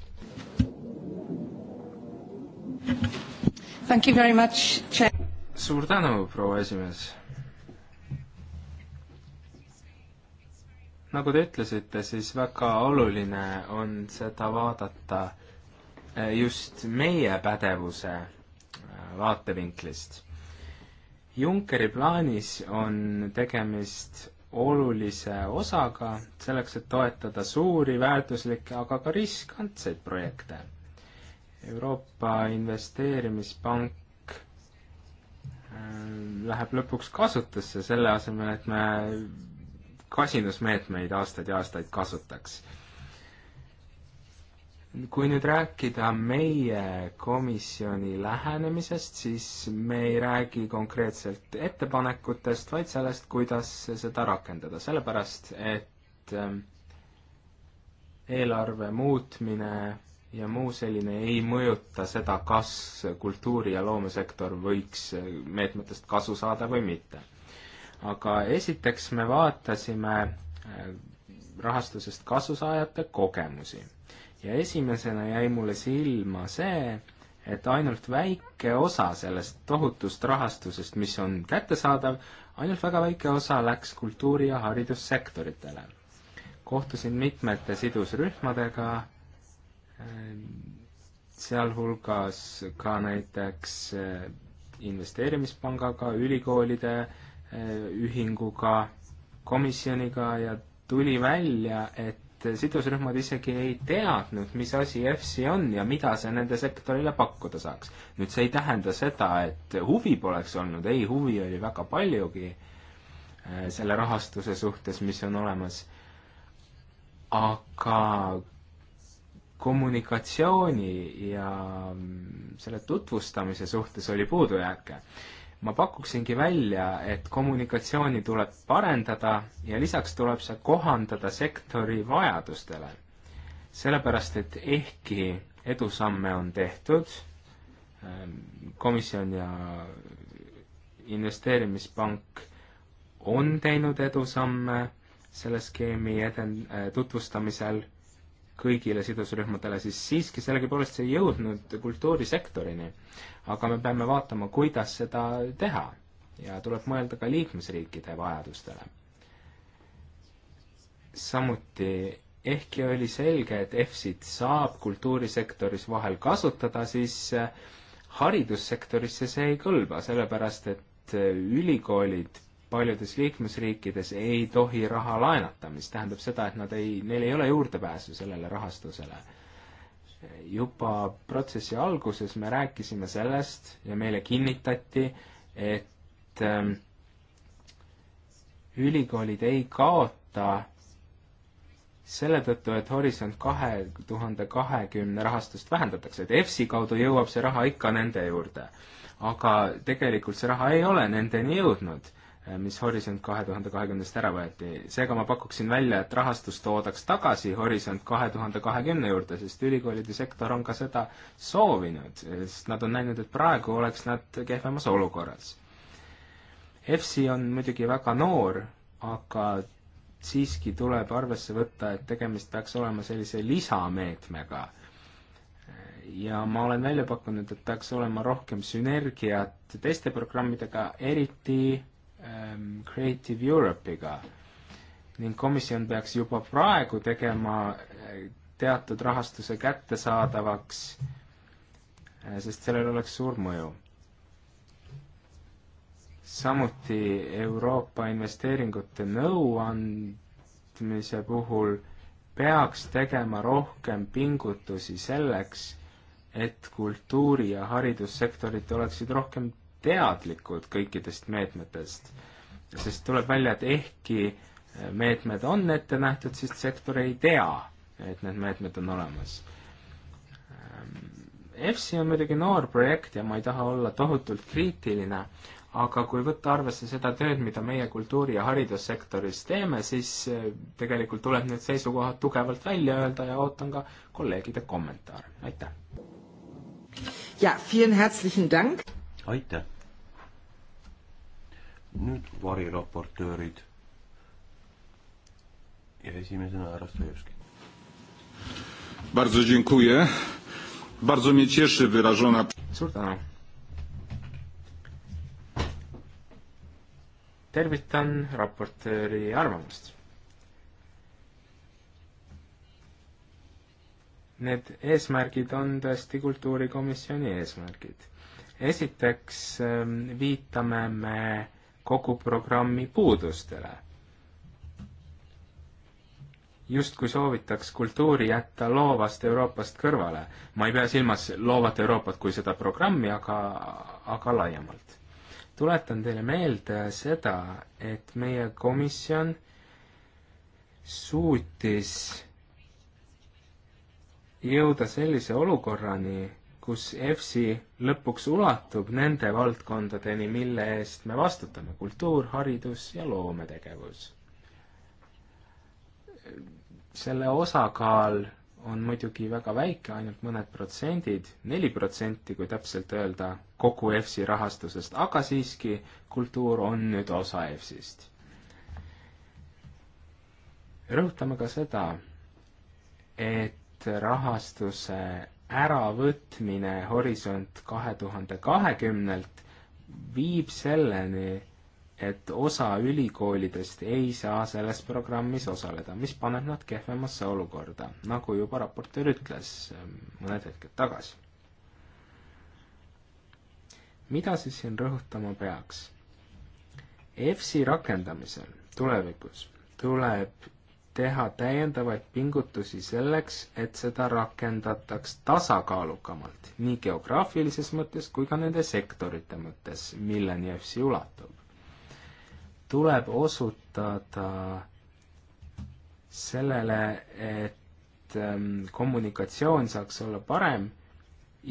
Thank you very much, Chair. suur tänu, proua esimees. nagu te ütlesite, siis väga oluline on seda vaadata eh, just meie pädevuse eh, vaatevinklist Junckeri plaanis on tegemist olulise osaga selleks, et toetada suuri, väärtuslikke, aga ka riskantseid projekte. Euroopa Investeerimispank äh, läheb lõpuks kasutusse, selle asemel, et me kasinusmeetmeid aastaid ja aastaid kasutaks kui nüüd rääkida meie komisjoni lähenemisest, siis me ei räägi konkreetselt ettepanekutest, vaid sellest, kuidas seda rakendada, sellepärast et ähm, eelarve muutmine ja muu selline ei mõjuta seda, kas kultuuri- ja loomesektor võiks meetmetest kasu saada või mitte. aga esiteks me vaatasime äh, rahastusest kasusaajate kogemusi ja esimesena jäi mulle silma see, et ainult väike osa sellest tohutust rahastusest, mis on kättesaadav, ainult väga väike osa läks kultuuri- ja haridussektoritele. kohtusin mitmete sidusrühmadega, eh, sealhulgas ka näiteks eh, investeerimispangaga, ülikoolide eh, ühinguga, komisjoniga ja tuli välja, et sidusrühmad isegi ei teadnud, mis asi EFSI on ja mida see nende sektorile pakkuda saaks. nüüd see ei tähenda seda, et huvi poleks olnud, ei, huvi oli väga paljugi äh, selle rahastuse suhtes, mis on olemas, aga kommunikatsiooni ja mm, selle tutvustamise suhtes oli puudujääke ma pakuksingi välja, et kommunikatsiooni tuleb parendada ja lisaks tuleb see kohandada sektori vajadustele. sellepärast, et ehkki edusamme on tehtud, ähm, komisjon ja investeerimispank on teinud edusamme selle skeemi eden-, äh, tutvustamisel kõigile sidusrühmadele, siis siiski sellegipoolest see ei jõudnud kultuurisektorini. aga me peame vaatama, kuidas seda teha ja tuleb mõelda ka liikmesriikide vajadustele. samuti, ehkki oli selge, et EFSit saab kultuurisektoris vahel kasutada, siis eh, haridussektorisse see ei kõlba, sellepärast et eh, ülikoolid paljudes liikmesriikides ei tohi raha laenata, mis tähendab seda, et nad ei, neil ei ole juurdepääsu sellele rahastusele. juba protsessi alguses me rääkisime sellest ja meile kinnitati, et ähm, ülikoolid ei kaota selle tõttu, et Horisont kahe tuhande kahekümne rahastust vähendatakse, et EFSI kaudu jõuab see raha ikka nende juurde. aga tegelikult see raha ei ole nendeni jõudnud Äh, mis Horisont kahe tuhande kahekümnest ära võeti. seega ma pakuksin välja, et rahastus toodaks tagasi Horisont kahe tuhande kahekümne juurde, sest ülikoolide sektor on ka seda soovinud, sest nad on näinud, et praegu oleks nad kehvemas olukorras. EFSI on muidugi väga noor, aga siiski tuleb arvesse võtta, et tegemist peaks olema sellise lisameetmega. ja ma olen välja pakkunud, et peaks olema rohkem sünergiat teiste programmidega, eriti Ähm, Creative Europe'iga ning komisjon peaks juba praegu tegema äh, teatud rahastuse kättesaadavaks, äh, sest sellel oleks suur mõju. samuti Euroopa investeeringute nõuandmise puhul peaks tegema rohkem pingutusi selleks, et kultuuri- ja haridussektorid oleksid rohkem teadlikud kõikidest meetmetest, sest tuleb välja, et ehkki meetmed on ette nähtud, siis sektor ei tea, et need meetmed on olemas. EFSI ehm, on muidugi noor projekt ja ma ei taha olla tohutult kriitiline, aga kui võtta arvesse seda tööd, mida meie kultuuri- ja haridussektoris teeme, siis eh, tegelikult tuleb need seisukohad tugevalt välja öelda ja ootan ka kolleegide kommentaare, aitäh! ja, vielen herzlichen Dank! aitäh! nüüd variraportöörid. ja esimesena härra Stojevski. Bardzo dziękuję. Bardzo mnie cieszy wyrażona... Suur tänu. tervitan raportööri arvamust. Need eesmärgid on tõesti kultuurikomisjoni eesmärgid esiteks ähm, viitame me kogu programmi puudustele. justkui soovitaks kultuuri jätta loovast Euroopast kõrvale. ma ei pea silmas loovat Euroopat kui seda programmi, aga, aga laiemalt. tuletan teile meelde seda, et meie komisjon suutis jõuda sellise olukorrani, kus EFSI lõpuks ulatub nende valdkondadeni, mille eest me vastutame, kultuur, haridus ja loometegevus. selle osakaal on muidugi väga väike, ainult mõned protsendid, neli protsenti, kui täpselt öelda, kogu EFSI rahastusest, aga siiski kultuur on nüüd osa EFSI-st. rõhutame ka seda, et rahastuse äravõtmine Horisont kahe tuhande kahekümnelt viib selleni, et osa ülikoolidest ei saa selles programmis osaleda, mis paneb nad kehvemasse olukorda, nagu juba raportöör ütles ehm, mõned hetked tagasi. mida siis siin rõhutama peaks? EFSi rakendamisel tulevikus tuleb teha täiendavaid pingutusi selleks, et seda rakendataks tasakaalukamalt, nii geograafilises mõttes kui ka nende sektorite mõttes, milleni EFSI ulatub. tuleb osutada sellele, et ähm, kommunikatsioon saaks olla parem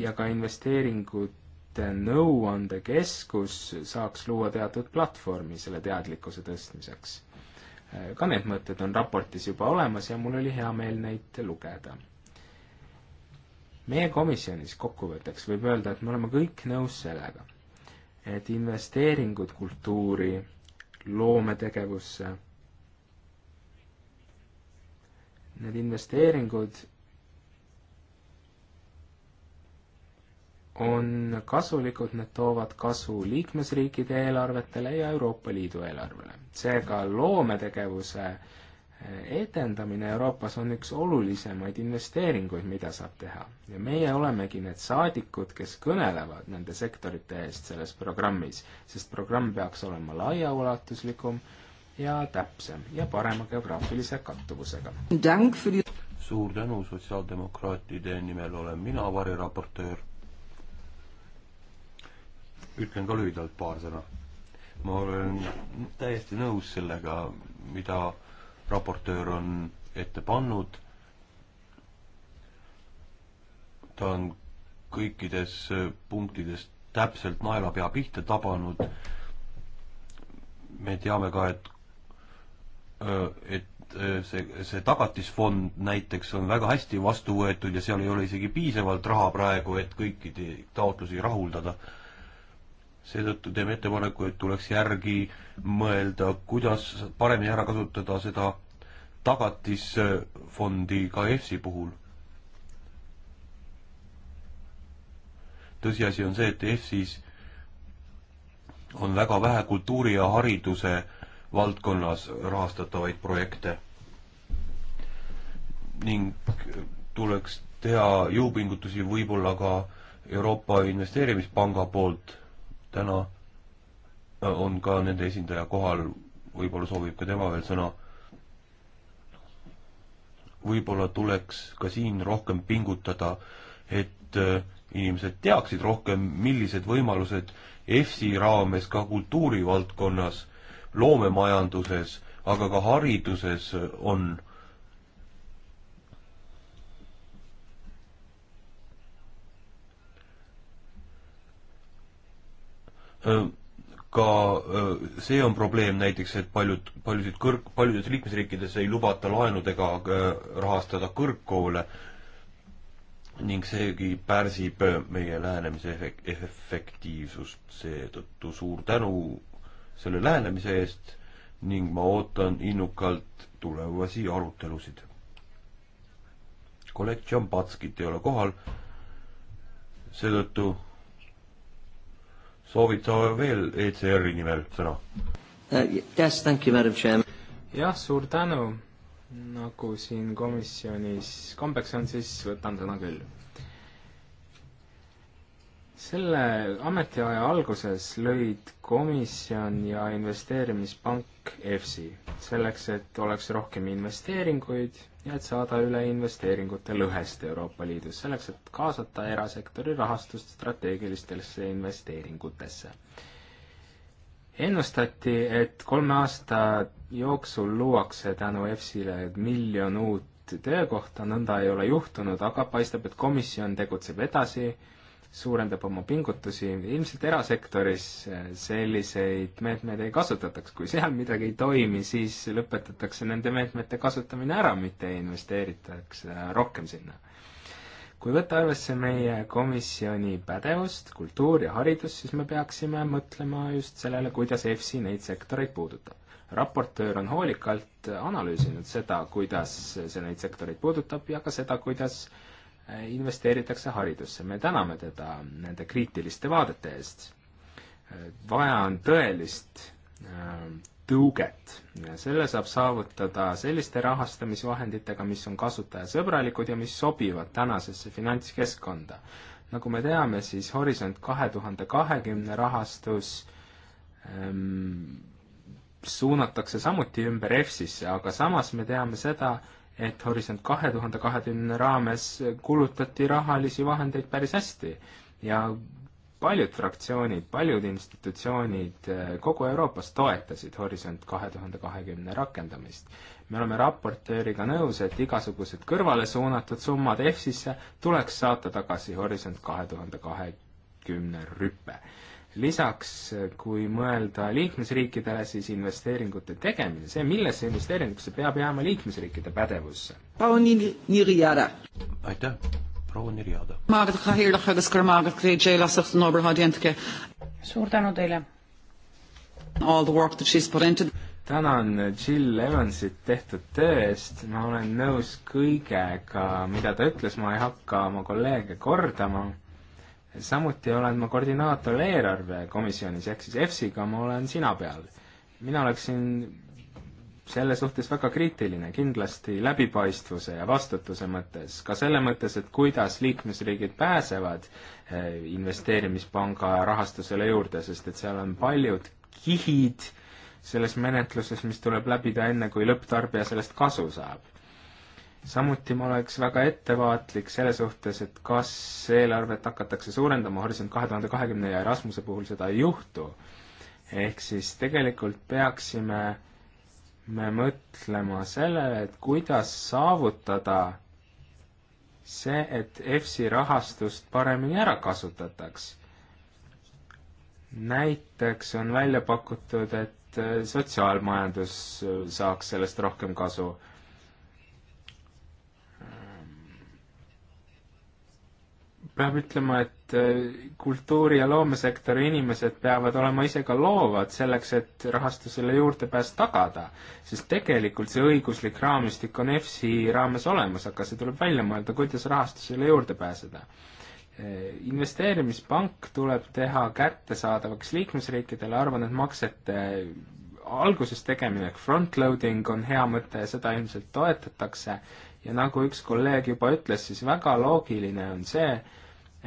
ja ka investeeringute nõuandekeskus saaks luua teatud platvormi selle teadlikkuse tõstmiseks ka need mõtted on raportis juba olemas ja mul oli hea meel neid lugeda. meie komisjonis kokkuvõtteks võib öelda, et me oleme kõik nõus sellega, et investeeringud kultuuri, loometegevusse, need investeeringud on kasulikud, need toovad kasu liikmesriikide eelarvetele ja Euroopa Liidu eelarvele. seega loometegevuse edendamine eh, Euroopas on üks olulisemaid investeeringuid, mida saab teha. ja meie olemegi need saadikud, kes kõnelevad nende sektorite eest selles programmis, sest programm peaks olema laiaulatuslikum ja täpsem ja parema geograafilise kattuvusega. suur tänu, sotsiaaldemokraatide nimel olen mina variraportöör ütlen ka lühidalt paar sõna. ma olen täiesti nõus sellega, mida raportöör on ette pannud. ta on kõikides punktides täpselt naelapea pihta tabanud. me teame ka, et, et see, see tagatisfond näiteks on väga hästi vastu võetud ja seal ei ole isegi piisavalt raha praegu, et kõiki taotlusi rahuldada seetõttu teeme ettepaneku, et tuleks järgi mõelda, kuidas paremini ära kasutada seda tagatisfondi ka EFSi puhul. tõsiasi on see, et EFSis on väga vähe kultuuri ja hariduse valdkonnas rahastatavaid projekte ning tuleks teha jõupingutusi võib-olla ka Euroopa Investeerimispanga poolt täna äh, on ka nende esindaja kohal, võib-olla soovib ka tema veel sõna. võib-olla tuleks ka siin rohkem pingutada, et äh, inimesed teaksid rohkem, millised võimalused EFSI raames ka kultuurivaldkonnas, loomemajanduses, aga ka hariduses on ka see on probleem näiteks, et paljud, paljusid kõrg, paljudes liikmesriikides ei lubata laenudega äh, rahastada kõrgkoole ning seegi pärsib äh, meie lähenemise efek-, efektiivsust, seetõttu suur tänu selle lähenemise eest ning ma ootan innukalt tulevasi arutelusid. kolleeg Tšambatskit ei ole kohal, seetõttu soovib ta veel ECR-i nimel sõna uh,? Yes, thank you, madam chair. jah, suur tänu. nagu siin komisjonis kombeks on, siis võtan sõna küll selle ametiaja alguses lõid komisjon ja investeerimispank EFSI selleks, et oleks rohkem investeeringuid ja et saada üle investeeringute lõhest Euroopa Liidus, selleks et kaasata erasektori rahastust strateegilistesse investeeringutesse. ennustati, et kolme aasta jooksul luuakse tänu EFSile miljon uut töökohta, nõnda ei ole juhtunud, aga paistab, et komisjon tegutseb edasi suurendab oma pingutusi, ilmselt erasektoris eh, selliseid meetmeid ei kasutataks, kui seal midagi ei toimi, siis lõpetatakse nende meetmete kasutamine ära, mitte investeeritakse rohkem sinna. kui võtta arvesse meie komisjoni pädevust, kultuur ja haridus, siis me peaksime mõtlema just sellele, kuidas EFSI neid sektoreid puudutab. raportöör on hoolikalt analüüsinud seda, kuidas see neid sektoreid puudutab ja ka seda, kuidas Äh, investeeritakse haridusse. me täname teda nende kriitiliste vaadete eest. Äh, vaja on tõelist äh, tõuget. selle saab saavutada selliste rahastamisvahenditega, mis on kasutajasõbralikud ja mis sobivad tänasesse finantskeskkonda. nagu me teame, siis Horisont kahe tuhande kahekümne rahastus ähm, suunatakse samuti ümber EFSisse, aga samas me teame seda, et Horisont kahe tuhande kahekümne raames kulutati rahalisi vahendeid päris hästi ja paljud fraktsioonid, paljud institutsioonid eh, kogu Euroopas toetasid Horisont kahe tuhande kahekümne rakendamist. me oleme raportööriga nõus, et igasugused kõrvale suunatud summad EFSisse tuleks saata tagasi Horisont kahe tuhande kahekümne rüppe lisaks, kui mõelda liikmesriikidele, siis investeeringute tegemine, see, millesse investeeringusse, peab jääma liikmesriikide pädevusse. aitäh, proua Nirjada. suur tänu teile. All the work that she's put into tänan Jill Evansit tehtud töö eest, ma olen nõus kõigega, mida ta ütles, ma ei hakka oma kolleege kordama samuti olen ma koordinaator eelarvekomisjonis, ehk siis EFSiga ma olen sina peal. mina oleksin selle suhtes väga kriitiline, kindlasti läbipaistvuse ja vastutuse mõttes, ka selle mõttes, et kuidas liikmesriigid pääsevad eh, investeerimispanga rahastusele juurde, sest et seal on paljud kihid selles menetluses, mis tuleb läbida enne, kui lõpptarbija sellest kasu saab samuti ma oleks väga ettevaatlik selle suhtes, et kas eelarvet hakatakse suurendama Horisont kahe tuhande kahekümne ja Erasmuse puhul seda ei juhtu. ehk siis tegelikult peaksime me mõtlema sellele, et kuidas saavutada see, et EFSI rahastust paremini ära kasutataks. näiteks on välja pakutud, et sotsiaalmajandus saaks sellest rohkem kasu peab ütlema, et äh, kultuuri- ja loomesektori inimesed peavad olema ise ka loovad selleks, et rahastusele juurdepääs tagada. sest tegelikult see õiguslik raamistik on EFSI raames olemas, aga see tuleb välja mõelda, kuidas rahastusele juurde pääseda. Äh, investeerimispank tuleb teha kättesaadavaks liikmesriikidele, arvan, et maksete äh, alguses tegemine ehk front-loading on hea mõte ja seda ilmselt toetatakse ja nagu üks kolleeg juba ütles, siis väga loogiline on see,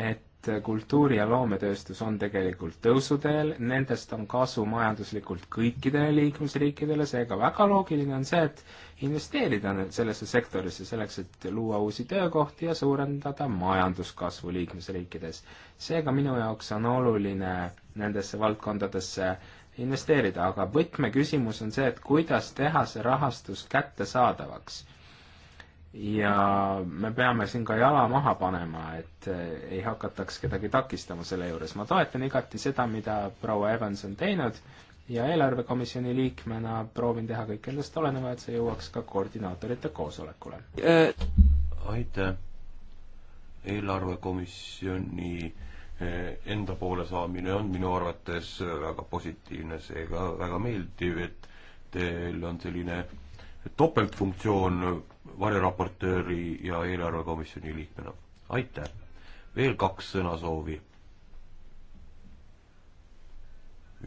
et kultuuri- ja loometööstus on tegelikult tõusuteel, nendest on kasu majanduslikult kõikidele liikmesriikidele, seega väga loogiline on see, et investeerida sellesse sektorisse selleks, et luua uusi töökohti ja suurendada majanduskasvu liikmesriikides. seega minu jaoks on oluline nendesse valdkondadesse investeerida, aga võtmeküsimus on see, et kuidas teha see rahastus kättesaadavaks ja me peame siin ka jala maha panema, et eh, ei hakataks kedagi takistama selle juures. ma toetan igati seda, mida proua Evans on teinud ja eelarvekomisjoni liikmena proovin teha kõik endast oleneva, et see jõuaks ka koordinaatorite koosolekule. aitäh! eelarvekomisjoni eh, enda poole saamine on minu arvates väga positiivne, seega väga meeldiv, et teil on selline topeltfunktsioon variraportööri ja eelarvekomisjoni liikmena. aitäh! veel kaks sõnasoovi.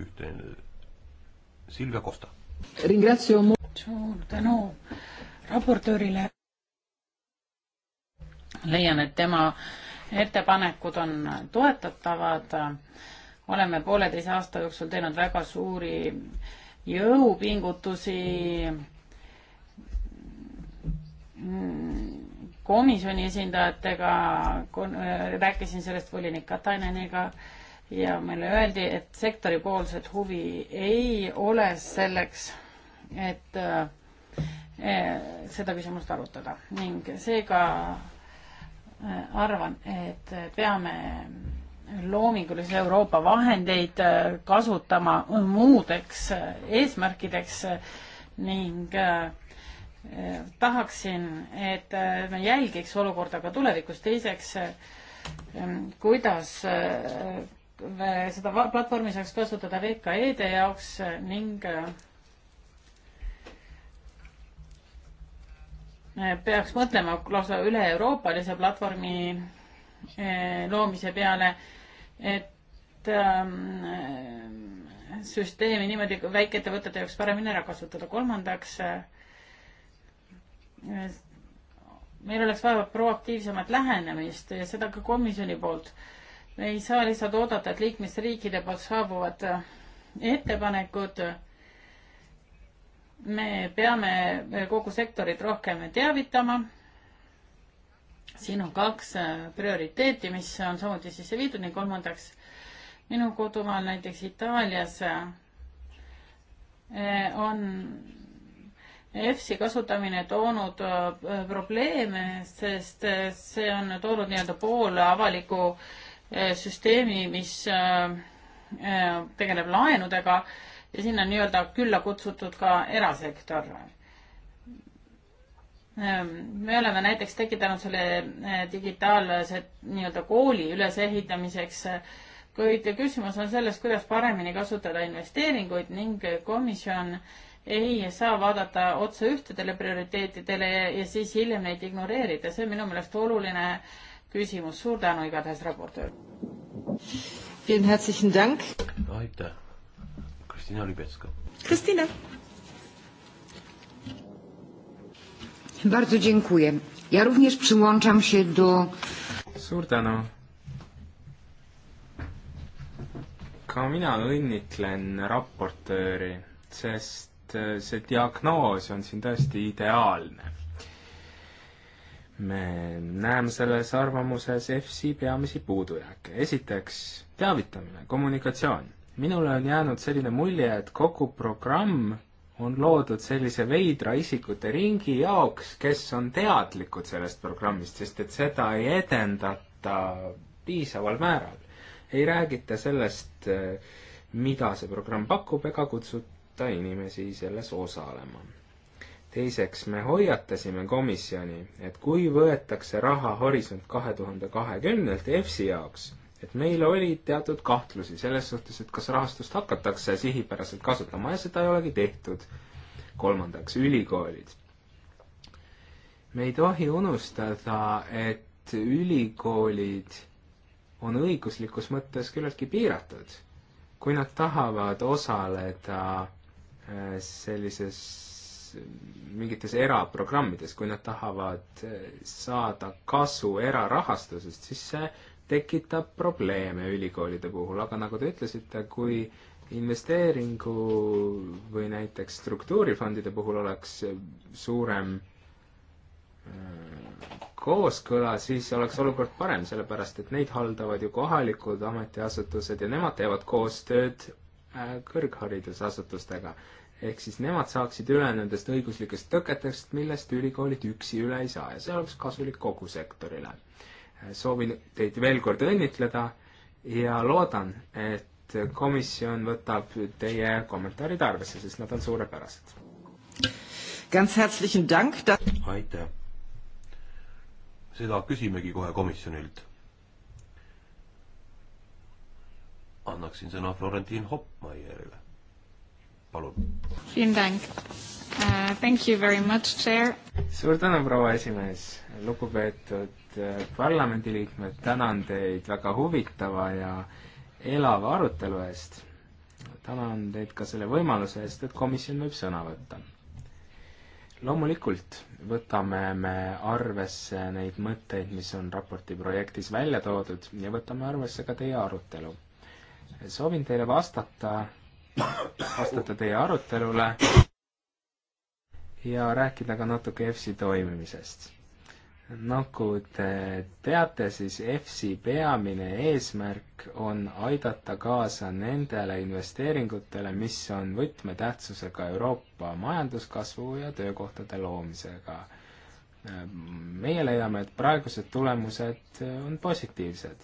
ühte, Silvia Kosta. suur tänu raportöörile. leian, et tema ettepanekud on toetatavad. oleme pooleteise aasta jooksul teinud väga suuri jõupingutusi mm Mm, komisjoni esindajatega, äh, rääkisin sellest volinik Katainenega ja meile öeldi, et sektoripoolset huvi ei ole selleks, et äh, äh, seda küsimust arutada ning seega arvan, et peame loomingulise Euroopa vahendeid kasutama muudeks eesmärkideks ning äh, tahaksin, et äh, me jälgiks olukorda ka tulevikus, teiseks äh, ähm, kuidas äh, seda platvormi saaks kasutada VKE-de jaoks ning peaks mõtlema lausa üle-euroopalise platvormi loomise peale, et ähm, süsteemi niimoodi väikeettevõtete jaoks paremini ära kasutada. kolmandaks äh, meil oleks vaja proaktiivsemat lähenemist ja seda ka komisjoni poolt. me ei saa lihtsalt oodata, et liikmesriikide poolt saabuvad äh, ettepanekud. me peame kogu sektorit rohkem teavitama. siin on kaks äh, prioriteeti, mis on samuti sisse viidud ning kolmandaks minu kodumaal näiteks Itaalias äh, on EFSi kasutamine toonud äh, probleeme, sest äh, see on toonud nii-öelda poole avaliku äh, süsteemi, mis tegeleb laenudega ja sinna nii-öelda külla kutsutud ka erasektor. Ähm, me oleme näiteks tekitanud selle digitaalse nii-öelda kooli ülesehitamiseks kuid küsimus on selles, kuidas paremini kasutada investeeringuid ning komisjon ei saa vaadata otsa ühtedele prioriteetidele ja, ja siis hiljem neid ignoreerida, see on minu meelest oluline küsimus, suur tänu igatahes raportöör. aitäh, Kristina Libetska. Kristina. Bardzo dziękuję. Ja również przyłączam się do... Suur tänu. Ka mina õnnitlen raportööri, sest et äh, see diagnoos on siin tõesti ideaalne. me näeme selles arvamuses EFSi peamisi puudujääke. esiteks, teavitamine, kommunikatsioon. minule on jäänud selline mulje, et kogu programm on loodud sellise veidra isikute ringi jaoks, kes on teadlikud sellest programmist, sest et seda ei edendata piisaval määral. ei räägita sellest, äh, mida see programm pakub ega kutsut-, hakata inimesi selles osalema. teiseks, me hoiatasime komisjoni, et kui võetakse raha Horisont kahe tuhande kahekümnelt EFSi jaoks, et meil oli teatud kahtlusi selles suhtes, et kas rahastust hakatakse sihipäraselt kasutama ja seda ei olegi tehtud. kolmandaks, ülikoolid. me ei tohi unustada, et ülikoolid on õiguslikus mõttes küllaltki piiratud. kui nad tahavad osaleda Äh, sellises, mingites eraprogrammides, kui nad tahavad äh, saada kasu erarahastusest, siis see tekitab probleeme ülikoolide puhul, aga nagu te ütlesite, kui investeeringu või näiteks struktuurifondide puhul oleks suurem äh, kooskõla, siis oleks olukord parem, sellepärast et neid haldavad ju kohalikud ametiasutused ja nemad teevad koostööd Äh, kõrgharidusasutustega. ehk siis nemad saaksid üle nendest õiguslikest tõketest, millest ülikoolid üksi üle ei saa ja see oleks kasulik kogu sektorile. Äh, soovin teid veel kord õnnitleda ja loodan, et komisjon võtab teie kommentaarid arvesse, sest nad on suurepärased. aitäh! seda küsimegi kohe komisjonilt annaksin sõna Florentiin Hoppmeierile. palun. Uh, suur tänu, proua esimees, lugupeetud uh, parlamendiliikmed, tänan teid väga huvitava ja elava arutelu eest. tänan teid ka selle võimaluse eest, et komisjon võib sõna võtta. loomulikult võtame me arvesse neid mõtteid, mis on raporti projektis välja toodud ja võtame arvesse ka teie arutelu soovin teile vastata, vastata teie arutelule ja rääkida ka natuke EFSi toimimisest. nagu te teate, siis EFSi peamine eesmärk on aidata kaasa nendele investeeringutele, mis on võtmetähtsusega Euroopa majanduskasvu ja töökohtade loomisega. meie leiame, et praegused tulemused on positiivsed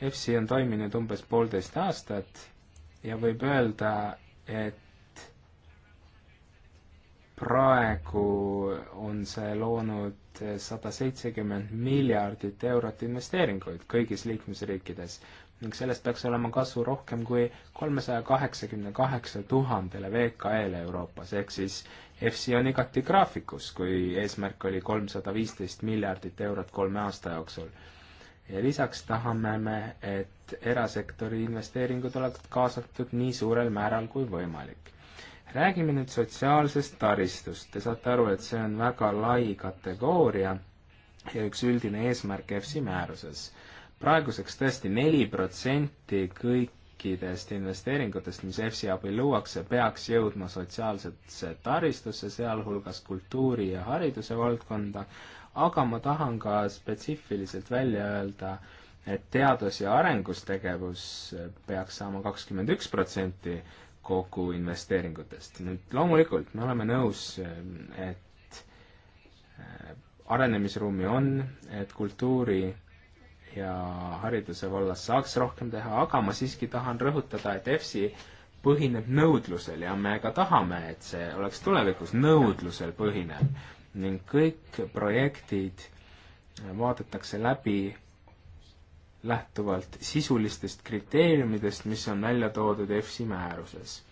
EFSI on toiminud umbes poolteist aastat ja võib öelda, et praegu on see loonud sada seitsekümmend miljardit eurot investeeringuid kõigis liikmesriikides ning sellest peaks olema kasu rohkem kui kolmesaja kaheksakümne kaheksa tuhandele VKE-le Euroopas, ehk siis EFSI on igati graafikus, kui eesmärk oli kolmsada viisteist miljardit eurot kolme aasta jooksul ja lisaks tahame me, et erasektori investeeringud oleks kaasatud nii suurel määral kui võimalik. räägime nüüd sotsiaalsest taristust, te saate aru, et see on väga lai kategooria ja üks üldine eesmärk EFSI määruses. praeguseks tõesti neli protsenti kõikidest investeeringutest, mis EFSI abil luuakse, peaks jõudma sotsiaalsesse taristusse, sealhulgas kultuuri ja hariduse valdkonda, aga ma tahan ka spetsiifiliselt välja öelda, et teadus- ja arengustegevus peaks saama kakskümmend üks protsenti kogu investeeringutest. nüüd loomulikult me oleme nõus, et äh, arenemisruumi on, et kultuuri ja hariduse vallas saaks rohkem teha, aga ma siiski tahan rõhutada, et EFSI põhineb nõudlusel ja me ka tahame, et see oleks tulevikus nõudlusel põhinev ning kõik projektid äh, vaadatakse läbi lähtuvalt sisulistest kriteeriumidest, mis on välja toodud EFSI määruses.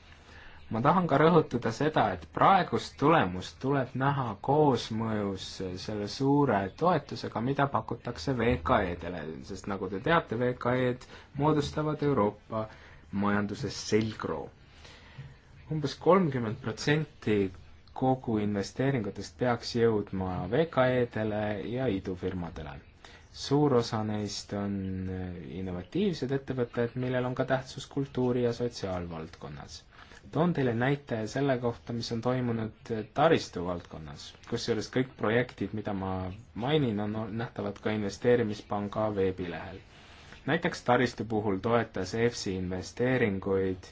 ma tahan ka rõhutada seda, et praegust tulemust tuleb näha koosmõjus selle suure toetusega, mida pakutakse VKE-dele, sest nagu te teate, VKE-d moodustavad Euroopa majanduses selgroo umbes. umbes kolmkümmend protsenti kogu investeeringutest peaks jõudma VKE-dele ja idufirmadele. suur osa neist on äh, innovatiivsed ettevõtted, millel on ka tähtsus kultuuri- ja sotsiaalvaldkonnas. toon teile näite selle kohta, mis on toimunud äh, taristu valdkonnas, kusjuures kõik projektid, mida ma mainin, on nähtavad ka investeerimispanga veebilehel. näiteks taristu puhul toetas EFSI investeeringuid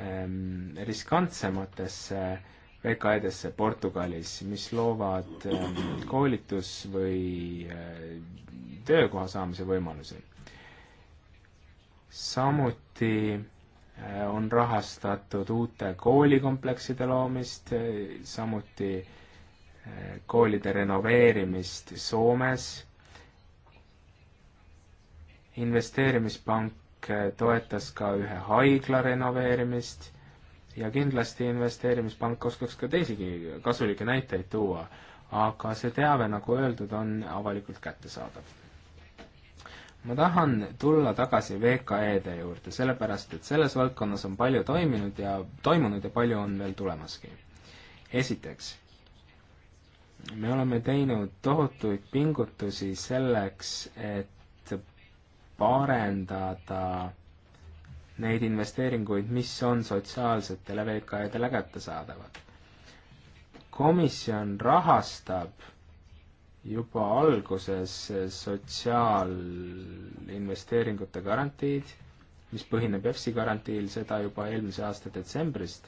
ähm, riskantsematesse äh, VKE-desse Portugalis, mis loovad ähm, koolitus- või äh, töökoha saamise võimalusi. samuti äh, on rahastatud uute koolikomplekside loomist, äh, samuti koolide renoveerimist Soomes. investeerimispank toetas ka ühe haigla renoveerimist ja kindlasti investeerimispank oskaks ka teisigi kasulikke näiteid tuua, aga see teave, nagu öeldud, on avalikult kättesaadav. ma tahan tulla tagasi VKE-de juurde, sellepärast et selles valdkonnas on palju toiminud ja, toimunud ja palju on veel tulemaski. esiteks, me oleme teinud tohutuid pingutusi selleks, et parendada neid investeeringuid, mis on sotsiaalsetele VKE-dele kättesaadavad. komisjon rahastab juba alguses sotsiaalinvesteeringute garantiid, mis põhineb EFSI garantiil, seda juba eelmise aasta detsembrist,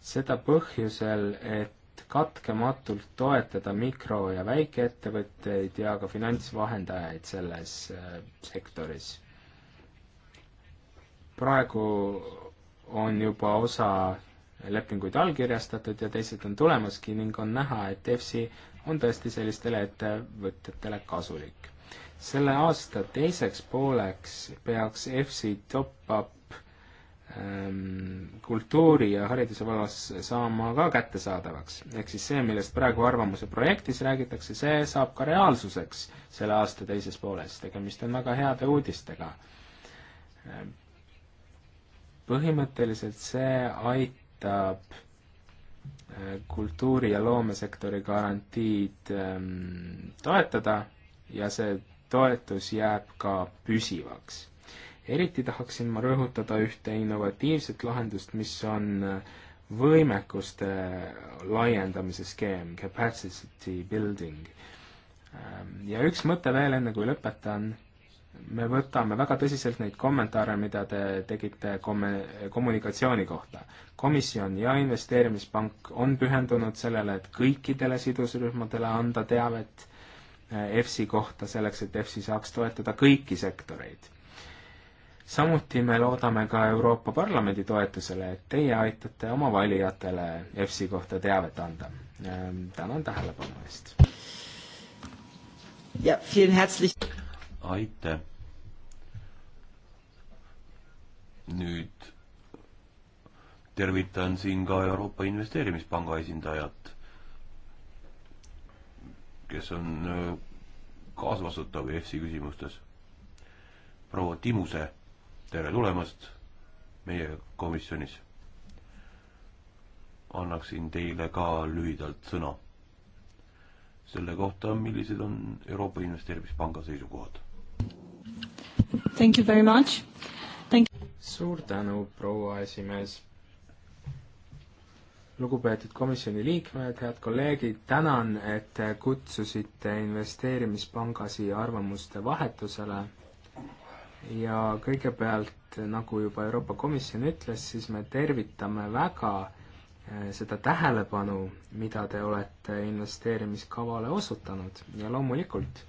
seda põhjusel, et katkematult toetada mikro- ja väikeettevõtteid ja ka finantsvahendajaid selles äh, sektoris praegu on juba osa lepinguid allkirjastatud ja teised on tulemaski ning on näha, et EFSI on tõesti sellistele ettevõtjatele kasulik. selle aasta teiseks pooleks peaks EFSI top-up ähm, kultuuri ja hariduse vallas saama ka kättesaadavaks. ehk siis see, millest praegu arvamuse projektis räägitakse, see saab ka reaalsuseks selle aasta teises pooles, tegemist on väga heade uudistega ehm, põhimõtteliselt see aitab äh, kultuuri- ja loomesektori garantiid ähm, toetada ja see toetus jääb ka püsivaks. eriti tahaksin ma rõhutada ühte innovatiivset lahendust, mis on äh, võimekuste laiendamise skeem, capacity building. Ähm, ja üks mõte veel, enne kui lõpetan me võtame väga tõsiselt neid kommentaare, mida te tegite komme-, kommunikatsiooni kohta. komisjon ja investeerimispank on pühendunud sellele, et kõikidele sidusrühmadele anda teavet eh, EFSI kohta, selleks et EFSI saaks toetada kõiki sektoreid. samuti me loodame ka Euroopa Parlamendi toetusele, et teie aitate oma valijatele EFSI kohta teavet anda. Ehm, tänan tähelepanu eest! ja, vielen herzlichen aitäh! nüüd tervitan siin ka Euroopa Investeerimispanga esindajat, kes on äh, kaasvastutav EFSI küsimustes. proua Timuse, tere tulemast meie komisjonis. annaksin teile ka lühidalt sõna selle kohta, millised on Euroopa Investeerimispanga seisukohad. Thank you very much suur tänu, proua esimees. lugupeetud komisjoni liikmed, head kolleegid, tänan, et te kutsusite investeerimispanga siia arvamuste vahetusele ja kõigepealt, nagu juba Euroopa Komisjon ütles, siis me tervitame väga eh, seda tähelepanu, mida te olete investeerimiskavale osutanud ja loomulikult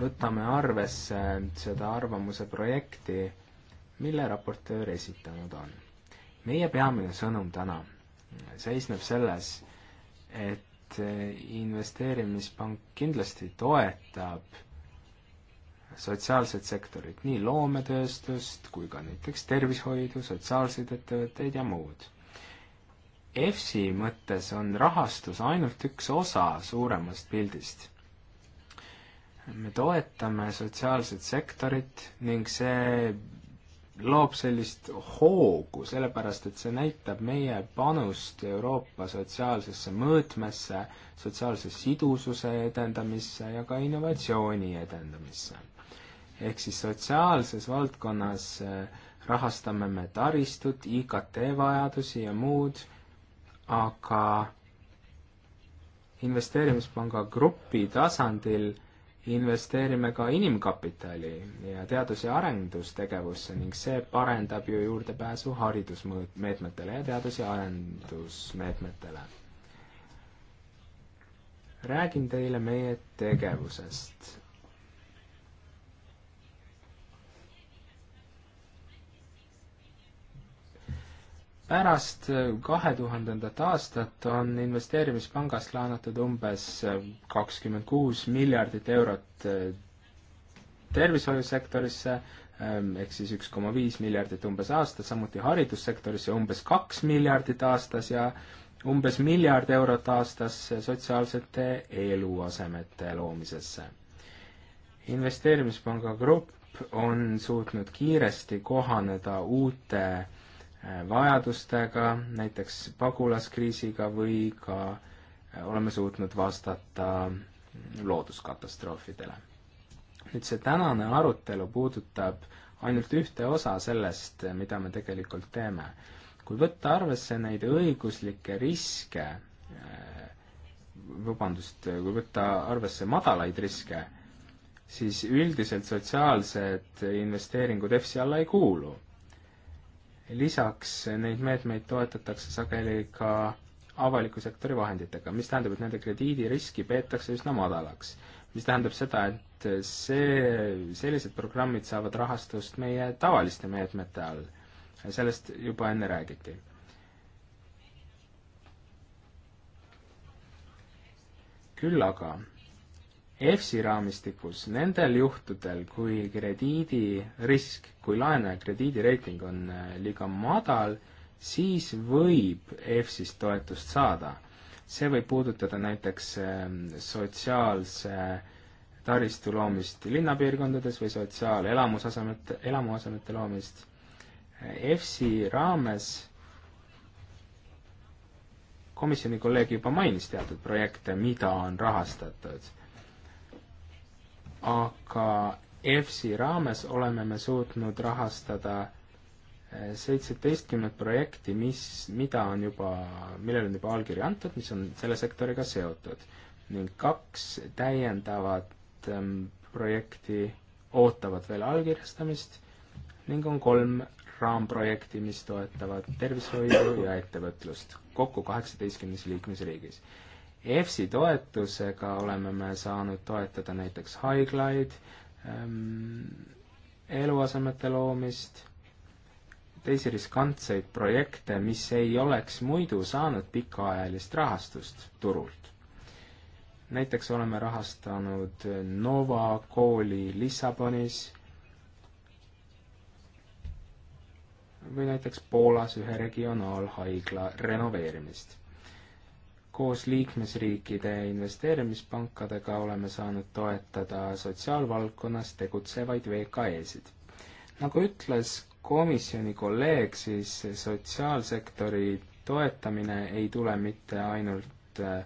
võtame arvesse seda arvamuse projekti mille raportöör esitanud on. meie peamine sõnum täna seisneb selles, et investeerimispank kindlasti toetab sotsiaalset sektorit, nii loometööstust kui ka näiteks tervishoidu, sotsiaalseid ettevõtteid ja muud. EFSi mõttes on rahastus ainult üks osa suuremast pildist me toetame sotsiaalset sektorit ning see loob sellist hoogu, sellepärast et see näitab meie panust Euroopa sotsiaalsesse mõõtmesse, sotsiaalse sidususe edendamisse ja ka innovatsiooni edendamisse. ehk siis sotsiaalses valdkonnas eh, rahastame me taristut, IKT vajadusi ja muud, aga investeerimispanga grupi tasandil investeerime ka inimkapitali ja teadus- ja arendustegevusse ning see parendab ju juurdepääsu haridusmeetmetele ja teadus- ja arendusmeetmetele. räägin teile meie tegevusest pärast äh, kahe tuhandendat aastat on investeerimispangast laenatud umbes äh, kakskümmend kuus miljardit eurot äh, tervishoiusektorisse, ähm, ehk siis üks koma viis miljardit umbes aastas, samuti haridussektorisse umbes kaks miljardit aastas ja umbes miljard eurot aastas sotsiaalsete eluasemete loomisesse. investeerimispanga grupp on suutnud kiiresti kohaneda uute Äh, vajadustega, näiteks pagulaskriisiga või ka äh, oleme suutnud vastata looduskatastroofidele. nüüd see tänane arutelu puudutab ainult ühte osa sellest, mida me tegelikult teeme. kui võtta arvesse neid õiguslikke riske, äh, vabandust, kui võtta arvesse madalaid riske, siis üldiselt sotsiaalsed investeeringud EFSI alla ei kuulu lisaks neid meetmeid toetatakse sageli ka avaliku sektori vahenditega, mis tähendab, et nende krediidiriski peetakse üsna madalaks. mis tähendab seda, et see, sellised programmid saavad rahastust meie tavaliste meetmete all. sellest juba enne räägiti. küll aga EFSI raamistikus nendel juhtudel, kui krediidirisk, kui laenaja krediidireiting on äh, liiga madal, siis võib EFSI-st toetust saada. see võib puudutada näiteks ähm, sotsiaalse taristu loomist linnapiirkondades või sotsiaalelamusasemete, elamuasemete loomist. Äh, EFSI raames komisjoni kolleeg juba mainis teatud projekte, mida on rahastatud aga EFSI raames oleme me suutnud rahastada eh, seitseteistkümmet projekti, mis, mida on juba, millele on juba allkiri antud, mis on selle sektoriga seotud ning kaks täiendavat ähm, projekti ootavad veel allkirjastamist ning on kolm raamprojekti, mis toetavad tervishoidu ja ettevõtlust, kokku kaheksateistkümnes liikmesriigis. EFSI toetusega oleme me saanud toetada näiteks haiglaid, ähm, eluasemete loomist, teisi riskantseid projekte, mis ei oleks muidu saanud pikaajalist rahastust turult. näiteks oleme rahastanud Nova kooli Lissabonis või näiteks Poolas ühe regionaalhaigla renoveerimist koos liikmesriikide investeerimispankadega oleme saanud toetada sotsiaalvaldkonnas tegutsevaid VKE-sid. nagu ütles komisjoni kolleeg, siis sotsiaalsektori toetamine ei tule mitte ainult äh,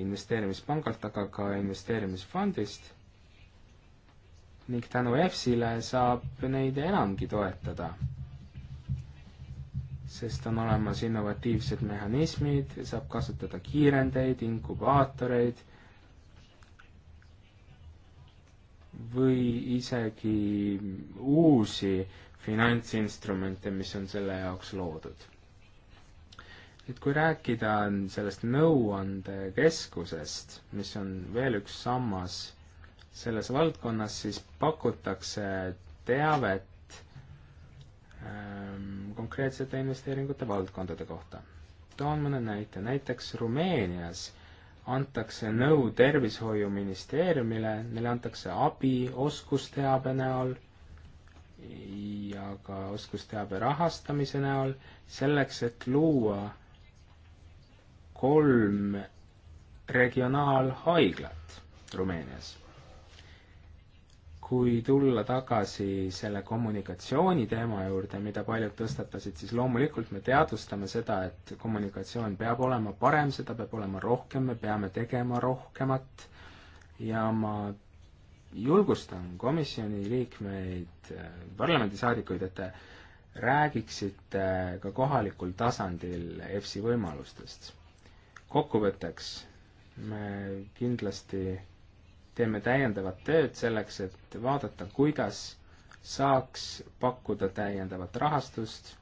investeerimispangalt, aga ka investeerimisfondist ning tänu EFSile saab neid enamgi toetada sest on olemas innovatiivsed mehhanismid, saab kasutada kiirendeid, inkubaatoreid või isegi uusi finantsinstrumente, mis on selle jaoks loodud. et kui rääkida sellest nõuandekeskusest, mis on veel üks sammas selles valdkonnas, siis pakutakse teavet Ehm, konkreetsete investeeringute valdkondade kohta. toon mõne näite, näiteks Rumeenias antakse nõu Tervishoiuministeeriumile, neile antakse abi oskusteabe näol ja ka oskusteabe rahastamise näol, selleks, et luua kolm regionaalhaiglat Rumeenias kui tulla tagasi selle kommunikatsiooni teema juurde, mida paljud tõstatasid, siis loomulikult me teadvustame seda, et kommunikatsioon peab olema parem, seda peab olema rohkem, me peame tegema rohkemat ja ma julgustan komisjoni liikmeid, parlamendisaadikuid, et te räägiksite ka kohalikul tasandil EFSI võimalustest. kokkuvõtteks me kindlasti teeme täiendavat tööd selleks, et vaadata, kuidas saaks pakkuda täiendavat rahastust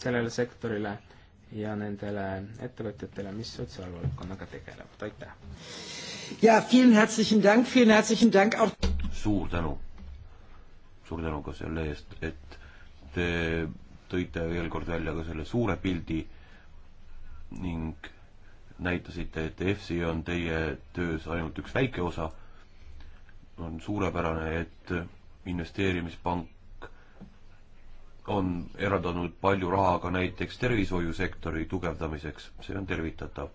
sellele sektorile ja nendele ettevõtjatele, mis sotsiaalvaldkonnaga tegelevad, aitäh! ja, vielen herzlichen Dank, vielen herzlichen Dank auch suur tänu! suur tänu ka selle eest, et te tõite veel kord välja ka selle suure pildi ning näitasite, et EFSI on teie töös ainult üks väike osa on suurepärane, et investeerimispank on eraldanud palju raha ka näiteks tervishoiusektori tugevdamiseks, see on tervitatav.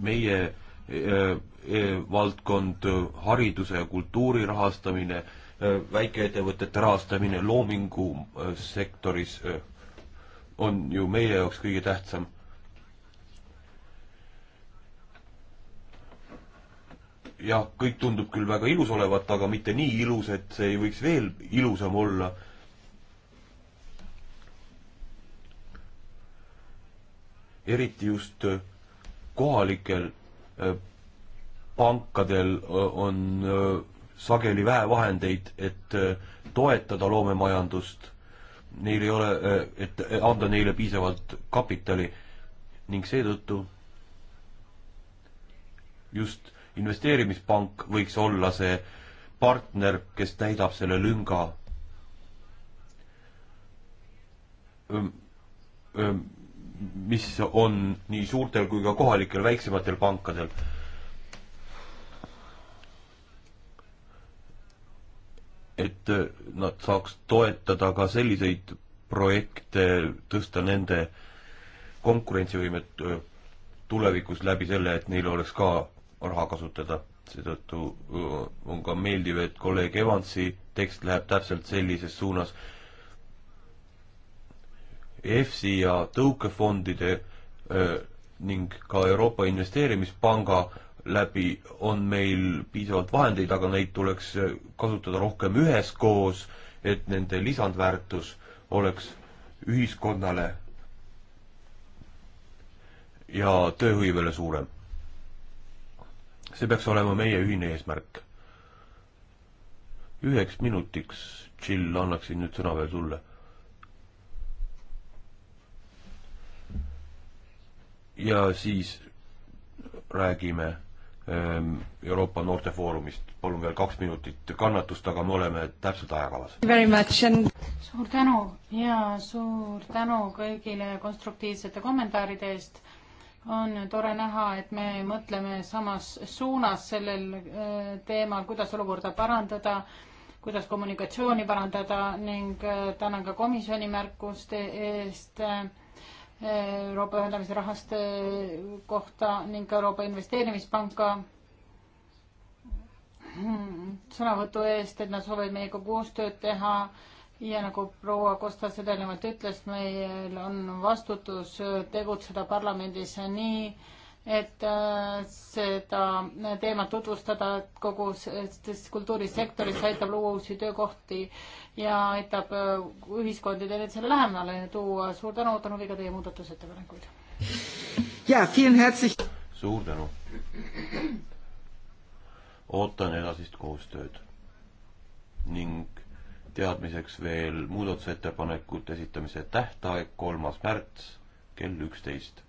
meie eh, eh, valdkond, hariduse ja kultuuri rahastamine eh,, väikeettevõtete rahastamine loomingusektoris eh, eh, on ju meie jaoks kõige tähtsam jah, kõik tundub küll väga ilus olevat, aga mitte nii ilus, et see ei võiks veel ilusam olla. eriti just äh, kohalikel äh, pankadel äh, on sageli vähe vahendeid, et toetada loomemajandust. Neil ei ole, et anda neile piisavalt kapitali ning seetõttu just investeerimispank võiks olla see partner, kes täidab selle lünga. mis on nii suurtel kui ka kohalikel väiksematel pankadel. et nad saaks toetada ka selliseid projekte, tõsta nende konkurentsivõimet tulevikus läbi selle, et neil oleks ka raha kasutada. seetõttu äh, on ka meeldiv, et kolleeg Evansi tekst läheb täpselt sellises suunas. EFSI ja tõukefondide öö, äh, ning ka Euroopa Investeerimispanga läbi on meil piisavalt vahendeid, aga neid tuleks äh, kasutada rohkem üheskoos, et nende lisandväärtus oleks ühiskonnale ja tööhõivele suurem see peaks olema meie ühine eesmärk. üheks minutiks, Jill, annaksin nüüd sõna veel sulle. ja siis räägime ähm, Euroopa Noortefoorumist. palun veel kaks minutit kannatust, aga me oleme täpselt ajakavas. suur tänu ja suur tänu kõigile konstruktiivsete kommentaaride eest on tore näha, et me mõtleme samas suunas sellel äh, teemal, kuidas olukorda parandada, kuidas kommunikatsiooni parandada ning äh, tänan ka komisjoni märkuste eest äh, Euroopa ühendamise rahaste kohta ning ka Euroopa Investeerimispanka sõnavõtu eest, et nad soovivad meiega koostööd teha ja nagu proua Kosta seda nimelt ütles, meil on vastutus tegutseda parlamendis nii, et äh, seda teemat tutvustada kogu kultuurisektoris, aitab luua uusi töökohti ja aitab äh, ühiskondi teineteisele lähemale tuua. suur tänu, ootan huviga teie muudatusettepanekuid. ja, suur tänu. ootan edasist koostööd ning teadmiseks veel muudatusettepanekute esitamise tähtaeg, kolmas märts kell üksteist.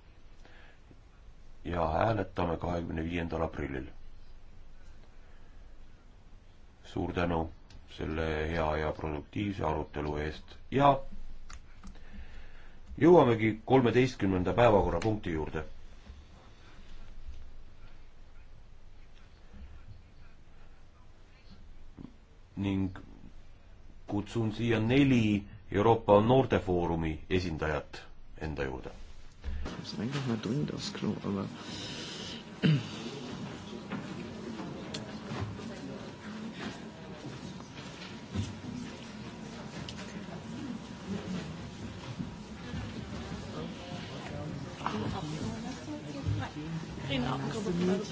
ja hääletame kahekümne viiendal aprillil. suur tänu selle hea ja produktiivse arutelu eest ja jõuamegi kolmeteistkümnenda päevakorrapunkti juurde. ning kutsun siia neli Euroopa Noortefoorumi esindajat enda juurde.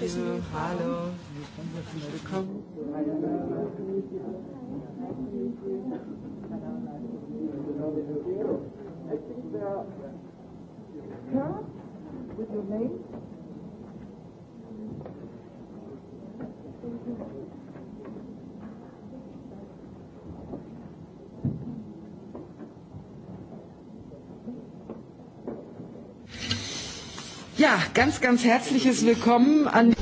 Genau, Hallo, willkommen. Card with your name. Ja, ganz, ganz herzliches Willkommen an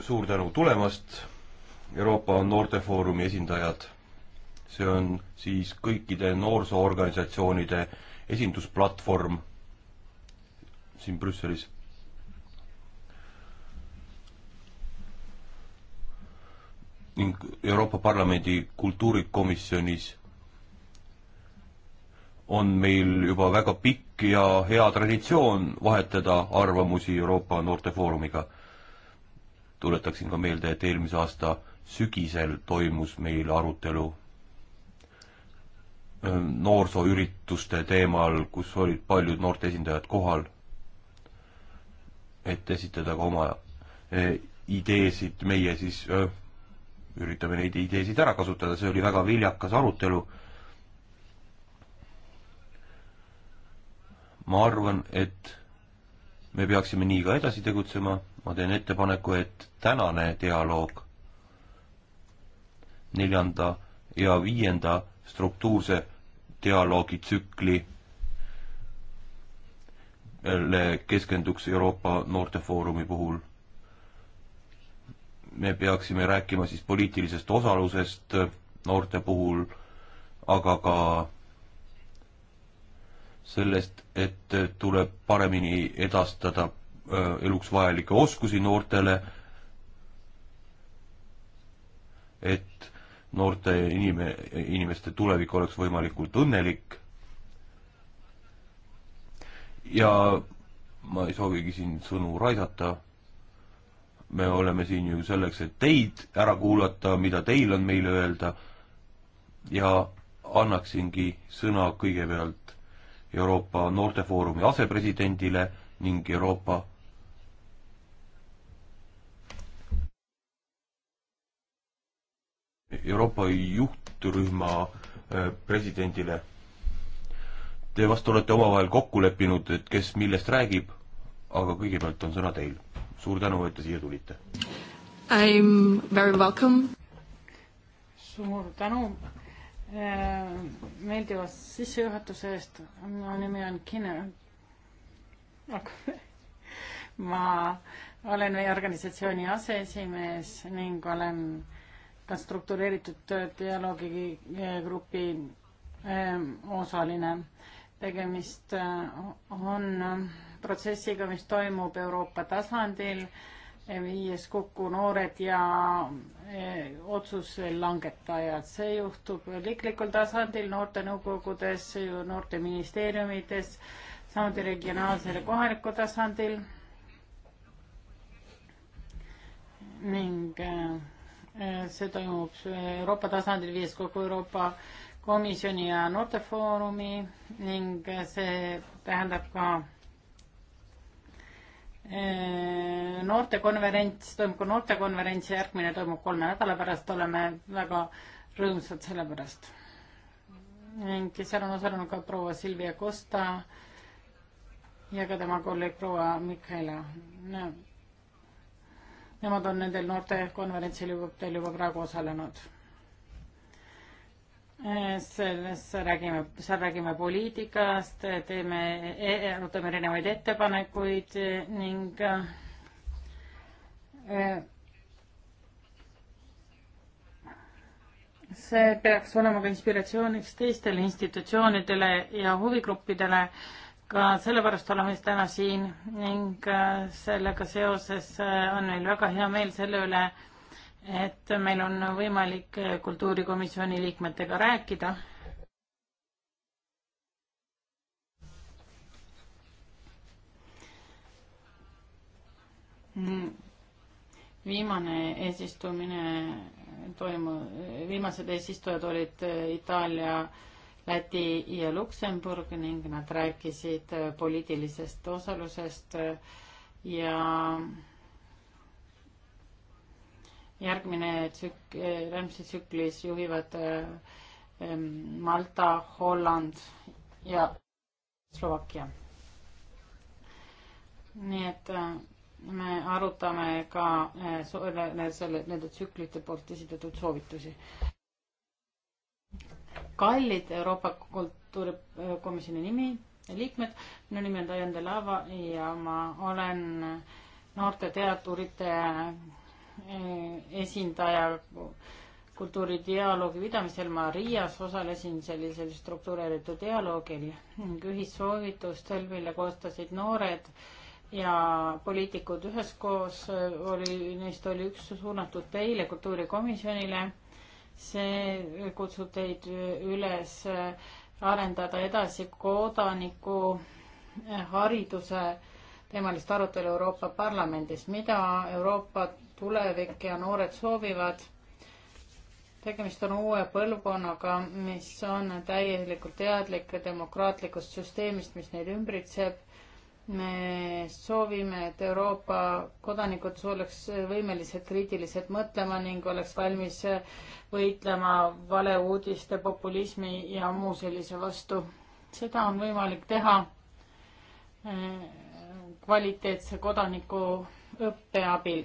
suur tänu tulemast Euroopa Noortefoorumi esindajad. see on siis kõikide noorsoorganisatsioonide esindusplatvorm siin Brüsselis. ning Euroopa Parlamendi kultuurikomisjonis on meil juba väga pikk ja hea traditsioon vahetada arvamusi Euroopa Noortefoorumiga. tuletaksin ka meelde, et eelmise aasta sügisel toimus meil arutelu noorsooürituste teemal, kus olid paljud noorte esindajad kohal, et esitada ka oma ideesid, meie siis öö, üritame neid ideesid ära kasutada, see oli väga viljakas arutelu. ma arvan, et me peaksime nii ka edasi tegutsema, ma teen ettepaneku, et tänane dialoog neljanda ja viienda struktuurse dialoogitsükli keskenduks Euroopa Noortefoorumi puhul. me peaksime rääkima siis poliitilisest osalusest noorte puhul, aga ka sellest, et tuleb paremini edastada eluks vajalikke oskusi noortele, et noorte inime, inimeste tulevik oleks võimalikult õnnelik. ja ma ei soovigi siin sõnu raisata. me oleme siin ju selleks, et teid ära kuulata, mida teil on meile öelda ja annaksingi sõna kõigepealt Euroopa Noortefoorumi asepresidendile ning Euroopa Euroopa juhtrühma äh, presidendile. Te vast olete omavahel kokku leppinud, et kes millest räägib, aga kõigepealt on sõna teil. suur tänu, et te siia tulite. I am very welcome. suur tänu äh, meeldiva sissejuhatuse eest. minu nimi on Kine. ma olen meie organisatsiooni aseesimees ning olen äh, ka struktureeritud dialoogigrupi eh, eh, osaline. tegemist eh, on protsessiga, mis toimub Euroopa tasandil, viies kokku noored ja otsuse langetajad. see juhtub riiklikul tasandil, noortenõukogudes, noorteministeeriumides, samuti regionaalsel ja kohalikul tasandil ning äh, Eh, see toimub eh, Euroopa tasandil viies kogu Euroopa Komisjoni ja Noortefoorumi ning eh, see tähendab ka noortekonverents, toimub ka noortekonverents ja järgmine toimub kolme nädala pärast, oleme väga rõõmsad selle pärast. ning seal on osalenud ka proua Silvia Costa ja ka tema kolleeg proua Mikaela no Nemad on nendel noortekonverentsil juba, teil juba praegu osalenud. Eh, selles räägime, seal räägime poliitikast, teeme, e-, e-, arutame erinevaid ettepanekuid eh, ning eh, see peaks olema ka inspiratsiooniks teistele institutsioonidele ja huvigruppidele ka sellepärast oleme siis täna siin ning äh, sellega seoses äh, on meil väga hea meel selle üle, et meil on võimalik äh, kultuurikomisjoni liikmetega rääkida. viimane eesistumine toimu-, viimased eesistujad olid Itaalia äh, Läti ja Luksemburg ning nad rääkisid äh, poliitilisest osalusest äh, ja järgmine tsük-, äh, Rämsi tsüklis juhivad ähm, Malta, Holland ja Slovakkia. nii et me arutame ka selle, selle, nende tsüklite poolt esitatud soovitusi kallid Euroopa Kultuurikomisjoni nimi, liikmed, minu nimi on Diane Delava ja ma olen noorte teaturite eh, esindaja kultuuridialoogi pidamisel ma Riias osalesin sellisel struktureeritud dialoogil ning ühissoovitustel, mille koostasid noored ja poliitikud üheskoos, oli, neist oli üks suunatud teile, kultuurikomisjonile see kutsub teid üles arendada edasi kodaniku hariduse teemalist arutelu Euroopa Parlamendis, mida Euroopa tulevik ja noored soovivad. tegemist on uue põlvkonnaga, mis on täielikult teadlik demokraatlikust süsteemist, mis neid ümbritseb me soovime, et Euroopa kodanikud oleks võimelised kriitiliselt mõtlema ning oleks valmis võitlema valeuudiste, populismi ja muu sellise vastu. seda on võimalik teha eh, kvaliteetse kodanikuõppe abil.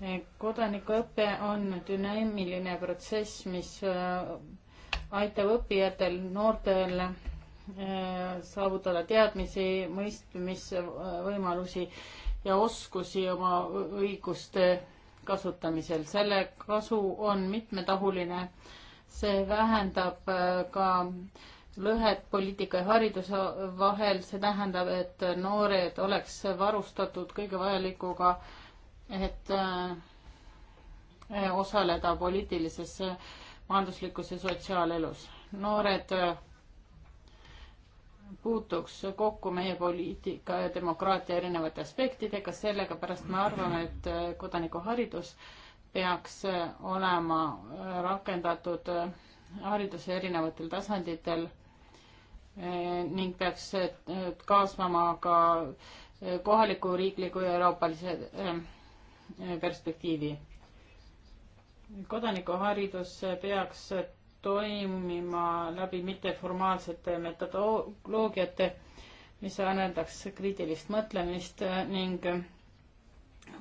Eh, kodanikuõpe on dünaamiline protsess, mis eh, aitab õppijatel, noortel Äh, saavutada teadmisi, mõistmisvõimalusi ja oskusi oma õiguste kasutamisel. selle kasu on mitmetahuline. see vähendab äh, ka lõhet poliitika ja hariduse vahel, see tähendab, et noored oleks varustatud kõige vajalikuga, et äh, osaleda poliitilises, majanduslikus ja sotsiaalelus. noored puutuks kokku meie poliitika ja demokraatia erinevate aspektidega, sellega pärast me arvame, et äh, kodanikuharidus peaks äh, olema äh, rakendatud hariduse erinevatel tasanditel ning peaks kaasama ka kohaliku, riikliku ja euroopalise perspektiivi. kodanikuharidus peaks toimima läbi mitteformaalsete metodoloogiate, mis arendaks kriitilist mõtlemist ning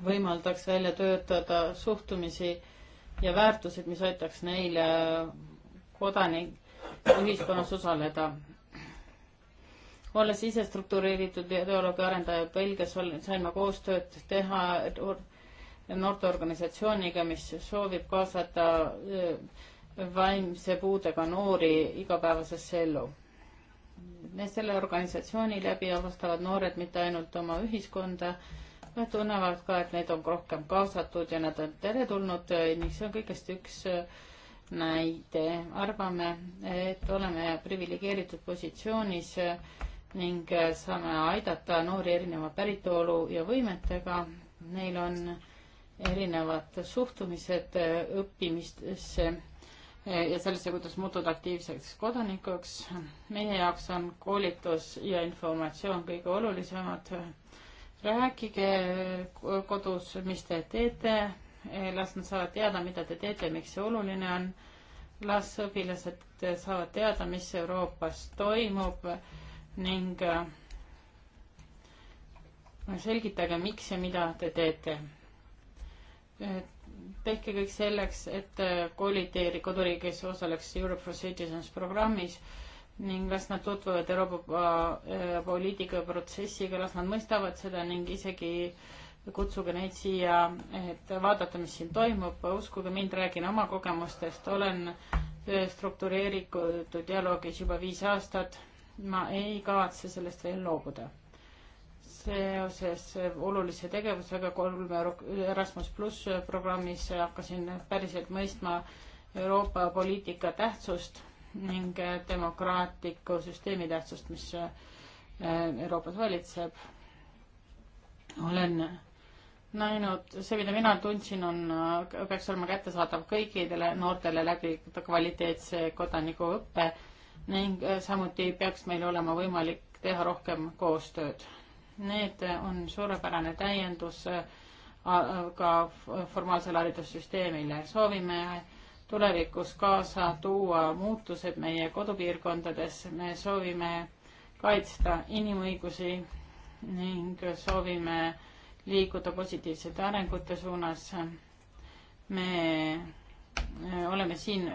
võimaldaks välja töötada suhtumisi ja väärtused, mis aitaks neil kodanik, ühiskonnas osaleda. olles ise struktureeritud ideoloogia arendaja Belgias, sain ma koostööd teha noorteorganisatsiooniga, mis soovib kaasata vaimse puudega noori igapäevasesse ellu. selle organisatsiooni läbi avastavad noored mitte ainult oma ühiskonda, nad tunnevad ka, et neid on rohkem kaasatud ja nad on teretulnud ning see on kõigest üks äh, näide. arvame, et oleme priviligeeritud positsioonis äh, ning äh, saame aidata noori erineva päritolu ja võimetega. Neil on erinevad suhtumised õppimistesse ja sellesse, kuidas muutuda aktiivseks kodanikuks. meie jaoks on koolitus ja informatsioon kõige olulisemad. rääkige kodus, mis te teete, las nad saavad teada, mida te teete, miks see oluline on. las õpilased saavad teada, mis Euroopas toimub ning äh, selgitage, miks ja mida te teete tehke kõik selleks, et äh, kooliteeri koduriigis osaleks Europe for Citizens programmis ning las nad tutvuvad Euroopa äh, poliitika protsessiga, las nad mõistavad seda ning isegi kutsuge neid siia, et vaadata, mis siin toimub, uskuge mind, räägin oma kogemustest, olen äh, struktureeritud dialoogis juba viis aastat, ma ei kavatse sellest veel loobuda seoses olulise tegevusega kolm Erasmus pluss programmis hakkasin päriselt mõistma Euroopa poliitika tähtsust ning demokraatliku süsteemi tähtsust, mis äh, Euroopas valitseb. olen näinud, see, mida mina tundsin, on, äh, peaks olema kättesaadav kõikidele noortele läbi kvaliteetse kodanikuõppe ning äh, samuti peaks meil olema võimalik teha rohkem koostööd Need on suurepärane täiendus ka äh, formaalsele haridussüsteemile. soovime tulevikus kaasa tuua muutused meie kodupiirkondades, me soovime kaitsta inimõigusi ning soovime liikuda positiivsete arengute suunas. me äh, oleme siin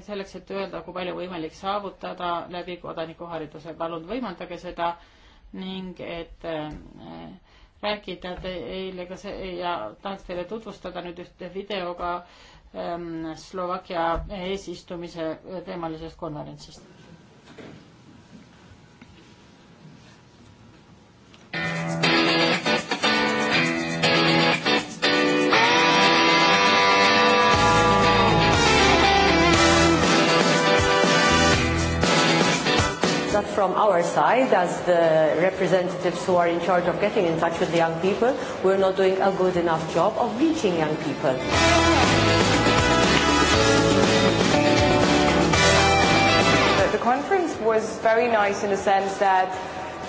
selleks, et öelda, kui palju võimalik saavutada läbi kodanikuhariduse. palun võimaldage seda ning et äh, rääkida teile ka see ja tahaks teile tutvustada nüüd ühte videoga ähm, Slovakkia eesistumise teemalisest konverentsist from our side, as the representatives who are in charge of getting in touch with the young people, we're not doing a good enough job of reaching young people. The conference was very nice in the sense that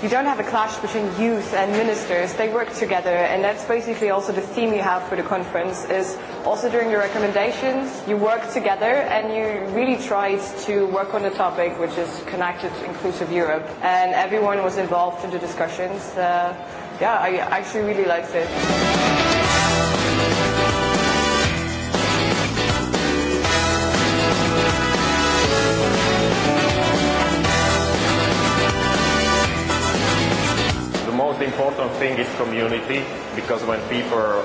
you don't have a clash between youth and ministers. They work together, and that's basically also the theme you have for the conference. Is also during the recommendations, you work together and you really tried to work on the topic, which is connected, inclusive Europe, and everyone was involved in the discussions. Uh, yeah, I actually really liked it. most important thing is community because when people are,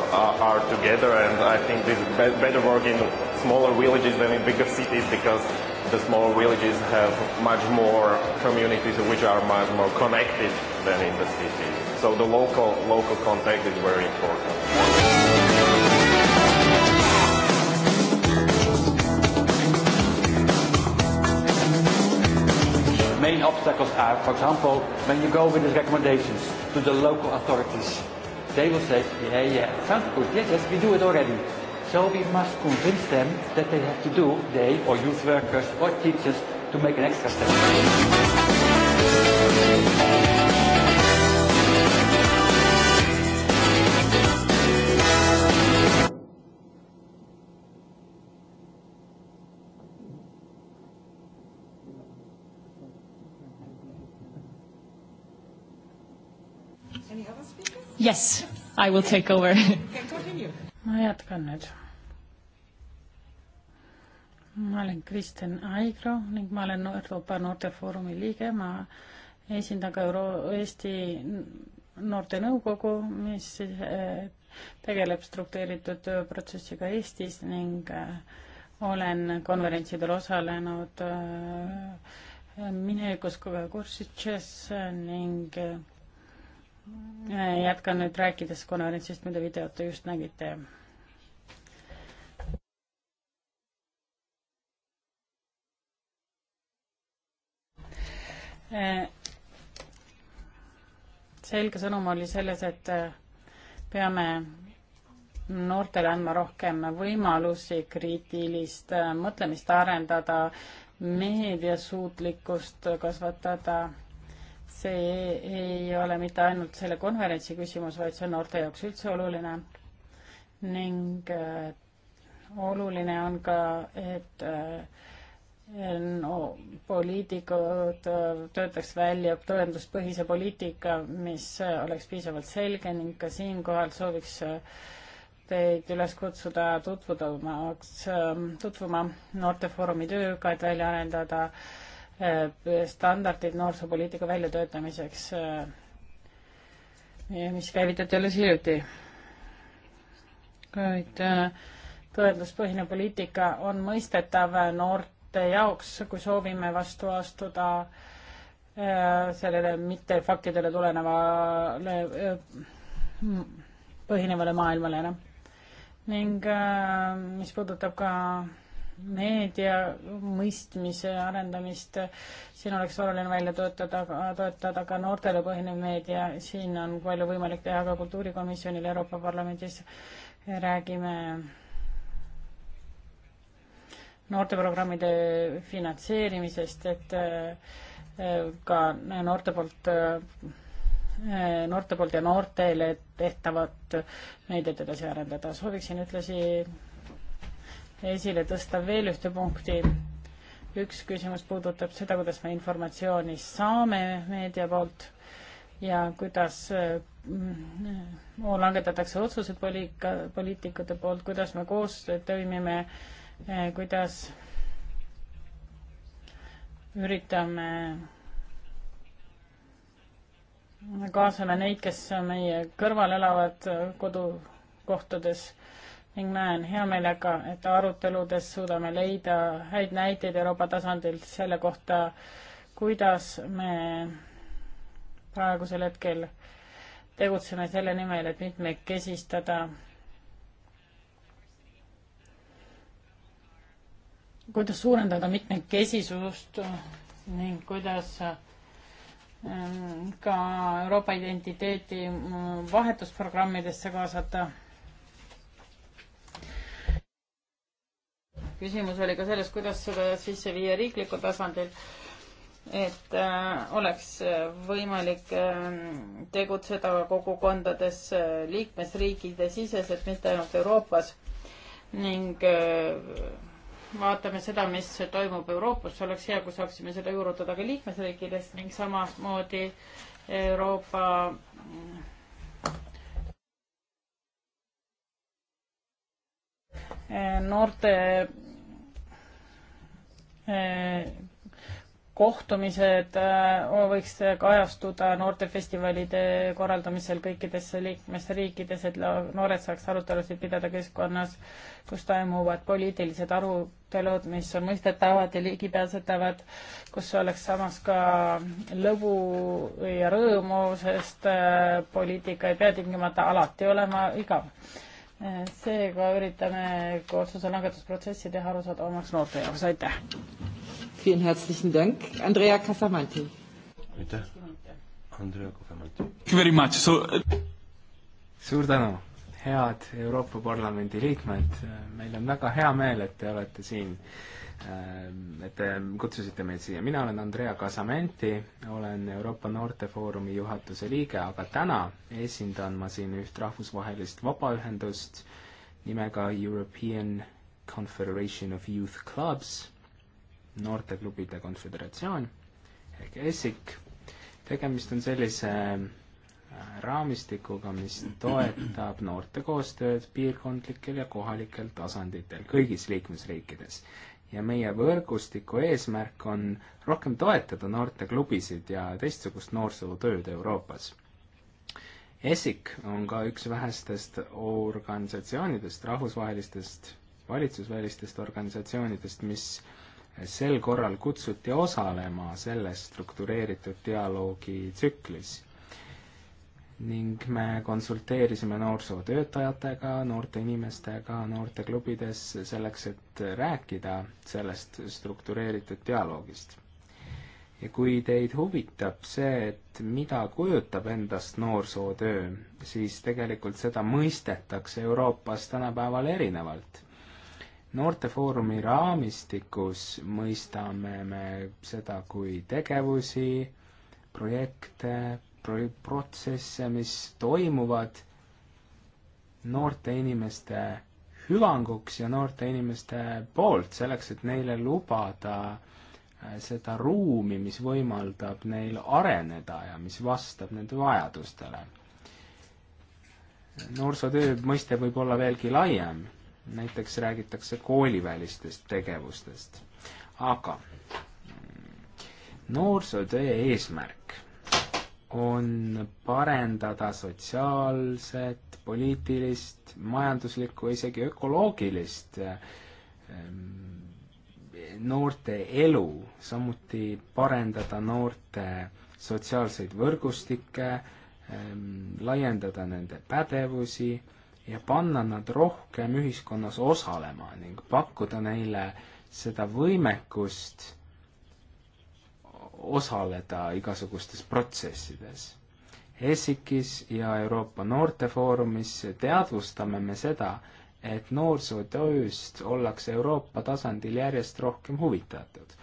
are together and I think this is be better work in smaller villages than in bigger cities because the smaller villages have much more communities which are much more connected than in the cities. So the local local contact is very important. main obstacles are, for example, when you go with these recommendations to the local authorities, they will say, yeah, yeah, sounds good, yes, yes, we do it already. So we must convince them that they have to do, they or youth workers or teachers, to make an extra step. Yes, I will take over ma jätkan nüüd. ma olen Kristen Aigro ning ma olen Euroopa Noortefoorumi liige, ma esindan ka Euro-, Eesti Noortenõukogu, mis eh, tegeleb struktureeritud tööprotsessiga Eestis ning eh, olen konverentsidel osalenud eh, minevikus Korsitšes ning jätkan nüüd rääkides konverentsist, mida videot te just nägite. selge sõnum oli selles, et peame noortele andma rohkem võimalusi kriitilist mõtlemist arendada, meediasuutlikkust kasvatada see ei ole mitte ainult selle konverentsi küsimus, vaid see on noorte jaoks üldse oluline ning äh, oluline on ka, et äh, no, poliitikud äh, töötaks välja tõenduspõhise poliitika, mis äh, oleks piisavalt selge ning ka siinkohal sooviks äh, teid üles kutsuda tutvudama, äh, tutvuma Noortefoorumi tööga, et välja arendada äh, Äh, standardid noorsoopoliitika väljatöötamiseks, äh, mis käivitati alles hiljuti. kuid äh, tõenduspõhine poliitika on mõistetav noorte jaoks, kui soovime vastu astuda sellele mitte faktidele tulenevale põhinevale maailmale enam. Noh. ning mis puudutab ka meedia mõistmise arendamist, siin oleks oluline välja töötada, toetada ka noortele põhinev meedia, siin on palju võimalik teha ka Kultuurikomisjonil Euroopa Parlamendis, räägime noorteprogrammide finantseerimisest, et eh, ka noorte poolt eh, noorte poolt ja noortele tehtavat meediat edasi arendada. sooviksin ühtlasi esile tõsta veel ühte punkti. üks küsimus puudutab seda, kuidas me informatsiooni saame meedia poolt ja kuidas mm, mm, langetatakse otsused poliitika, poliitikute poolt, kuidas me koostööd toimime, eh, kuidas üritame kaasame neid, kes meie kõrval elavad kodukohtades ning näen hea meelega, et aruteludes suudame leida häid näiteid Euroopa tasandilt selle kohta, kuidas me praegusel hetkel tegutseme selle nimel, et mitmekesistada kuidas suurendada mitmekesisust ning kuidas ähm, ka Euroopa identiteeti äh, vahetusprogrammidesse kaasata küsimus oli ka selles, kuidas seda sisse viia riiklikul tasandil, et äh, oleks äh, võimalik äh, tegutseda kogukondades liikmesriikide siseselt, mitte ainult Euroopas ning vaatame seda, mis toimub Euroopas, oleks hea, kui saaksime seda juurutada ka liikmesriikidest ning samamoodi Euroopa noorte kohtumised äh, võiks kajastuda noortefestivalide korraldamisel kõikides liikmesriikides, et noored saaks arutelusid pidada keskkonnas, kus toimuvad poliitilised arutelud, mis on mõistetavad ja ligipääsetavad, kus oleks samas ka lõbu ja rõõmu, sest äh, poliitika ei pea tingimata alati olema igav seega üritame otsuse langetusprotsessi teha arusaadavamaks noorte jaoks, aitäh. Andrea Casamanti. aitäh, Andrea Casamanti. So... Uh, suur tänu, head Euroopa Parlamendi liikmed, meil on väga hea meel, et te olete siin Ehm, et te kutsusite meid siia. mina olen Andrea Casamenti, olen Euroopa Noortefoorumi juhatuse liige, aga täna esindan ma siin üht rahvusvahelist vabaühendust nimega European Confederation of Youth Clubs, noorteklubide konföderatsioon ehk ESIC. tegemist on sellise äh, raamistikuga, mis toetab noorte koostööd piirkondlikel ja kohalikel tasanditel kõigis liikmesriikides ja meie võrgustiku eesmärk on rohkem toetada noorteklubisid ja teistsugust noorsootööd Euroopas. ESIC on ka üks vähestest organisatsioonidest, rahvusvahelistest valitsusvälistest organisatsioonidest, mis sel korral kutsuti osalema selles struktureeritud dialoogi tsüklis ning me konsulteerisime noorsootöötajatega, noorte inimestega noorteklubides selleks, et rääkida sellest struktureeritud dialoogist. ja kui teid huvitab see, et mida kujutab endast noorsootöö, siis tegelikult seda mõistetakse Euroopas tänapäeval erinevalt. noortefoorumi raamistikus mõistame me seda kui tegevusi, projekte, protsesse, mis toimuvad noorte inimeste hüvanguks ja noorte inimeste poolt, selleks et neile lubada äh, seda ruumi, mis võimaldab neil areneda ja mis vastab nende vajadustele. noorsootöö mõiste võib olla veelgi laiem, näiteks räägitakse koolivälistest tegevustest, aga mm, noorsootöö eesmärk on parendada sotsiaalset, poliitilist, majanduslikku, isegi ökoloogilist ehm, noorte elu, samuti parendada noorte sotsiaalseid võrgustikke, ehm, laiendada nende pädevusi ja panna nad rohkem ühiskonnas osalema ning pakkuda neile seda võimekust osaleda igasugustes protsessides. ESIK-is ja Euroopa Noortefoorumis teadvustame me seda, et noorsootööst ollakse Euroopa tasandil järjest rohkem huvitatud.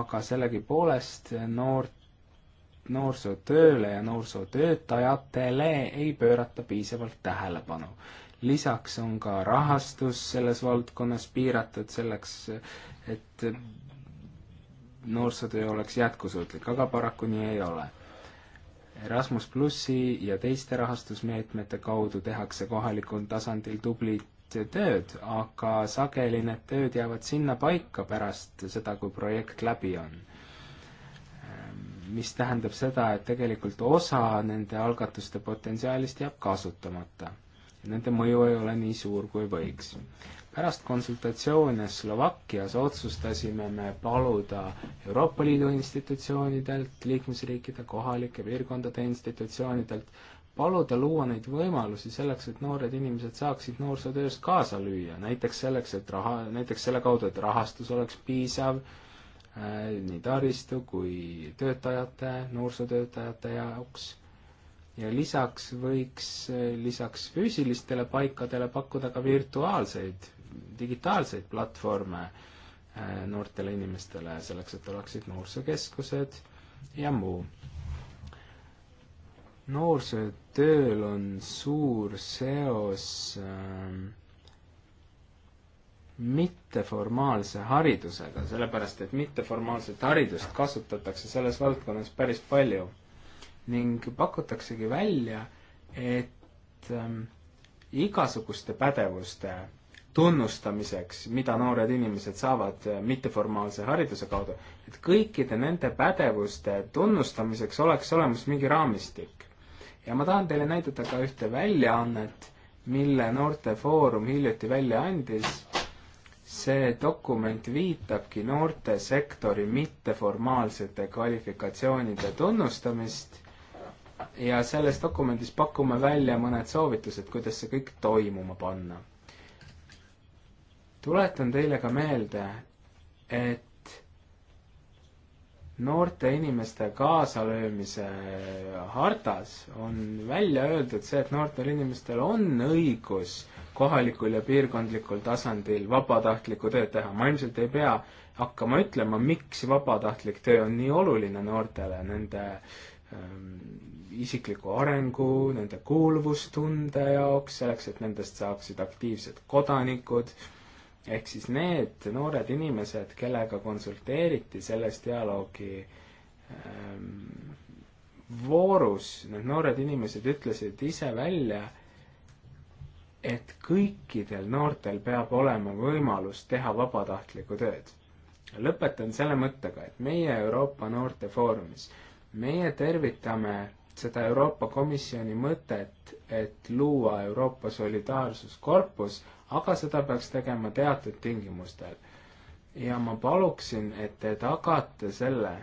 aga sellegipoolest noor, noorsootööle ja noorsootöötajatele ei pöörata piisavalt tähelepanu. lisaks on ka rahastus selles valdkonnas piiratud selleks, et noorsootöö oleks jätkusuutlik, aga paraku nii ei ole. Erasmus plussi ja teiste rahastusmeetmete kaudu tehakse kohalikul tasandil tublit tööd, aga sageli need tööd jäävad sinna paika pärast seda, kui projekt läbi on. mis tähendab seda, et tegelikult osa nende algatuste potentsiaalist jääb kasutamata. Nende mõju ei ole nii suur, kui võiks pärast konsultatsioone Slovakkias otsustasime me paluda Euroopa Liidu institutsioonidelt, liikmesriikide, kohalike piirkondade institutsioonidelt, paluda luua neid võimalusi selleks, et noored inimesed saaksid noorsootöös kaasa lüüa, näiteks selleks, et raha, näiteks selle kaudu, et rahastus oleks piisav äh, nii taristu kui töötajate, noorsootöötajate jaoks ja lisaks võiks äh, lisaks füüsilistele paikadele pakkuda ka virtuaalseid digitaalseid platvorme äh, noortele inimestele, selleks et oleksid noorsookeskused ja muu. noorsootööl on suur seos äh, mitteformaalse haridusega, sellepärast et mitteformaalset haridust kasutatakse selles valdkonnas päris palju ning pakutaksegi välja, et ähm, igasuguste pädevuste tunnustamiseks, mida noored inimesed saavad eh, mitteformaalse hariduse kaudu, et kõikide nende pädevuste tunnustamiseks oleks olemas mingi raamistik. ja ma tahan teile näidata ka ühte väljaannet, mille Noortefoorum hiljuti välja andis. see dokument viitabki noortesektori mitteformaalsete kvalifikatsioonide tunnustamist ja selles dokumendis pakume välja mõned soovitused, kuidas see kõik toimuma panna tuletan teile ka meelde, et noorte inimeste kaasalöömise hartas on välja öeldud see, et noortel inimestel on õigus kohalikul ja piirkondlikul tasandil vabatahtlikku tööd teha. ma ilmselt ei pea hakkama ütlema, miks vabatahtlik töö on nii oluline noortele, nende ähm, isikliku arengu, nende kuuluvustunde jaoks, selleks, et nendest saaksid aktiivsed kodanikud ehk siis need noored inimesed, kellega konsulteeriti selles dialoogi ähm, voorus, need noored inimesed ütlesid ise välja, et kõikidel noortel peab olema võimalus teha vabatahtlikku tööd. lõpetan selle mõttega, et meie Euroopa Noorte Foorumis, meie tervitame seda Euroopa Komisjoni mõtet, et luua Euroopa Solidaarsuskorpus aga seda peaks tegema teatud tingimustel. ja ma paluksin, et te tagate selle,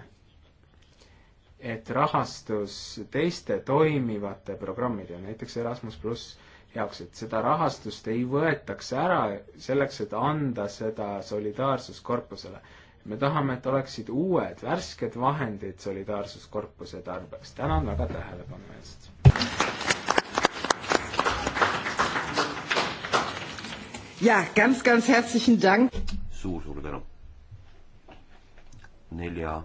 et rahastus teiste toimivate programmide, näiteks Erasmus pluss jaoks, et seda rahastust ei võetaks ära selleks, et anda seda solidaarsuskorpusele. me tahame, et oleksid uued, värsked vahendid solidaarsuskorpuse tarbeks. tänan väga tähelepanu eest! ja, ganz, ganz herzlichen Dank. suur, suur tänu nelja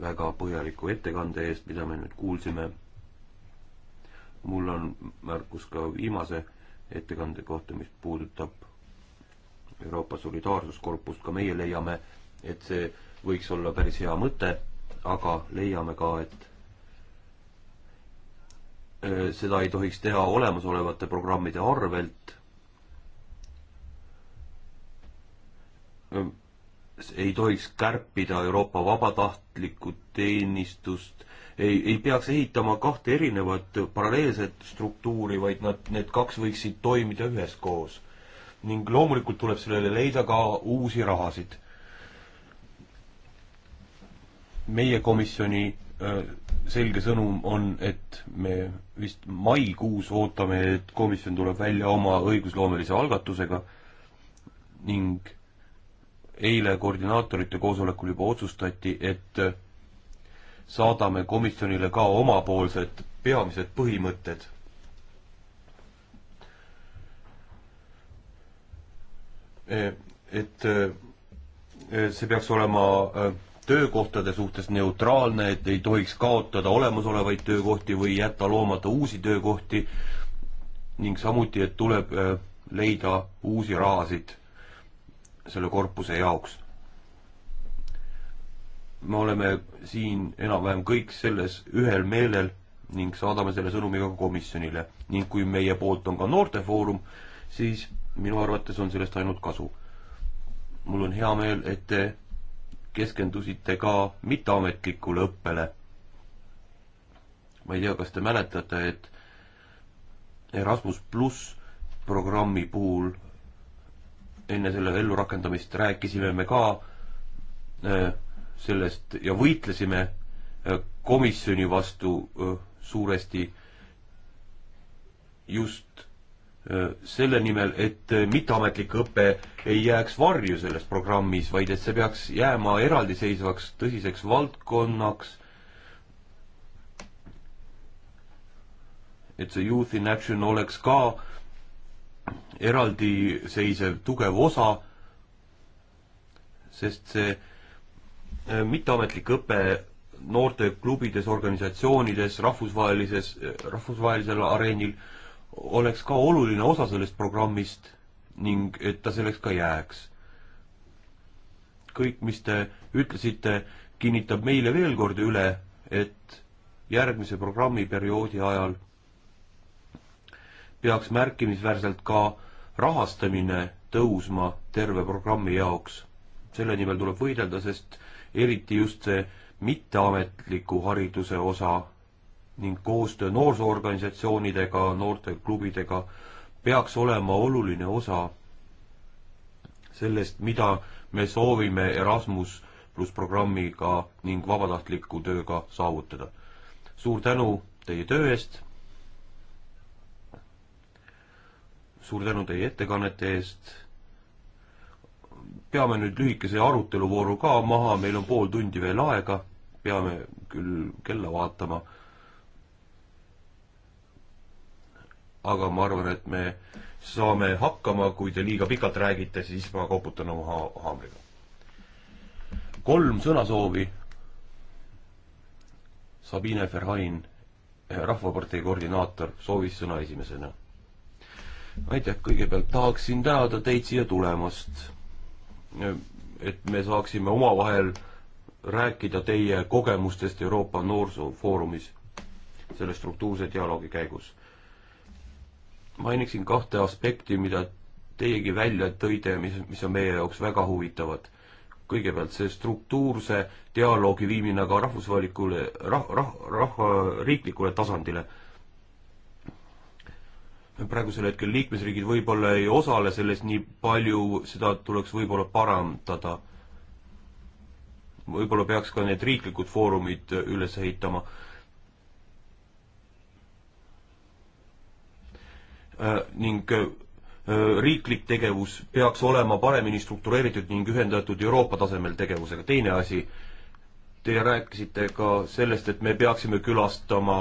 väga põhjaliku ettekande eest, mida me nüüd kuulsime. mul on märkus ka viimase ettekande kohta, mis puudutab Euroopa Solidaarsuskorpust, ka meie leiame, et see võiks olla päris hea mõte, aga leiame ka, et äh, seda ei tohiks teha olemasolevate programmide arvelt ei tohiks kärpida Euroopa vabatahtlikku teenistust, ei, ei peaks ehitama kahte erinevat paralleelset struktuuri, vaid nad, need kaks võiksid toimida üheskoos. ning loomulikult tuleb sellele leida ka uusi rahasid. meie komisjoni selge sõnum on, et me vist maikuus ootame, et komisjon tuleb välja oma õigusloomelise algatusega ning eile koordinaatorite koosolekul juba otsustati, et saadame komisjonile ka omapoolsed peamised põhimõtted. et eh, see peaks olema eh, töökohtade suhtes neutraalne, et ei tohiks kaotada olemasolevaid töökohti või jätta loomata uusi töökohti ning samuti, et tuleb eh, leida uusi rahasid selle korpuse jaoks. me oleme siin enam-vähem kõik selles ühel meelel ning saadame selle sõnumi ka komisjonile ning kui meie poolt on ka noortefoorum, siis minu arvates on sellest ainult kasu. mul on hea meel, et te keskendusite ka mitteametlikule õppele. ma ei tea, kas te mäletate, et Erasmus pluss programmi puhul enne selle ellurakendamist rääkisime me ka äh, sellest ja võitlesime äh, komisjoni vastu äh, suuresti just selle nimel, et mitteametlik õpe ei jääks varju selles programmis, vaid et see peaks jääma eraldiseisvaks tõsiseks valdkonnaks. et see Youth in Action oleks ka äh, eraldiseisev tugev osa, sest see äh, mitteametlik õpe noorteklubides, organisatsioonides, rahvusvahelises, äh, rahvusvahelisel areenil oleks ka oluline osa sellest programmist ning et ta selleks ka jääks. kõik, mis te ütlesite, kinnitab meile veel kord üle, et järgmise programmiperioodi ajal peaks märkimisväärselt ka rahastamine tõusma terve programmi jaoks. selle nimel tuleb võidelda, sest eriti just see mitteametliku hariduse osa ning koostöö noorsoorganisatsioonidega, noorteklubidega peaks olema oluline osa sellest, mida me soovime Erasmus pluss programmiga ning vabatahtliku tööga saavutada. suur tänu teie töö eest suur tänu teie ettekannete eest. peame nüüd lühikese aruteluvooru ka maha, meil on pool tundi veel aega, peame küll kella vaatama. aga ma arvan, et me saame hakkama, kui te liiga pikalt räägite, siis ma koputan oma ha haamriga. kolm sõnasoovi. Sabine Ferhain, Rahvapartei koordinaator, soovis sõna esimesena aitäh, kõigepealt tahaksin tänada teid siia tulemast. et me saaksime omavahel rääkida teie kogemustest Euroopa Noorsoofoorumil selle struktuurse dialoogi käigus. mainiksin kahte aspekti, mida teiegi välja tõite, mis, mis on meie jaoks väga huvitavad. kõigepealt see struktuurse dialoogi viimine ka rahvusvahelikule, rah-, rah-, rah-, riiklikule tasandile praegusel hetkel liikmesriigid võib-olla ei osale selles nii palju, seda tuleks võib-olla parandada. võib-olla peaks ka need riiklikud foorumid üles ehitama. Äh, ning äh, riiklik tegevus peaks olema paremini struktureeritud ning ühendatud Euroopa tasemel tegevusega. teine asi, te rääkisite ka sellest, et me peaksime külastama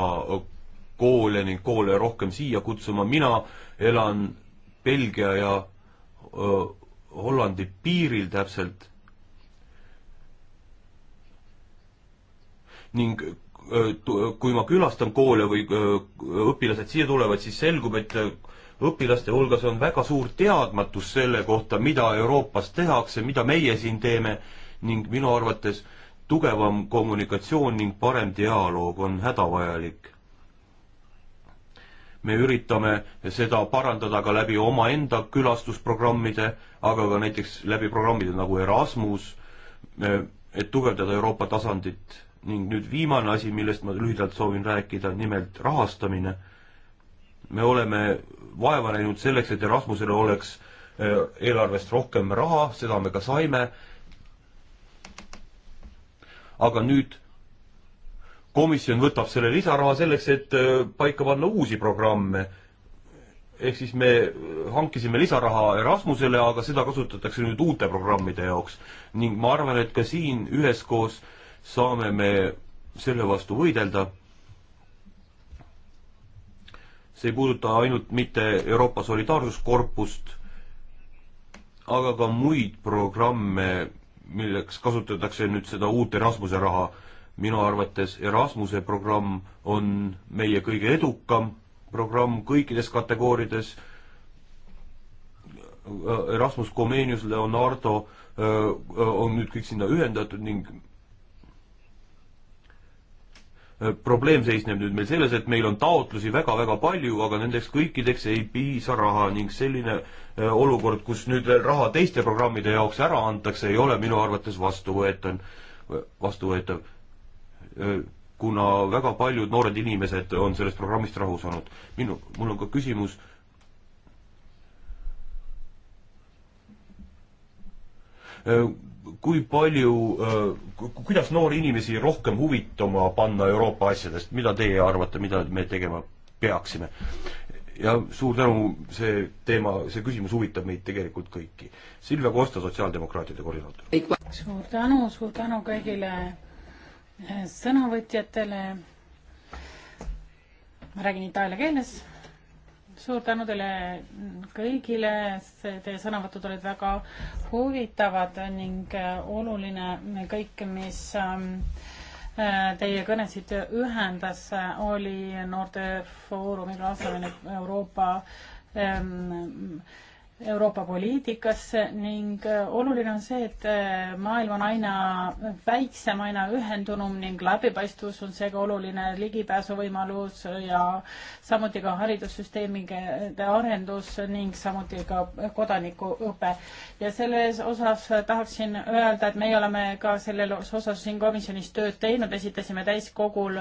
koole ning koole rohkem siia kutsuma, mina elan Belgia ja öö, Hollandi piiril täpselt ning kui ma külastan koole või õpilased siia tulevad, siis selgub, et õpilaste hulgas on väga suur teadmatus selle kohta, mida Euroopas tehakse, mida meie siin teeme ning minu arvates tugevam kommunikatsioon ning parem dialoog on hädavajalik me üritame seda parandada ka läbi omaenda külastusprogrammide, aga ka näiteks läbi programmide nagu Erasmus, e, et tugevdada Euroopa tasandit ning nüüd viimane asi, millest ma lühidalt soovin rääkida, nimelt rahastamine. me oleme vaeva näinud selleks, et Erasmusele oleks e, eelarvest rohkem raha, seda me ka saime, aga nüüd komisjon võtab selle lisaraha selleks, et äh, paika panna uusi programme. ehk siis me hankisime lisaraha Erasmusele, aga seda kasutatakse nüüd uute programmide jaoks. ning ma arvan, et ka siin üheskoos saame me selle vastu võidelda. see ei puuduta ainult mitte Euroopa Solidaarsuskorpust, aga ka muid programme, milleks kasutatakse nüüd seda uut Erasmuse raha minu arvates Erasmuse programm on meie kõige edukam programm kõikides kategooriades. Erasmus Comenius, Leonardo on nüüd kõik sinna ühendatud ning probleem seisneb nüüd meil selles, et meil on taotlusi väga-väga palju, aga nendeks kõikideks ei piisa raha ning selline olukord, kus nüüd veel raha teiste programmide jaoks ära antakse, ei ole minu arvates vastuvõetav, vastuvõetav Äh, kuna väga paljud noored inimesed on sellest programmist rahu saanud. minu, mul on ka küsimus. Äh, kui palju, äh, kuidas noori inimesi rohkem huvituma panna Euroopa asjadest, mida teie arvate, mida me tegema peaksime? ja suur tänu, see teema, see küsimus huvitab meid tegelikult kõiki. Silvia Kosta, sotsiaaldemokraatide koordinaator. suur tänu, suur tänu kõigile sõnavõtjatele. ma räägin itaalia keeles. suur tänu teile kõigile, teie sõnavõtud olid väga huvitavad ning äh, oluline kõik, mis ähm, äh, teie kõnesid ühendas, äh, oli noortefoorumi kaasamine Euroopa ähm, Euroopa poliitikasse ning äh, oluline on see, et äh, maailm on aina väiksem, aina ühendunum ning läbipaistvus on seega oluline ligipääsuvõimalus ja samuti ka haridussüsteemide arendus ning samuti ka kodanikuõpe. ja selles osas tahaksin öelda, et meie oleme ka selles osas siin komisjonis tööd teinud, esitasime täiskogul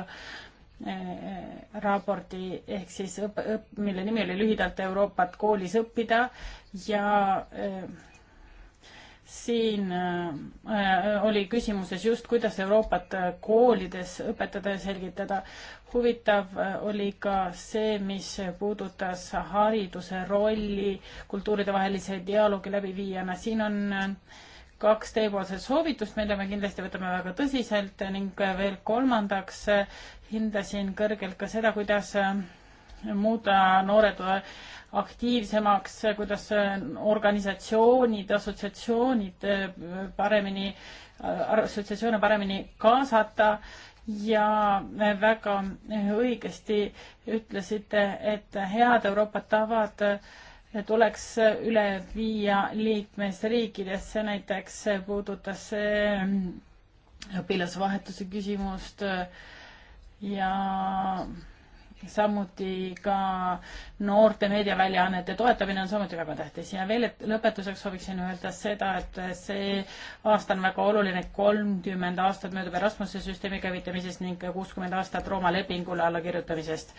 Äh, äh, raporti ehk siis õp-, õp-, mille nimi oli lühidalt Euroopat koolis õppida ja äh, siin oli küsimuses just, kuidas Euroopat koolides õpetada ja selgitada. huvitav oli ka see, mis puudutas hariduse rolli kultuuridevahelise dialoogi läbiviijana. siin on äh, kaks teiepoolset soovitust, mida me kindlasti võtame väga tõsiselt ning veel kolmandaks hindasin kõrgelt ka seda, kuidas äh, muuta noored äh, aktiivsemaks, kuidas äh, organisatsioonid, assotsiatsioonid paremini, assotsiatsioone paremini kaasata ja väga õigesti ütlesite, et head Euroopa tavad tuleks üle viia liikmesriikidesse, näiteks puudutas see mm, õpilasvahetuse küsimust äh, ja samuti ka noorte meediaväljaannete toetamine on samuti väga tähtis ja veel, et lõpetuseks sooviksin öelda seda, et see aasta on väga oluline, kolmkümmend aastat möödub Erasmuse süsteemi käivitamisest ning kuuskümmend aastat Rooma lepingule allakirjutamisest.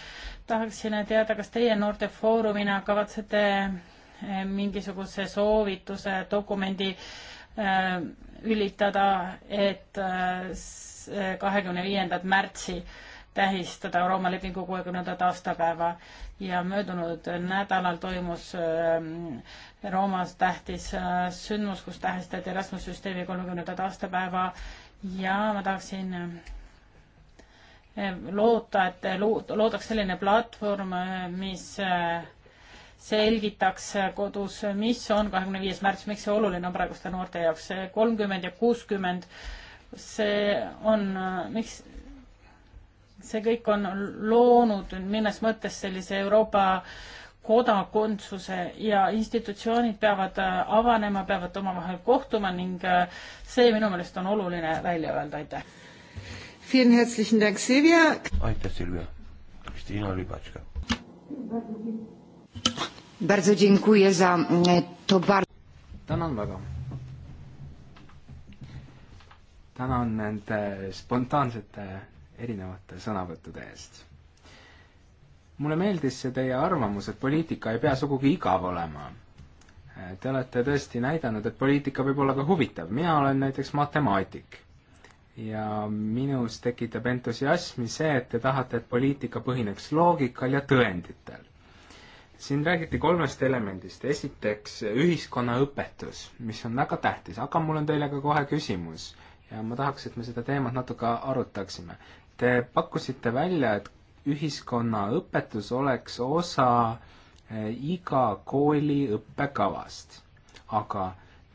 tahaksin teada, kas teie noortefoorumina kavatsete eh, mingisuguse soovituse dokumendi eh, ülitada, et eh, kahekümne viiendat märtsi äh, tähistada Rooma lepingu kuuekümnendat aastapäeva ja möödunud nädalal toimus ähm, Roomas tähtis äh, sündmus, kus tähistati Erasmus süsteemi kolmekümnendat aastapäeva ja ma tahaksin äh, loota, et äh, loodaks selline platvorm, mis selgitaks kodus, mis on kahekümne viies märts, miks see oluline on praeguste noorte jaoks, kolmkümmend ja kuuskümmend, see on, miks see kõik on loonud mõnes mõttes sellise Euroopa kodakondsuse ja institutsioonid peavad äh, avanema, peavad omavahel kohtuma ning äh, see minu meelest on oluline välja öelda, aitäh. aitäh, Silvia. Kristina Libatška. Mm, tänan väga. tänan nende spontaansete erinevate sõnavõttude eest. mulle meeldis see teie arvamus, et poliitika ei pea sugugi igav olema. Te olete tõesti näidanud, et poliitika võib olla ka huvitav, mina olen näiteks matemaatik ja minus tekitab entusiasmi see, et te tahate, et poliitika põhineks loogikal ja tõenditel. siin räägiti kolmest elemendist, esiteks ühiskonnaõpetus, mis on väga tähtis, aga mul on teile ka kohe küsimus ja ma tahaks, et me seda teemat natuke arutaksime. Te pakkusite välja, et ühiskonnaõpetus oleks osa eh, iga kooli õppekavast, aga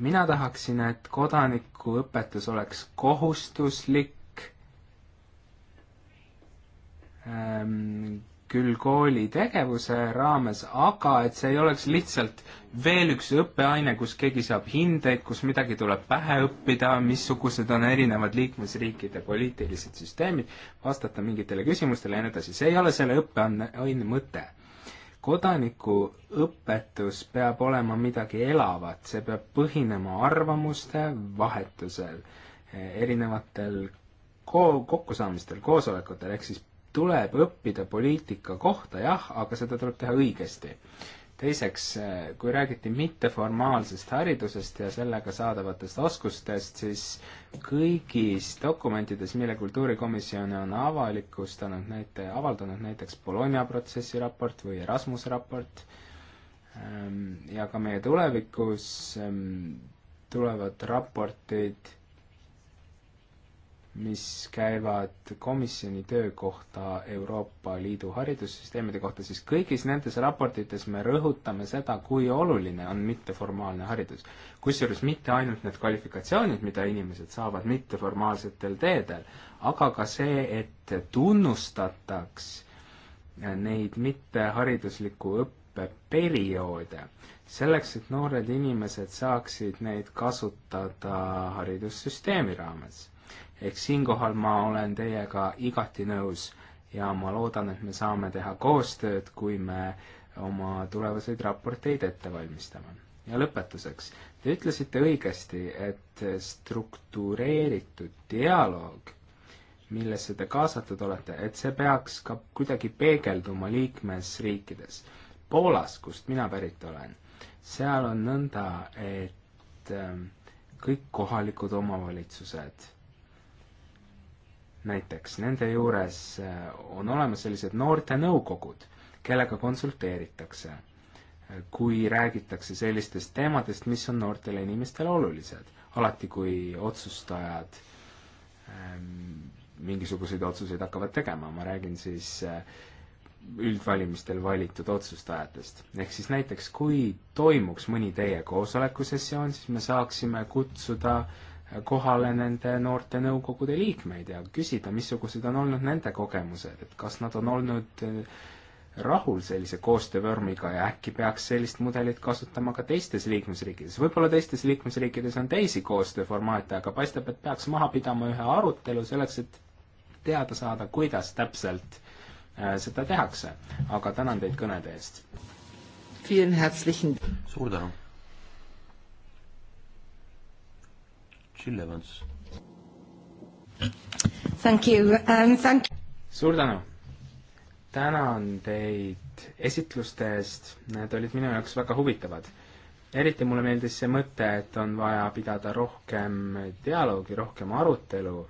mina tahaksin, et kodanikuõpetus oleks kohustuslik ehm, küll kooli tegevuse raames, aga et see ei oleks lihtsalt veel üks õppeaine, kus keegi saab hindeid, kus midagi tuleb pähe õppida, missugused on erinevad liikmesriikide poliitilised süsteemid, vastata mingitele küsimustele ja nii edasi, see ei ole selle õppeaine mõte. kodanikuõpetus peab olema midagi elavat, see peab põhinema arvamuste vahetusel, eh, erinevatel ko-, kokkusaamistel, koosolekutel, ehk siis tuleb õppida poliitika kohta, jah, aga seda tuleb teha õigesti. teiseks, kui räägiti mitteformaalsest haridusest ja sellega saadavatest oskustest, siis kõigis dokumentides, mille Kultuurikomisjon on avalikustanud, näite, avaldanud näiteks Bologna protsessi raport või Erasmuse raport, ähm, ja ka meie tulevikus ähm, tulevad raportid mis käivad komisjoni töö kohta Euroopa Liidu haridussüsteemide kohta, siis kõigis nendes raportites me rõhutame seda, kui oluline on mitteformaalne haridus. kusjuures mitte ainult need kvalifikatsioonid, mida inimesed saavad mitteformaalsetel teedel, aga ka see, et tunnustataks neid mitteharidusliku õppeperioode, selleks, et noored inimesed saaksid neid kasutada haridussüsteemi raames ehk siinkohal ma olen teiega igati nõus ja ma loodan, et me saame teha koostööd, kui me oma tulevaseid raporteid ette valmistame. ja lõpetuseks, te ütlesite õigesti, et struktureeritud dialoog, millesse te kaasatud olete, et see peaks ka kuidagi peegelduma liikmesriikides. Poolas, kust mina pärit olen, seal on nõnda, et ähm, kõik kohalikud omavalitsused näiteks nende juures äh, on olemas sellised noortenõukogud, kellega konsulteeritakse, äh, kui räägitakse sellistest teemadest, mis on noortele inimestele olulised, alati kui otsustajad ähm, mingisuguseid otsuseid hakkavad tegema, ma räägin siis äh, üldvalimistel valitud otsustajatest. ehk siis näiteks, kui toimuks mõni teie koosolekusessioon, siis me saaksime kutsuda äh, kohale nende noorte nõukogude liikmeid ja küsida, missugused on olnud nende kogemused, et kas nad on olnud äh, rahul sellise koostöövormiga ja äkki peaks sellist mudelit kasutama ka teistes liikmesriikides. võib-olla teistes liikmesriikides on teisi koostööformaate, aga paistab, et peaks maha pidama ühe arutelu selleks, et teada saada, kuidas täpselt äh, seda tehakse. aga tänan teid kõnede eest! suur tänu! Jill Evans. Thank you um,, thank you. suur tänu. tänan teid esitluste eest, need olid minu jaoks väga huvitavad. eriti mulle meeldis see mõte, et on vaja pidada rohkem dialoogi, rohkem arutelu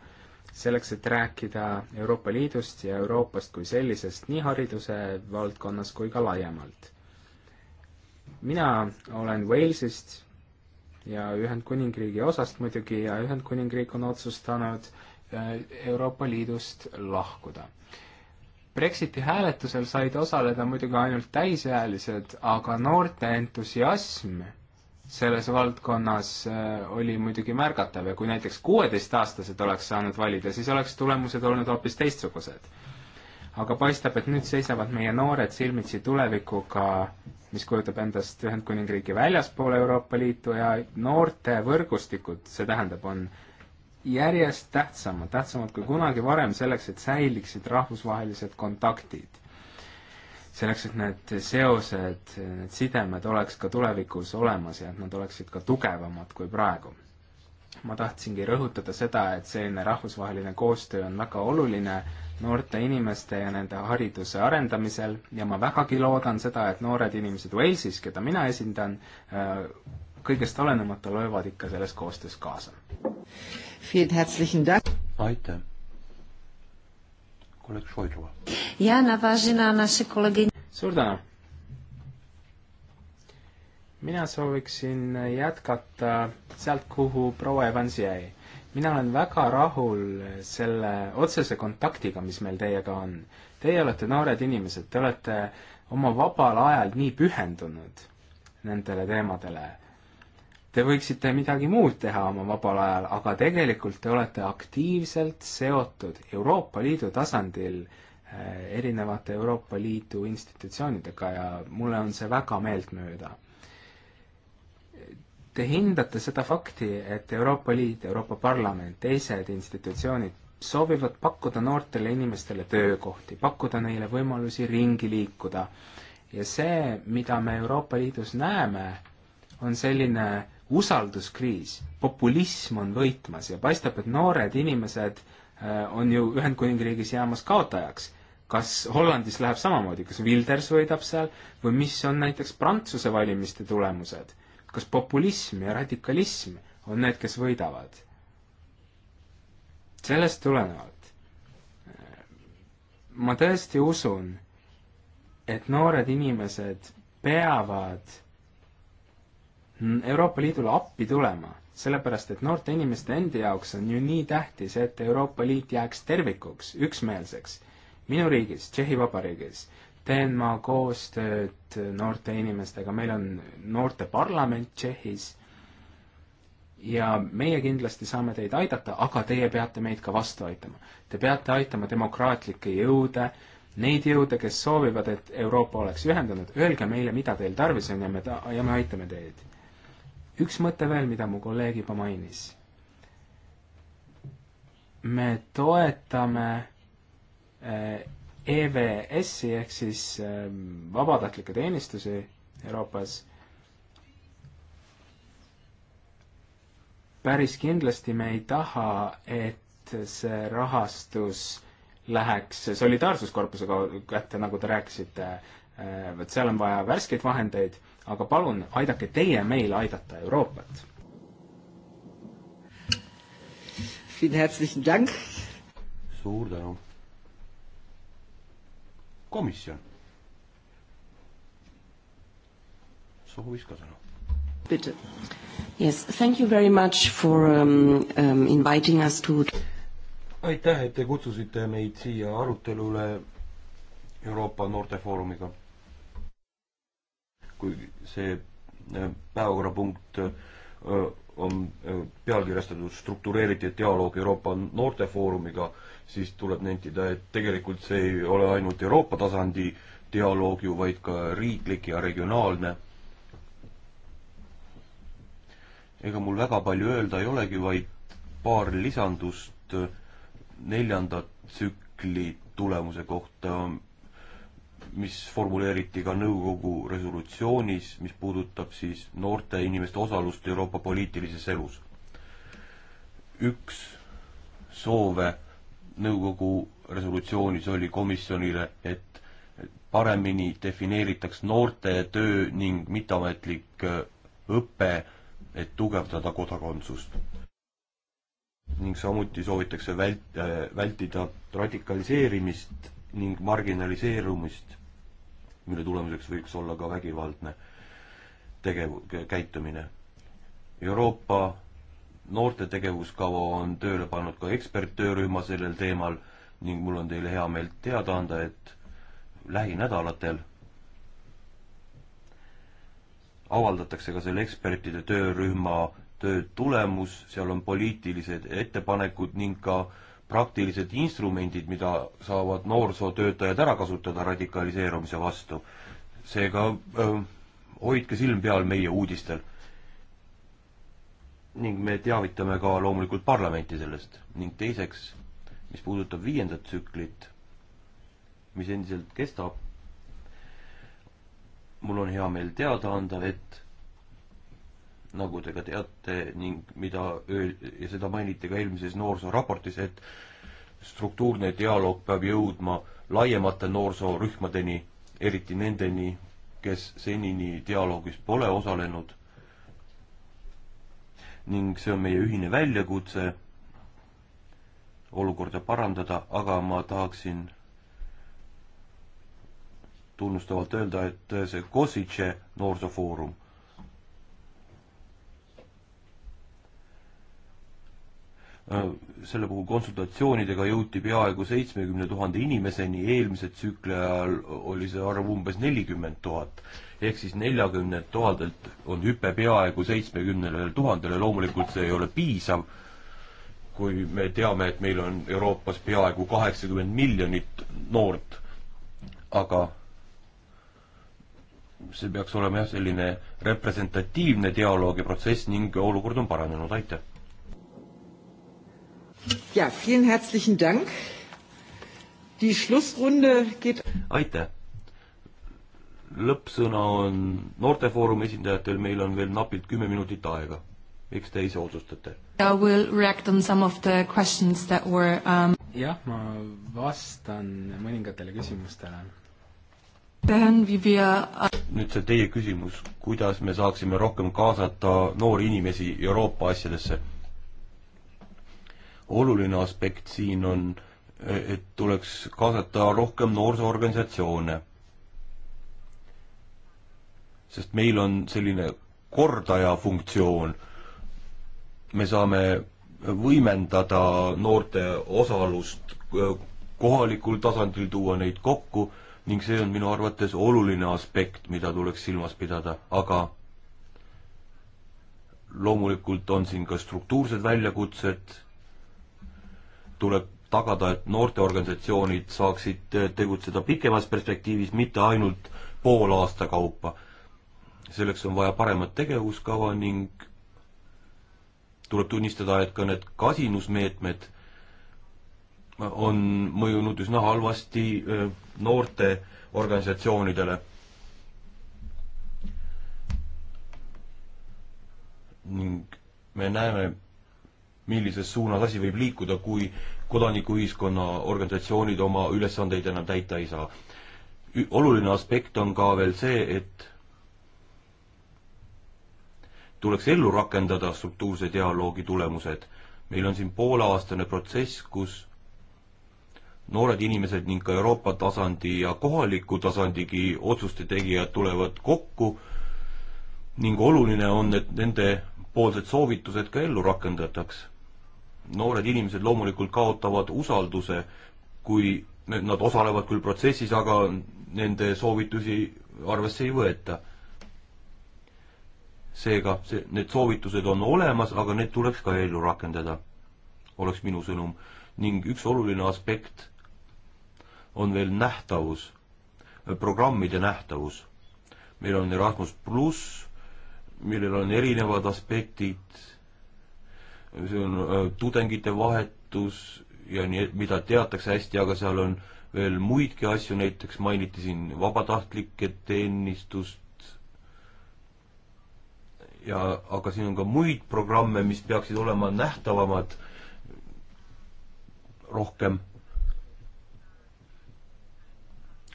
selleks, et rääkida Euroopa Liidust ja Euroopast kui sellisest nii hariduse valdkonnas kui ka laiemalt. mina olen Walesist ja Ühendkuningriigi osast muidugi ja Ühendkuningriik on otsustanud äh, Euroopa Liidust lahkuda. Brexiti hääletusel said osaleda muidugi ainult täisealised, aga noorte entusiasm selles valdkonnas äh, oli muidugi märgatav ja kui näiteks kuueteistaastased oleks saanud valida, siis oleks tulemused olnud hoopis teistsugused aga paistab, et nüüd seisavad meie noored silmitsi tulevikuga, mis kujutab endast Ühendkuningriigi väljaspool Euroopa Liitu ja noorte võrgustikud, see tähendab, on järjest tähtsamad, tähtsamad kui kunagi varem selleks, et säiliksid rahvusvahelised kontaktid. selleks, et need seosed, need sidemed oleks ka tulevikus olemas ja et nad oleksid ka tugevamad kui praegu. ma tahtsingi rõhutada seda, et selline rahvusvaheline koostöö on väga oluline noorte inimeste ja nende hariduse arendamisel ja ma vägagi loodan seda, et noored inimesed Walesis, keda mina esindan, äh, kõigest olenemata löövad ikka selles koostöös kaasa. aitäh! kolleeg Šoidrova. suur tänu! mina sooviksin jätkata sealt, kuhu proua Evans jäi mina olen väga rahul selle otsese kontaktiga, mis meil teiega on. Teie olete noored inimesed, te olete oma vabal ajal nii pühendunud nendele teemadele. Te võiksite midagi muud teha oma vabal ajal, aga tegelikult te olete aktiivselt seotud Euroopa Liidu tasandil eh, erinevate Euroopa Liidu institutsioonidega ja mulle on see väga meeltmööda te hindate seda fakti, et Euroopa Liit, Euroopa Parlament, teised institutsioonid soovivad pakkuda noortele inimestele töökohti, pakkuda neile võimalusi ringi liikuda. ja see, mida me Euroopa Liidus näeme, on selline usalduskriis, populism on võitmas ja paistab, et noored inimesed äh, on ju Ühendkuningriigis jäämas kaotajaks kas Hollandis läheb samamoodi, kas Wilders võidab seal või mis on näiteks Prantsuse valimiste tulemused? kas populism ja radikalism on need, kes võidavad. sellest tulenevalt äh, ma tõesti usun, et noored inimesed peavad Euroopa Liidule appi tulema, sellepärast et noorte inimeste endi jaoks on ju nii tähtis, et Euroopa Liit jääks tervikuks, üksmeelseks. minu riigis, Tšehhi Vabariigis äh,, teen ma koostööd noorte inimestega, meil on noorteparlament Tšehhis ja meie kindlasti saame teid aidata, aga teie peate meid ka vastu aitama. Te peate aitama demokraatlikke jõude, neid jõude, kes soovivad, et Euroopa oleks ühendatud, öelge meile, mida teil tarvis on ja me ta-, ja me aitame teid. üks mõte veel, mida mu kolleeg juba mainis. me toetame eh, EVS-i ehk siis ähm, vabatahtlikke teenistusi Euroopas. päris kindlasti me ei taha, et see rahastus läheks solidaarsuskorpuse kätte, nagu te rääkisite, vot äh, seal on vaja värskeid vahendeid, aga palun aidake teie meil aidata Euroopat. suur tänu komisjon soovis ka sõna. Bitte. Yes, thank you very much for um, um, inviting us to aitäh, et te kutsusite meid siia arutelule Euroopa Noortefoorumiga. kui see äh, päevakorrapunkt äh, on äh, pealkirjastatud struktureeritud dialoog Euroopa Noortefoorumiga, siis tuleb nentida, et tegelikult see ei ole ainult Euroopa tasandi dialoog ju, vaid ka riiklik ja regionaalne. ega mul väga palju öelda ei olegi, vaid paar lisandust neljanda tsükli tulemuse kohta, mis formuleeriti ka nõukogu resolutsioonis, mis puudutab siis noorte inimeste osalust Euroopa poliitilises elus. üks soove nõukogu resolutsioonis oli komisjonile, et paremini defineeritaks noorte töö ning mitteametlik äh, õpe, et tugevdada kodakondsust. ning samuti soovitakse vält-, äh, vältida radikaliseerimist ning marginaliseerumist, mille tulemuseks võiks olla ka vägivaldne tegev-, käitumine. Euroopa noorte tegevuskava on tööle pannud ka eksperttöörühma sellel teemal ning mul on teile hea meel teada anda, et lähinädalatel avaldatakse ka selle ekspertide töörühma töö tulemus, seal on poliitilised ettepanekud ning ka praktilised instrumendid, mida saavad noorsootöötajad ära kasutada radikaliseerumise vastu. seega öö, hoidke silm peal meie uudistel ning me teavitame ka loomulikult parlamenti sellest ning teiseks, mis puudutab viiendat tsüklit, mis endiselt kestab, mul on hea meel teada anda, et nagu te ka teate ning mida öel- ja seda mainiti ka eelmises noorsooraportis, et struktuurne dialoog peab jõudma laiemate noorsoorühmadeni, eriti nendeni, kes senini dialoogis pole osalenud ning see on meie ühine väljakutse olukorda parandada, aga ma tahaksin tunnustavalt öelda, et see Kosice noorsoofoorum Äh, selle puhul konsultatsioonidega jõuti peaaegu seitsmekümne tuhande inimeseni, eelmise tsükli ajal oli see arv umbes nelikümmend tuhat. ehk siis neljakümnelt tuhandelt on hüpe peaaegu seitsmekümnele tuhandele, loomulikult see ei ole piisav, kui me teame, et meil on Euroopas peaaegu kaheksakümmend miljonit noort, aga see peaks olema jah, selline representatiivne dialoogiprotsess ning olukord on paranenud, aitäh! ja, vielen herzlichen Dank. Die Schlussrunde geht. aitäh. lõppsõna on noortefoorumi esindajatel, meil on veel napilt kümme minutit aega. eks te ise otsustate. I will react on some of the questions that were um.... jah, ma vastan mõningatele küsimustele. Uh, nüüd see teie küsimus, kuidas me saaksime rohkem kaasata noori inimesi Euroopa asjadesse oluline aspekt siin on, et tuleks kaasata rohkem noorsoorganisatsioone. sest meil on selline kordaja funktsioon. me saame võimendada noorte osalust äh, kohalikul tasandil, tuua neid kokku ning see on minu arvates oluline aspekt, mida tuleks silmas pidada, aga loomulikult on siin ka struktuursed väljakutsed tuleb tagada, et noorteorganisatsioonid saaksid tegutseda pikemas perspektiivis, mitte ainult poole aasta kaupa. selleks on vaja paremat tegevuskava ning tuleb tunnistada, et ka need kasinusmeetmed on mõjunud üsna halvasti äh, noorte organisatsioonidele. ning me näeme millises suunas asi võib liikuda, kui kodanikuühiskonna organisatsioonid oma ülesandeid enam täita ei saa. oluline aspekt on ka veel see, et tuleks ellu rakendada struktuurse dialoogi tulemused. meil on siin pooleaastane protsess, kus noored inimesed ning ka Euroopa tasandi ja kohaliku tasandigi otsuste tegijad tulevad kokku ning oluline on, et nende poolsed soovitused ka ellu rakendataks noored inimesed loomulikult kaotavad usalduse, kui nad osalevad küll protsessis, aga nende soovitusi arvesse ei võeta. seega see, need soovitused on olemas, aga need tuleks ka ellu rakendada, oleks minu sõnum. ning üks oluline aspekt on veel nähtavus, programmide nähtavus. meil on Erasmus pluss, millel on erinevad aspektid see on äh, tudengite vahetus ja nii, mida teatakse hästi, aga seal on veel muidki asju, näiteks mainiti siin vabatahtlike teenistust ja aga siin on ka muid programme, mis peaksid olema nähtavamad rohkem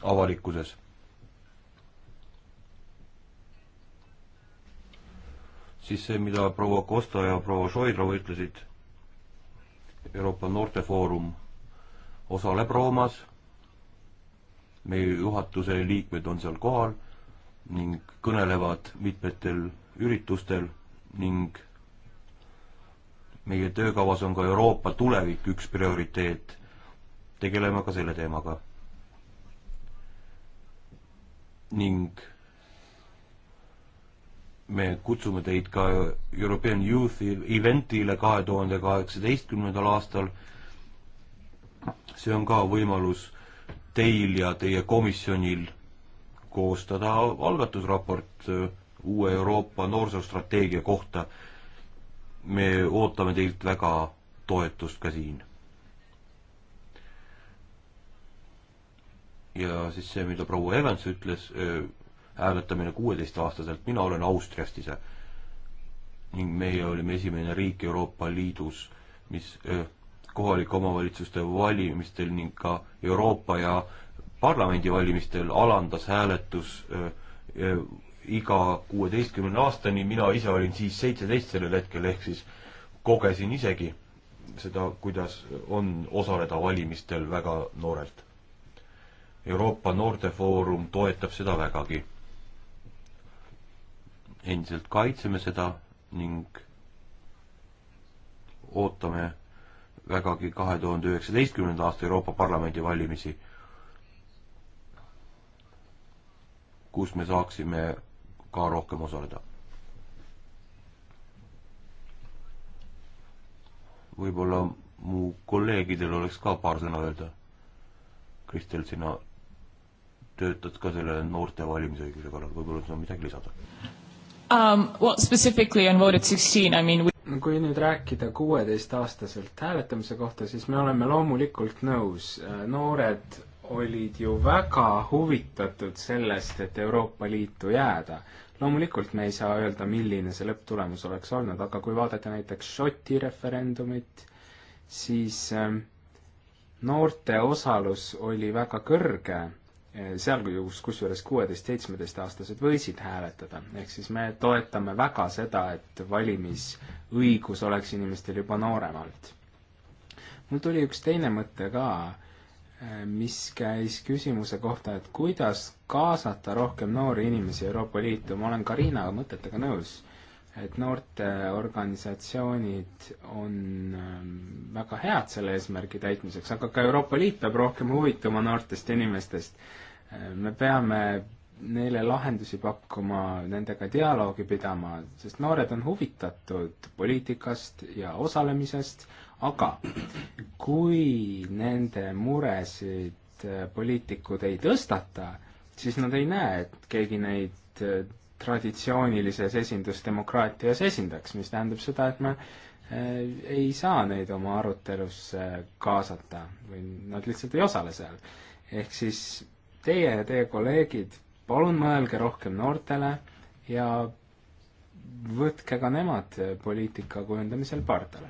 avalikkuses siis see, mida proua Costa ja proua Šoidrova ütlesid, Euroopa Noortefoorum osaleb Roomas, meie juhatuse liikmed on seal kohal ning kõnelevad mitmetel üritustel ning meie töökavas on ka Euroopa tulevik üks prioriteet. tegeleme ka selle teemaga. ning me kutsume teid ka European Youth Eventile kahe tuhande kaheksateistkümnendal aastal. see on ka võimalus teil ja teie komisjonil koostada algatusraport uue Euroopa noorsoostrateegia kohta. me ootame teilt väga toetust ka siin. ja siis see, mida proua Evans ütles hääletamine kuueteistaastaselt, mina olen Austriast ise. ning meie olime esimene riik Euroopa Liidus, mis kohalike omavalitsuste valimistel ning ka Euroopa ja parlamendivalimistel alandas hääletus öö, öö, iga kuueteistkümne aastani, mina ise olin siis seitseteist sellel hetkel, ehk siis kogesin isegi seda, kuidas on osaleda valimistel väga noorelt. Euroopa Noortefoorum toetab seda vägagi endiselt kaitseme seda ning ootame vägagi kahe tuhande üheksateistkümnenda aasta Euroopa Parlamendi valimisi, kus me saaksime ka rohkem osaleda. võib-olla mu kolleegidel oleks ka paar sõna öelda. Kristel, sina töötad ka selle noorte valimisõiguse kallal, võib-olla sul on midagi lisada? Um, well, specifically on voted 16, I mean we... kui nüüd rääkida kuueteistaastaselt hääletamise kohta, siis me oleme loomulikult nõus, äh, noored olid ju väga huvitatud sellest, et Euroopa Liitu jääda. loomulikult me ei saa öelda, milline see lõpptulemus oleks olnud, aga kui vaadata näiteks Šoti referendumit, siis ähm, noorte osalus oli väga kõrge Eh, seal, kus, kusjuures kuueteist, seitsmeteistaastased võisid hääletada, ehk siis me toetame väga seda, et valimisõigus oleks inimestel juba nooremalt. mul tuli üks teine mõte ka, eh, mis käis küsimuse kohta, et kuidas kaasata rohkem noori inimesi Euroopa Liitu, ma olen Karina mõtetega nõus, et noorteorganisatsioonid on ehm, väga head selle eesmärgi täitmiseks, aga ka Euroopa Liit peab rohkem huvituma noortest inimestest me peame neile lahendusi pakkuma, nendega dialoogi pidama, sest noored on huvitatud poliitikast ja osalemisest, aga kui nende muresid äh, poliitikud ei tõstata, siis nad ei näe, et keegi neid äh, traditsioonilises esindusdemokraatias esindaks, mis tähendab seda, et me äh, ei saa neid oma arutelusse kaasata või nad lihtsalt ei osale seal. ehk siis Teie ja teie kolleegid, palun mõelge rohkem noortele ja võtke ka nemad poliitika kujundamisel pardale.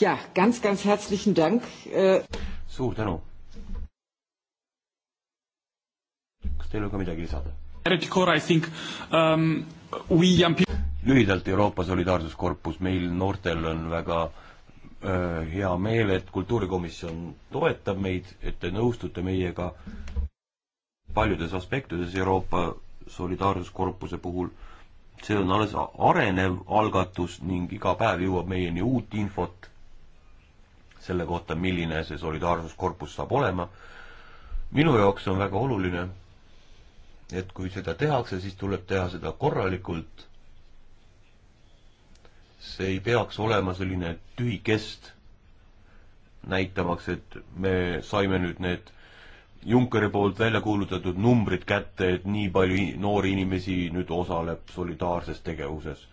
jah, ganz, ganz herzlichen Dank. Äh, suur tänu. kas teil on ka midagi lisada? Um, lühidalt Euroopa Solidaarsuskorpus, meil noortel on väga äh, Äh, hea meel, et kultuurikomisjon toetab meid, et te nõustute meiega paljudes aspektides Euroopa solidaarsuskorpuse puhul. see on alles arenev algatus ning iga päev jõuab meieni uut infot selle kohta, milline see solidaarsuskorpus saab olema. minu jaoks on väga oluline, et kui seda tehakse, siis tuleb teha seda korralikult see ei peaks olema selline tühikest, näitamaks, et me saime nüüd need Junckeri poolt välja kuulutatud numbrid kätte, et nii palju noori inimesi nüüd osaleb solidaarses tegevuses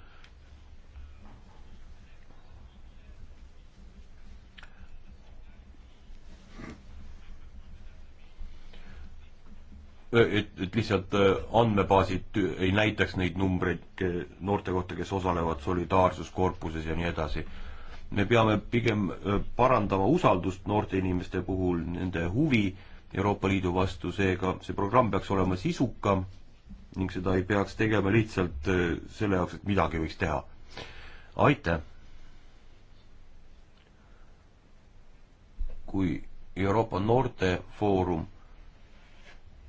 Äh, et, et lihtsalt äh, andmebaasid ei näitaks neid numbreid noorte kohta, kes osalevad solidaarsuskorpuses ja nii edasi. me peame pigem äh, parandama usaldust noorte inimeste puhul, nende huvi Euroopa Liidu vastu, seega see programm peaks olema sisukam ning seda ei peaks tegema lihtsalt selle jaoks, et midagi võiks teha. aitäh! kui Euroopa Noortefoorum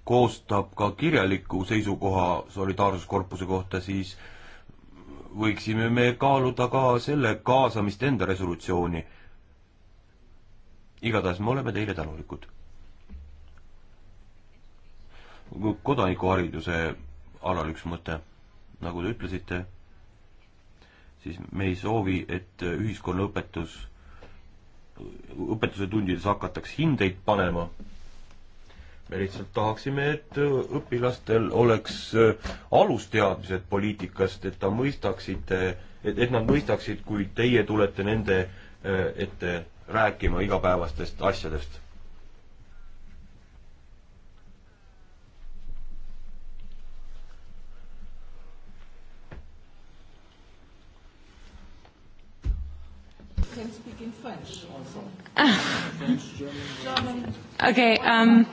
koostab ka kirjaliku seisukoha solidaarsuskorpuse kohta, siis võiksime me kaaluda ka selle kaasamist enda resolutsiooni. igatahes me oleme teile tänulikud. kodanikuhariduse alal üks mõte, nagu te ütlesite, siis me ei soovi, et ühiskonnaõpetus, õpetuse tundides hakataks hindeid panema me lihtsalt tahaksime, et äh, õpilastel oleks äh, alusteadmised poliitikast, et ta mõistaksid, äh, et, et nad mõistaksid, kui teie tulete nende ette rääkima igapäevastest asjadest. Can speak in French also. French, German. German. Okay. Um,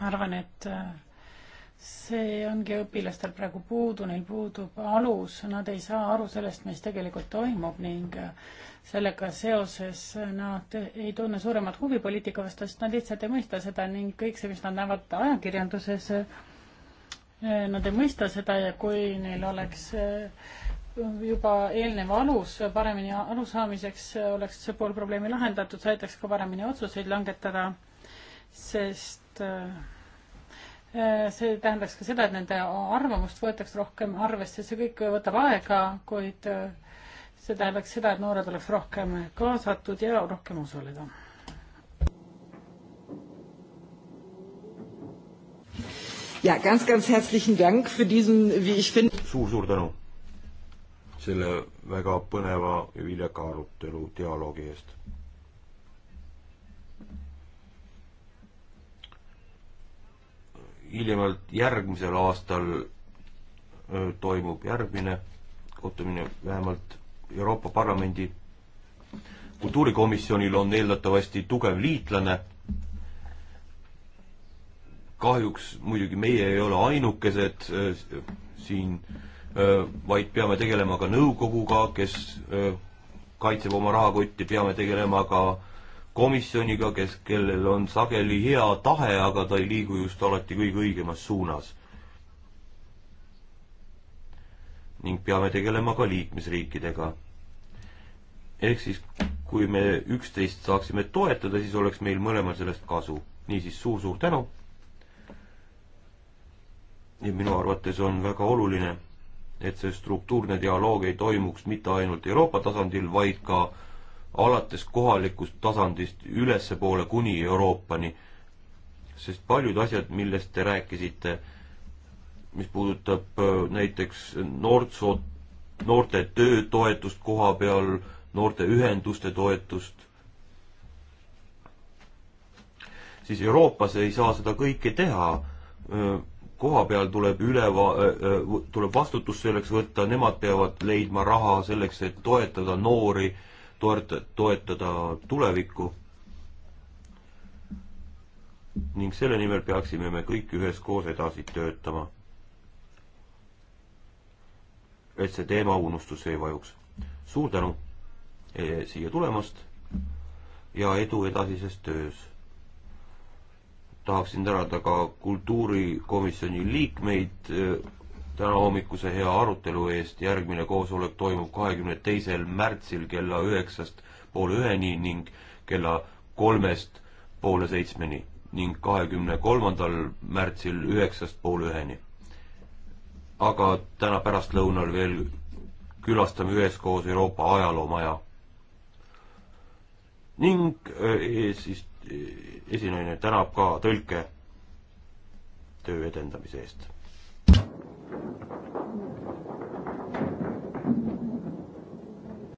arvan, et äh, see ongi õpilastel praegu puudu, neil puudub alus, nad ei saa aru sellest, mis tegelikult toimub ning äh, sellega seoses äh, nad ei tunne suuremat huvi poliitika vastu, sest nad lihtsalt ei mõista seda ning kõik see, mis nad näevad ajakirjanduses, nad ei mõista seda ja kui neil oleks juba eelnev alus paremini arusaamiseks oleks see pool probleemi lahendatud, see aitaks ka paremini otsuseid langetada, sest äh, see tähendaks ka seda, et nende arvamust võetaks rohkem arvesse, see kõik võtab aega, kuid äh, see tähendaks seda, et noored oleks rohkem kaasatud ja rohkem osaleda. ja ganz, ganz herzlichen Dank für diesen, wie ich finde. suur-suur tänu selle väga põneva ja viljaka arutelu, dialoogi eest. hiljemalt järgmisel aastal toimub järgmine kohtumine, vähemalt Euroopa Parlamendi kultuurikomisjonil on eeldatavasti tugev liitlane. kahjuks muidugi meie ei ole ainukesed siin äh, vaid peame tegelema ka nõukoguga, kes kaitseb oma rahakotti, peame tegelema ka komisjoniga, kes, kellel on sageli hea tahe, aga ta ei liigu just alati kõige õigemas suunas. ning peame tegelema ka liikmesriikidega. ehk siis, kui me üksteist saaksime toetada, siis oleks meil mõlemal sellest kasu. niisiis suur-suur tänu. ja minu arvates on väga oluline et see struktuurne dialoog ei toimuks mitte ainult Euroopa tasandil, vaid ka alates kohalikust tasandist ülespoole kuni Euroopani. sest paljud asjad, millest te rääkisite, mis puudutab äh, näiteks noortsoo, noorte töötoetust koha peal, noorte ühenduste toetust, siis Euroopas ei saa seda kõike teha äh, koha peal tuleb üle va-, tuleb vastutus selleks võtta, nemad peavad leidma raha selleks, et toetada noori, toet-, toetada tulevikku. ning selle nimel peaksime me kõik üheskoos edasi töötama. et see teema unustusse ei vajuks. suur tänu e, siia tulemast ja edu edasises töös tahaksin tänada ka kultuurikomisjoni liikmeid äh, täna hommikuse hea arutelu eest. järgmine koosolek toimub kahekümne teisel märtsil kella üheksast poole üheni ning kella kolmest poole seitsmeni ning kahekümne kolmandal märtsil üheksast poole üheni. aga täna pärastlõunal veel külastame üheskoos Euroopa ajaloomaja ning äh, eesist-, esinaine tänab ka tõlke töö edendamise eest